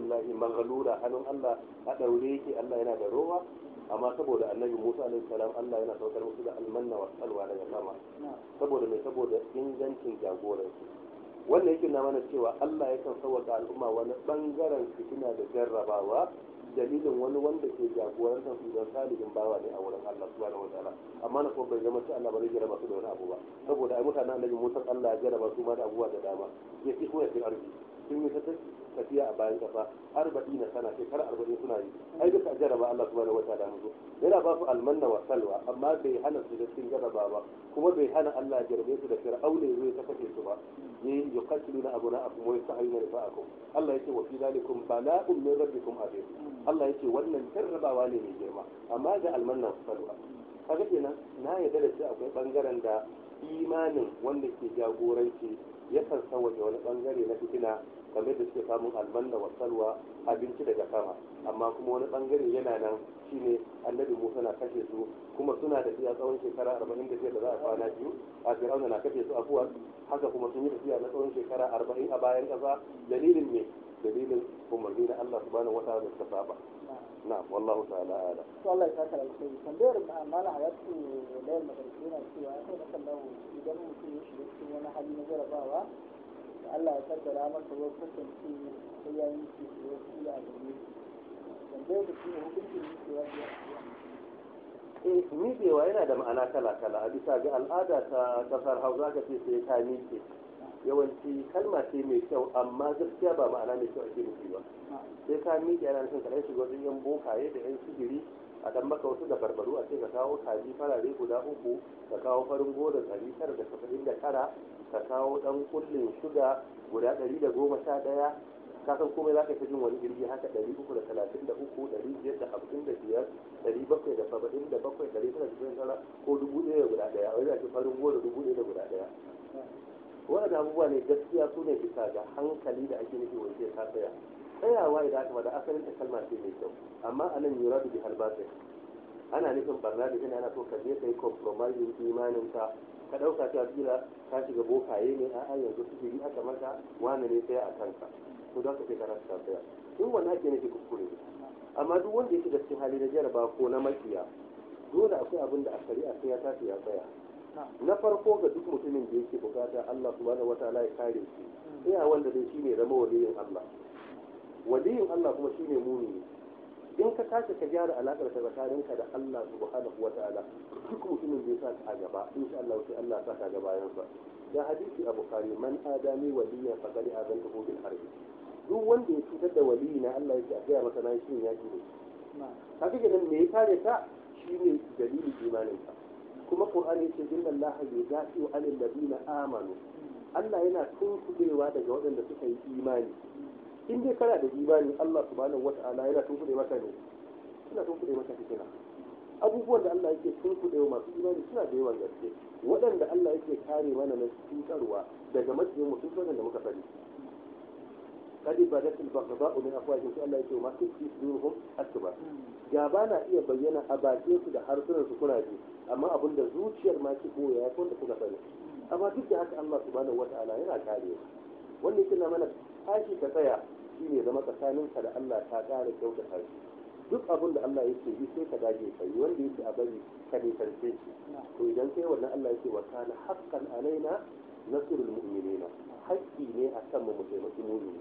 lahi Magalura, hannun Allah a yake Allah yana da rowa amma saboda annabi musa alaihi salam allah yana saukar musu da almanna wa salwa daga sama saboda mai saboda ingancin jagoransu wannan yake na mana cewa allah yakan sauwaka al'umma wani bangaren suna da jarrabawa dalilin wani wanda ke jagorantar su don salihin bawa ne a wurin Allah subhanahu ta'ala amma na kuma bai zama cewa Allah ba zai jaraba su da wani abu ba saboda ai mutanen annabi Musa Allah ya jaraba su ma da abubuwa da dama ya fi kuma ya fi arziki sun yi ta tafiya a bayan kasa arba'i na sana shekara arba'in suna yi ai duka a jaraba Allah subhanahu wa ta'ala musu yana ba su almanna wa salwa amma bai hana su da cikin jaraba ba kuma bai hana Allah ya jarabe su da fir'auna ya zo ya kace su ba ne yuqatiluna abuna'akum wa yastahiyuna nisa'akum Allah yake wa fi dalikum bala'un min rabbikum azim Allah yake wannan jarabawa ne mai girma amma ga almanna wa salwa kaga kenan na yarda da shi akwai bangaren da imanin wanda ke jagoranci yakan san waje wani bangare na fitina kamar da suke samun almanna wa salwa abinci daga sama amma kuma wani bangare yana nan shine annabi musa na kashe su kuma suna da fiya tsawon shekara arba'in da da za a kwana biyu a fir'auna na kashe su afuwa haka kuma sun yi tafiya na tsawon shekara arba'in a bayan ƙasa dalilin ne dalilin umarni na Allah subhanahu wa ta'ala da saba na'am wallahu ta'ala ala Allah ya saka alkhairi tambayar malam hayatu layar madarkina cewa ya da idan mutum ya shiga cikin wani hali na jarabawa Allah ya kaddara masa wasu kasance sai ya yi ce da wasu ya da ne tambayar da shine hukuncin miƙewa da eh wa yana da ma'ana kala kala a bisa ga al'ada ta kasar hausa ka ce sai ta miƙe yawanci kalma ce mai kyau amma gaskiya ba ma'ana mai kyau ake nufi ba sai ka miƙe yana nufin kaɗai shiga yan bokaye da yan sigiri a dan maka wasu da barbaru a ce ka kawo kaji farare guda uku ka kawo farin goro ɗari tara da saba'in da tara ka kawo ɗan kullin shuga guda ɗari da goma sha ɗaya ka san komai za ka fi jin wani jirgi haka ɗari uku da talatin da uku ɗari biyar da hamsin da biyar ɗari bakwai da saba'in da bakwai ɗari tara da saba'in tara ko dubu ɗaya da guda ɗaya wani ake farin goro dubu ɗaya da guda ɗaya wani abubuwa ne gaskiya su ne bisa ga hankali da ake nufi wace ta tsaya tsayawa idan aka faɗa asalin ta kalma ce mai kyau amma a nan yura da halbatin ana nufin barna da ina ana so ka je kai compromising imanin ka ka ɗauka ta kila ka shiga bokaye ne a a yanzu su yi aka maka wani ne tsaya a kanka to za ka ce ka rasa tsaya in wannan ake nufi kuskure amma duk wanda ya da cikin hali na jaraba ko na makiya dole akwai abin da a shari'a sai ya tafi ya tsaya na farko ga duk mutumin da yake bukata Allah subhanahu wataala ya kare shi iya wanda dai shine zama waliyin Allah waliyin Allah kuma shine mumini in ka tashi ka gyara alakar ka da Allah subhanahu wataala duk mutumin da sa a gaba insha Allah sai Allah ya saka gaba yansa da hadisi a bukhari man adami waliyan faqad bil harbi duk wanda ya cutar da waliyi na Allah ya ce a masa na shi ya ji ne kaga nan me ya kare ka shine dalilin imanin ka kuma qur'ani yace inna allaha yudafi'u 'anil ladina amanu Allah yana tunkubewa daga waɗanda suka yi imani in dai kana da imani Allah subhanahu wata'ala yana kuɗe maka ne tun kuɗe maka fitina abubuwan da Allah yake tun kuɗe wa masu imani suna da yawan gaske waɗanda Allah yake kare mana na cutarwa daga matsayin mutum da muka sani kadi ba datil baghdha min afwahihim Allah yake ma su fi sunuhum akbar gaba na iya bayyana a bakin su da harsunan su kuna ji amma abin da zuciyar ma ki koya ya da kuka sani amma duk da haka Allah subhanahu wata'ala yana kare wannan na mana tashi ka tsaya shi ne zama tsakaninka da Allah ta ƙara kyautata shi duk abin da Allah yake yi sai ka dage yi wanda yake a bari ka ne karfe shi to idan kai wannan Allah yake wa kana haqqan alaina nasrul mu'minina haƙƙi ne a kan mu taimaki mu'mini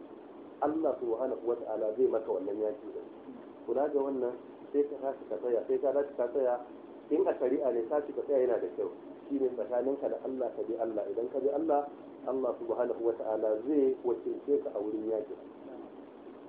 Allah subhanahu wa ta'ala zai maka wannan yaki da kula ga wannan sai ka tashi ka tsaya sai ka tashi ka tsaya in a shari'a ne tashi ka tsaya yana da kyau shine tsakaninka da Allah ka bi Allah idan ka bi Allah Allah subhanahu wa zai wakilce ka a wurin yaki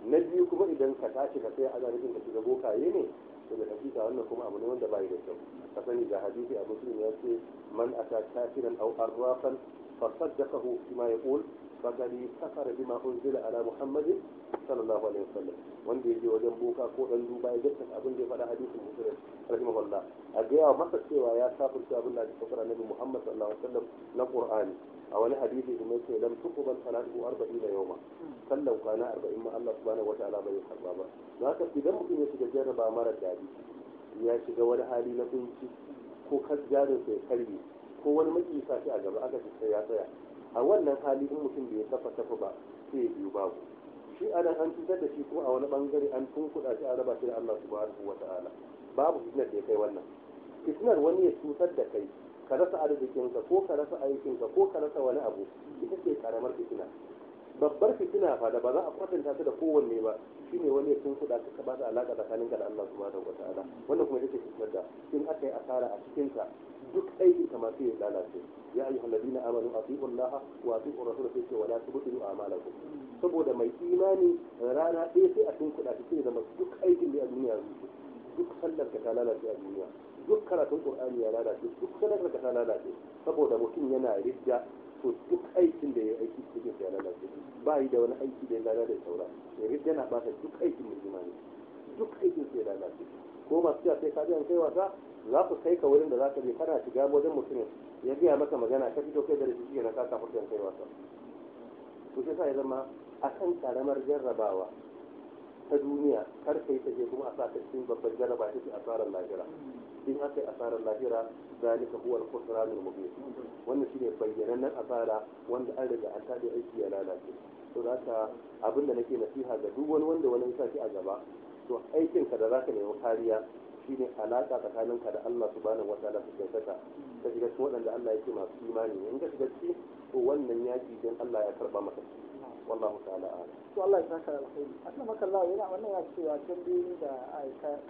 na biyu kuma idan ka tashi ka sai ana nufin ka shiga bokaye ne to da hakika wannan kuma abu ne wanda bai da kyau ka sani da hadisi a muslim ya ce man ata kafiran aw arrafan kima bima yaqul فقد كفر بما أنزل على محمد صلى الله عليه وسلم wanda ya je wajen boka ko dan duba ya gaskata abin da ya faɗa hadisin muslim rahimahullah a ga yawa masa cewa ya kafirce abin da aka kafara nabi muhammad sallallahu alaihi wasallam na qur'ani a wani hadisi kuma yake lam tuqbal salatu 40 yawma sallan kwana arba'in ma Allah subhanahu wataala bai karba ba zaka idan mutum ya shiga jarraba mara dadi ya shiga wani hali na kunci ko kasjarin sai karbi ko wani maki sa shi a gaba aka ce sai ya tsaya a wannan hali in mutum bai tafa tafa ba sai ya biyu babu shi anan an cutar da shi kuma a wani bangare an kuɗa shi a raba shi da Allah subhanahu wa ta'ala babu fitinar da ya kai wannan fitnar wani ya cutar da kai ka rasa arzikinka ko ka rasa aikinka ko ka rasa wani abu ita ce karamar fitina babbar fitina fa da ba za a kwatanta ta da kowanne ba shine wani ya tun kuɗa ka ba da alaka tsakaninka da Allah subhanahu wa ta'ala wannan kuma ita ce fitnar da in aka yi asara a cikinka duk aikin ka masu ya lalace ya ayyuhal ladina amanu atiqu allaha wa atiqu rasul sai ce wala tubtilu a'malakum saboda mai imani rana ɗaya sai a tunkuɗa shi sai zama duk aikin da a duniya duk sallar ka ta lalace a duniya duk karatun qur'ani ya lalace duk sadakar ka ta lalace saboda mutum yana ridda to duk aikin da ya aiki cikin ya lalace ba yi da wani aiki da ya lalace saura ya rijja na bata duk aikin imani duk aikin sai lalace ko masu cewa sai ka ji an kai wasa za ku kai ka wurin da za ka je kana shiga wajen mutumin ya biya maka magana ka fito kai da rikici na kasa kafa kai wasa to sai ya zama kan karamar jarrabawa ta duniya kar kai ta je kuma a sa ta cikin babbar jarraba ta ce asarar lahira in aka yi asarar lahira ka huwar kusura ne mu mubin wannan shine bayyanannen asara wanda an riga an tabi aiki ya lalace to za haka abinda nake nasiha ga duk wani wanda wani ya sa shi a gaba to aikin ka da zaka nemi kariya shine alaka tsakaninka da Allah subhanahu wa ta'ala ta kyautata ka shiga cikin waɗanda Allah yake masu imani in ka shiga ciki to wannan yaki dan Allah ya karba maka wallahu ta'ala ala to Allah ya saka alkhairi akan maka Allah yana wannan ya cewa tambayoyi da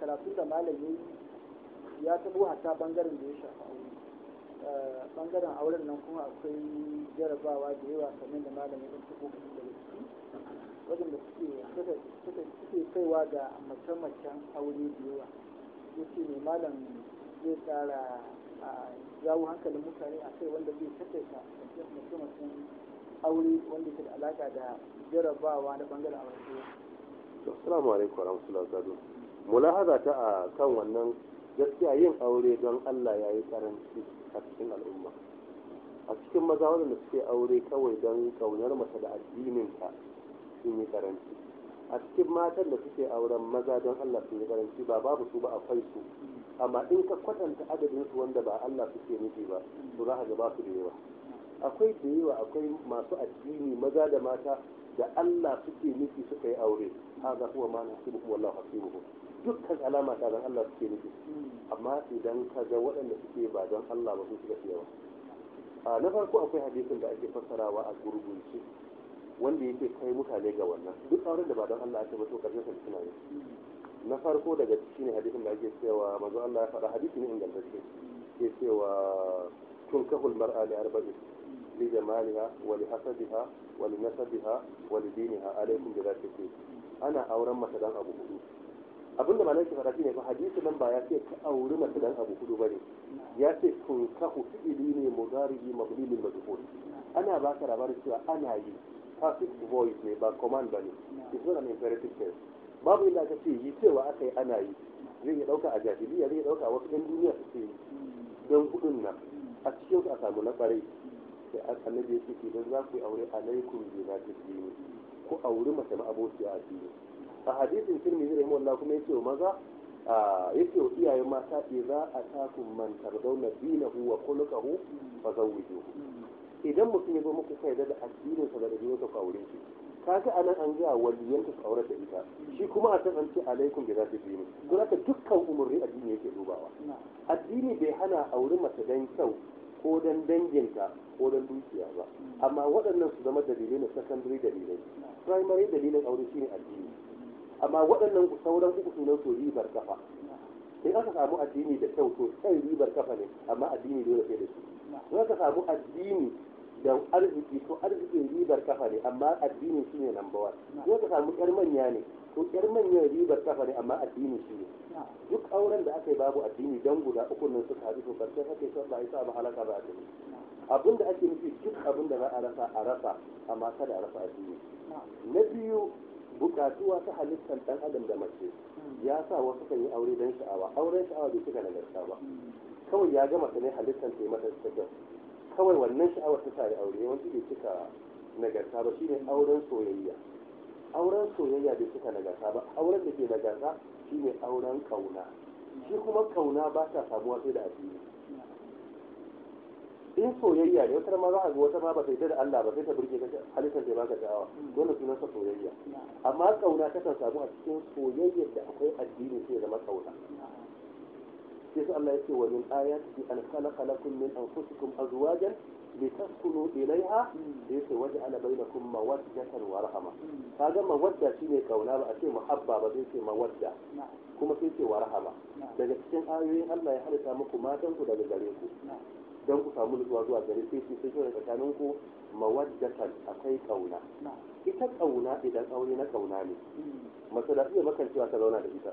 karatu da malami ya tabo hatta bangaren da ya shafa bangaren eh, auren nan kuma akwai jarabawa da yawa kamar da malamin ɗin su kuma da wajen da suke kaiwa ga mace-macen aure da yawa ya ne malam zai tsara a jawo hankalin mutane a kai wanda zai takaita mutum aure wanda ke da alaka da jarabawa na bangaren aure. Assalamu alaikum wa rahmatullahi wa barakatuh. Mulahaza ta a kan wannan gaskiya yin aure don Allah ya yi karanci a cikin al'umma. A cikin maza waɗanda suke aure kawai don ƙaunar mace da addininka sun yi karanci. a cikin matan da suke auren maza don Allah su yi karanci ba babu su ba akwai su amma in ka kwatanta adadin su wanda ba Allah suke nufi ba to za a ga ba su da yawa akwai da yawa akwai masu addini maza da mata da Allah suke nufi suka yi aure haza huwa ma na Allah wallahu hasibuhu dukkan alama ta don Allah suke nufi amma idan ka ga waɗanda suke ba don Allah ba su suka yawa na farko akwai hadisin da ake fassarawa a gurgunci wanda yake kai mutane ga wannan duk auren da ba don Allah ake mutu karshen sun suna yi na farko daga cikin ne hadisin da ake cewa manzo Allah ya faɗa hadisi ne ingantacce ke cewa tun kahul mar'a li arba'in li jamaliha wa li hasabiha wa li nasabiha wa li diniha alaikum bi zati ana auren mace dan abu hudu abin da malaki ke faɗa shine fa hadisi nan ba ya ce ka auri mace dan abu hudu bane ya ce tun kahu fi'ili ne mudari mabni lil majhul ana ba ka labarin cewa ana yi passive voice ne ba command ba ne it's not an imperative tense babu inda aka ce yi cewa aka yi ana yi zai iya ɗauka a jahiliya zai iya ɗauka wasu ɗan duniya su ce don kuɗin nan a cikin su a samu na ƙwarai sai idan za ku yi aure alaikum bi za ta ku auri mace ma aboki a dini a hadisin tirmidhi rahimahullah kuma yace wa maza yace wa iyayen mata idza atakum man tardawna dinahu wa khuluquhu fazawwijuhu idan mutum ya zo muku sai da addinin sa da addinin sa aure shi Ka kaga anan an ga waliyan ta aure da ita shi kuma a san an ce alaikum bi zati dini don haka dukkan umurri addini yake dubawa addini bai hana aure mace dan kyau ko dan danginta ko dan dukiya ba amma waɗannan su zama dalilai na secondary dalilai primary dalilin aure shine addini amma waɗannan sauran uku sunan su ribar kafa in aka samu addini da kyau to sai ribar kafa ne amma addini dole sai da shi in aka samu addini da arziki ko arzikin ribar kafa ne amma addini shi ne namba wan ko ka samu yar manya ne to yar manyan ribar kafa ne amma addini shi ne duk auren da aka yi babu addini dan guda uku nan suka haɗu to karshen ake son ba isa ba halaka ba addini abin da ake nufi duk abin da za a rasa a rasa amma kada a rasa addini na biyu bukatuwa ta halittar dan adam da mace hmm. ya sa wasu kan yi aure dan sha'awa auren sha'awa bai cika nagarta ba hmm. kawai ya gama ta ne halittar ta yi mata kyau kawai wannan sha'awar ta tare aure wanda bai cika nagarta ba shine auren soyayya auren soyayya bai cika nagarta ba auren da ke nagarta shine auren kauna shi kuma kauna ba ta samuwa sai da addini in soyayya ne wata ma za a ga wata ma ba ta da Allah ba sai ta burge halittar da ga da'awa dole sunan sa soyayya amma kauna ta samu a cikin soyayyar da akwai addini sai zama kauna yasa Allah yake wa min bi an khalaqa lakum min anfusikum azwajan litaskunu ilaiha da yake waje ala bainakum mawaddatan wa rahama kaga mawadda shine kauna ba a ce muhabba ba sai ce mawadda kuma sai ce wa rahama daga cikin ayoyin Allah ya halitta muku matan ku daga gare ku dan ku samu nutsuwa zuwa gare sai sai sai tsakanin ku mawaddatan akai kauna ita kauna idan aure na kauna ne masalafiya makan cewa ta zauna da ita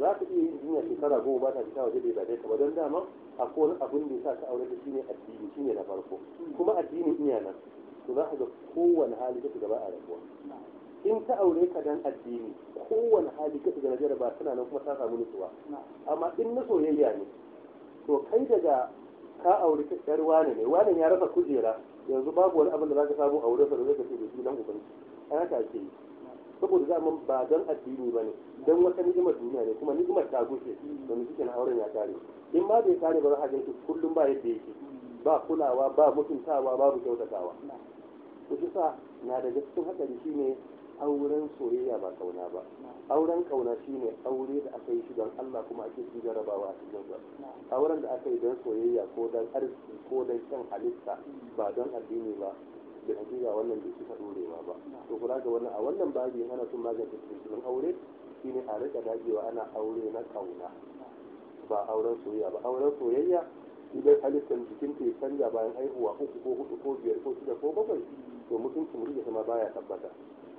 za ka iya yin jinya shekara goma ba ta fita waje ba bade ta ba don dama a wani abin da ya sa ta aure da shi ne addini shi ne na farko kuma addinin iya nan to za ka ga kowane hali ta gaba a rabuwa in ta aure ka dan addini kowane hali ka shiga najeriya ba suna nan kuma ta samu nutsuwa amma in na soyayya ne to kai daga ka aure ta yar wane ne wane ya rasa kujera yanzu babu wani abin da za ka samu aure sa da zai ka ce da shi dan ubangiji ana ta ce saboda zaman ba don addini ba ne don wata ni'imar duniya ne kuma ni'imar ta gushe domin cikin auren ya kare in ma bai kare ba za a kullum ba yadda yake ba kulawa ba mutuntawa ba babu kyautatawa ku ji sa na da cikin shi shine auren soyayya ba kauna ba auren kauna shine aure da aka yi shi don Allah kuma ake ci jarabawa a cikin sa auren da aka yi don soyayya ko don arziki ko don shan halitta ba don addini ba da hakika wannan bai cika dorewa ba to kula ga wannan a wannan babi hana sun magance cikin aure shine a rika dagewa ana aure na kauna ba auren soyayya ba auren soyayya idan halittar jikin ta canja bayan haihuwa uku ko hudu ko biyar ko shida ko bakwai to mutuncin mutum ta zama baya tabbata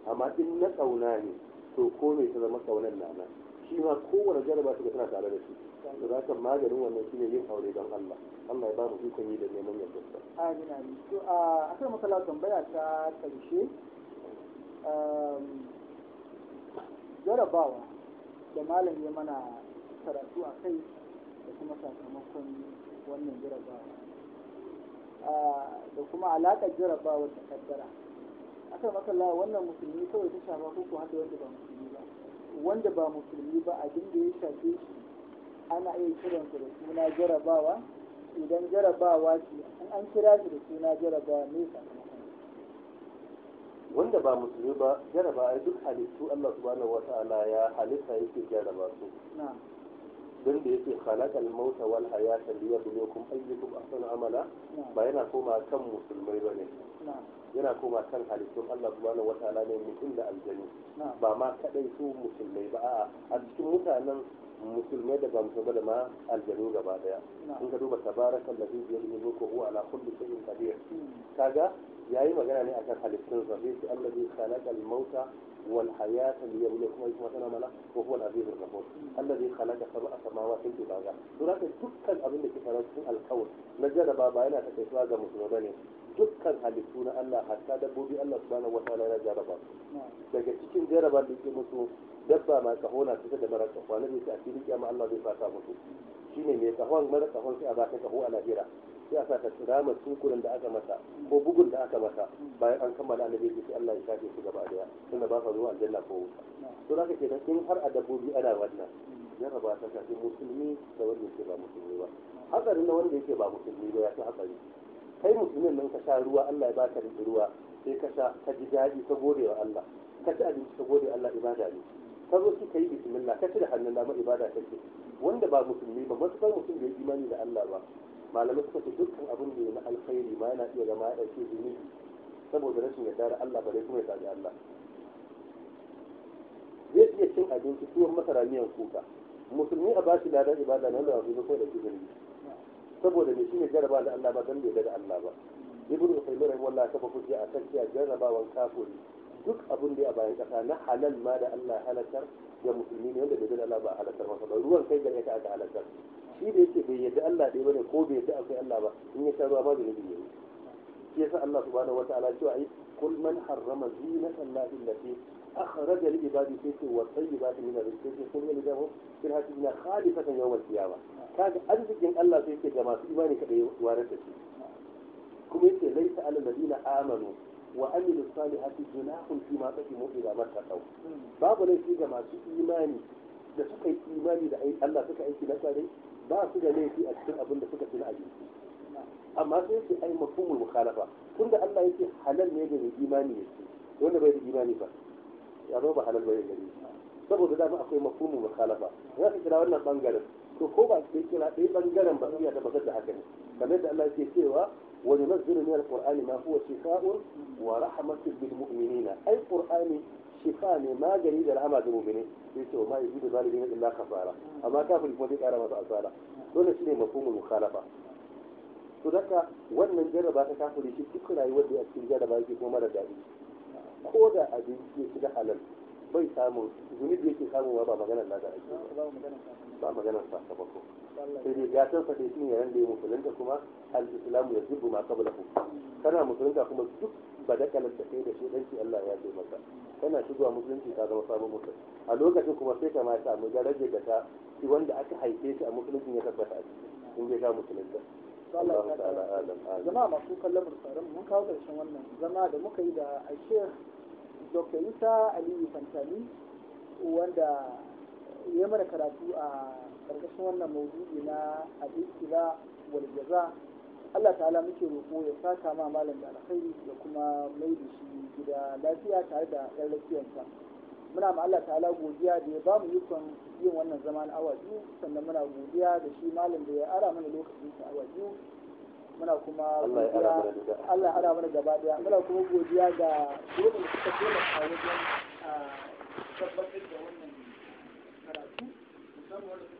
amma in na kauna ne to ko ta zama kaunan na nan shi ma kowane jarabar su tana tare da shi da za ka maganin wannan ne yin aure don Allah Allah ya ba mu ikon yi da neman yadda yardarsa amin amin to a akan masala tambaya ta karshe um, jarabawa da malam ya mana karatu a kai da kuma sakamakon wannan jarabawa da kuma alaƙar jarabawar da kaddara aka makalla wannan musulmi kawai ta shafa ko haka wanda ba musulmi ba wanda ba musulmi ba abin da ya shafe shi ana iya kiran su da suna jarabawa idan jarabawa ce in an kira su da suna jarabawa ne wanda ba musulmi ba jaraba a duk halittu Allah subhanahu wa ta'ala ya halitta yake jaraba su don da yake khalaqal mauta wal hayata liyabluwakum ayyukum ahsanu amala ba yana koma kan musulmai bane yana koma kan halittun Allah subhanahu ta'ala ne mutum da aljani ba ma kadai su musulmai ba a'a a cikin mutanen musulmai da ba musulmai da ma aljanu gaba daya in ka duba tabarakan da zai biyar ne ko huwa ala kulli shay'in qadir kaga yayi magana ne akan halittun sa sai allazi khalaqa al-mauta wal hayata liyabluwakum ayyukum ahsanu amala wa huwa al-aziz al allazi khalaqa sab'a samawati tibaga sura ta dukkan abin da ke faruwa cikin alkawar na jaraba ba yana ta kaiwa ga musulmai bane dukkan halittu na Allah hatta dabbobi Allah subhanahu wa ta'ala yana jaraba daga cikin jaraban da yake musu dabba mai kaho na ta da mara wa na sai a cikin kiyama Allah zai fasa musu shine mai kahon mara kahon sai a ba ta kaho a lahira sai a sata tsirama rama da aka mata ko bugun da aka mata bayan an kammala annabi sai Allah ya shafe su gaba daya da ba sa zuwa aljanna ko wuta to zaka ce da in har a dabbobi ana wannan raba ta shafi musulmi da wanda yake ba musulmi ba Hakari na wanda yake ba musulmi ba ya ta hakari kai musulmin nan ka sha ruwa Allah ya baka da ruwa sai ka sha ka ji daɗi ka gode wa Allah ka ci abinci ka gode Allah ibada ne ka zo kika yi bismillah ka cire hannun dama ibada ta ke. wanda ba musulmi ba matukar mutum da imani da Allah ba malamai suka ce dukkan abin da na alkhairi ma yana iya zama ya ɗauke zunubi saboda rashin yarda da Allah ba dai kuma ya sami Allah zai iya cin abinci tuwon masara miyan kuka musulmi a bashi ladan ibada na da ba kai da ne saboda me shine jaraba da Allah ba dan bai da Allah ba ibnu qayyim rahimahullah ta fa kuje a tsakiya jarabawan kafiri duk abin da ya bayan kasa na halal ma da Allah halakar ga musulmi ne wanda bai da Allah ba halakar masa ba ruwan kai gare ka aka halakar shi da yake bai yadda Allah ɗaya bane ko bai yadda akwai Allah ba in ya sha ba da nabi shi yasa Allah subhanahu wataala cewa ai kul man harrama zinata Allah allati akhraja li ibadi sayyi wa tayyibati min rizqihi arzikin Allah yake ga masu imani kada ya warar kuma yake wa amilu salihati junahun fi ma qadimu ila mattaqaw babu laifi ga masu imani da suka yi imani da Allah suka aiki na kwarai ba su da laifi a cikin abin da suka tuna a jiki amma sai ce ai mafhumul mukhalafa tunda Allah yake halal ne ga mai imani ne wanda bai da imani ba ya zo ba halal bai da saboda dama akwai mafhumul mukhalafa za ka kira wannan bangaren to ko ba sai kira ɗaya bangaren ba iya tabbatar da haka ne kamar da Allah yake cewa وننزل من القرآن ما هو شفاء ورحمة للمؤمنين أي قرآن شفاء ما جريد العمى المؤمنين يسوع ما يزيد الظالمين إلا خسارة أما كافر يكون ذلك على مسألة دون شيء مفهوم المخالفة sadaka wannan jarraba ta kafiri shi duk rayuwar da ya cikin jarraba yake kuma mara daɗi ko da abinci ya ci da halal bai samu zunubi yake samu ba magana lada ake ba maganar sakamako sai dai san sa shi ne yaran da ya musulunta kuma al-islamu ya zubu ma ku kana musulunta kuma duk ba da kai da shi danci Allah ya ce maka kana shigowa musulunci ka zama sabon mutum a lokacin kuma sai ka ma samu darajar da ta shi wanda aka haife shi a musulunci ya tabbata a ciki in bai ka musulunta Allah ta'ala alam jama'a masu kallon mu mun kawo karshen wannan zama da muka yi da a dr isa aliyu fantani wanda ya mana karatu a ƙarƙashin wannan maudu'i na al'ikira waljaza Allah ta'ala muke roƙo ya saka ma malam da alkhairi da kuma mai da shi gida lafiya tare da yan lafiyarsa muna ma Allah ta'ala godiya da ya bamu yukon yin wannan zaman awa biyu sannan muna godiya da shi malam da ya ara mana lokacin sa awa biyu muna kuma Allah hada mana gaba daya muna kuma godiya ga gurbin da suka taimaka wajen ah, tabbatar da wannan karatu musamman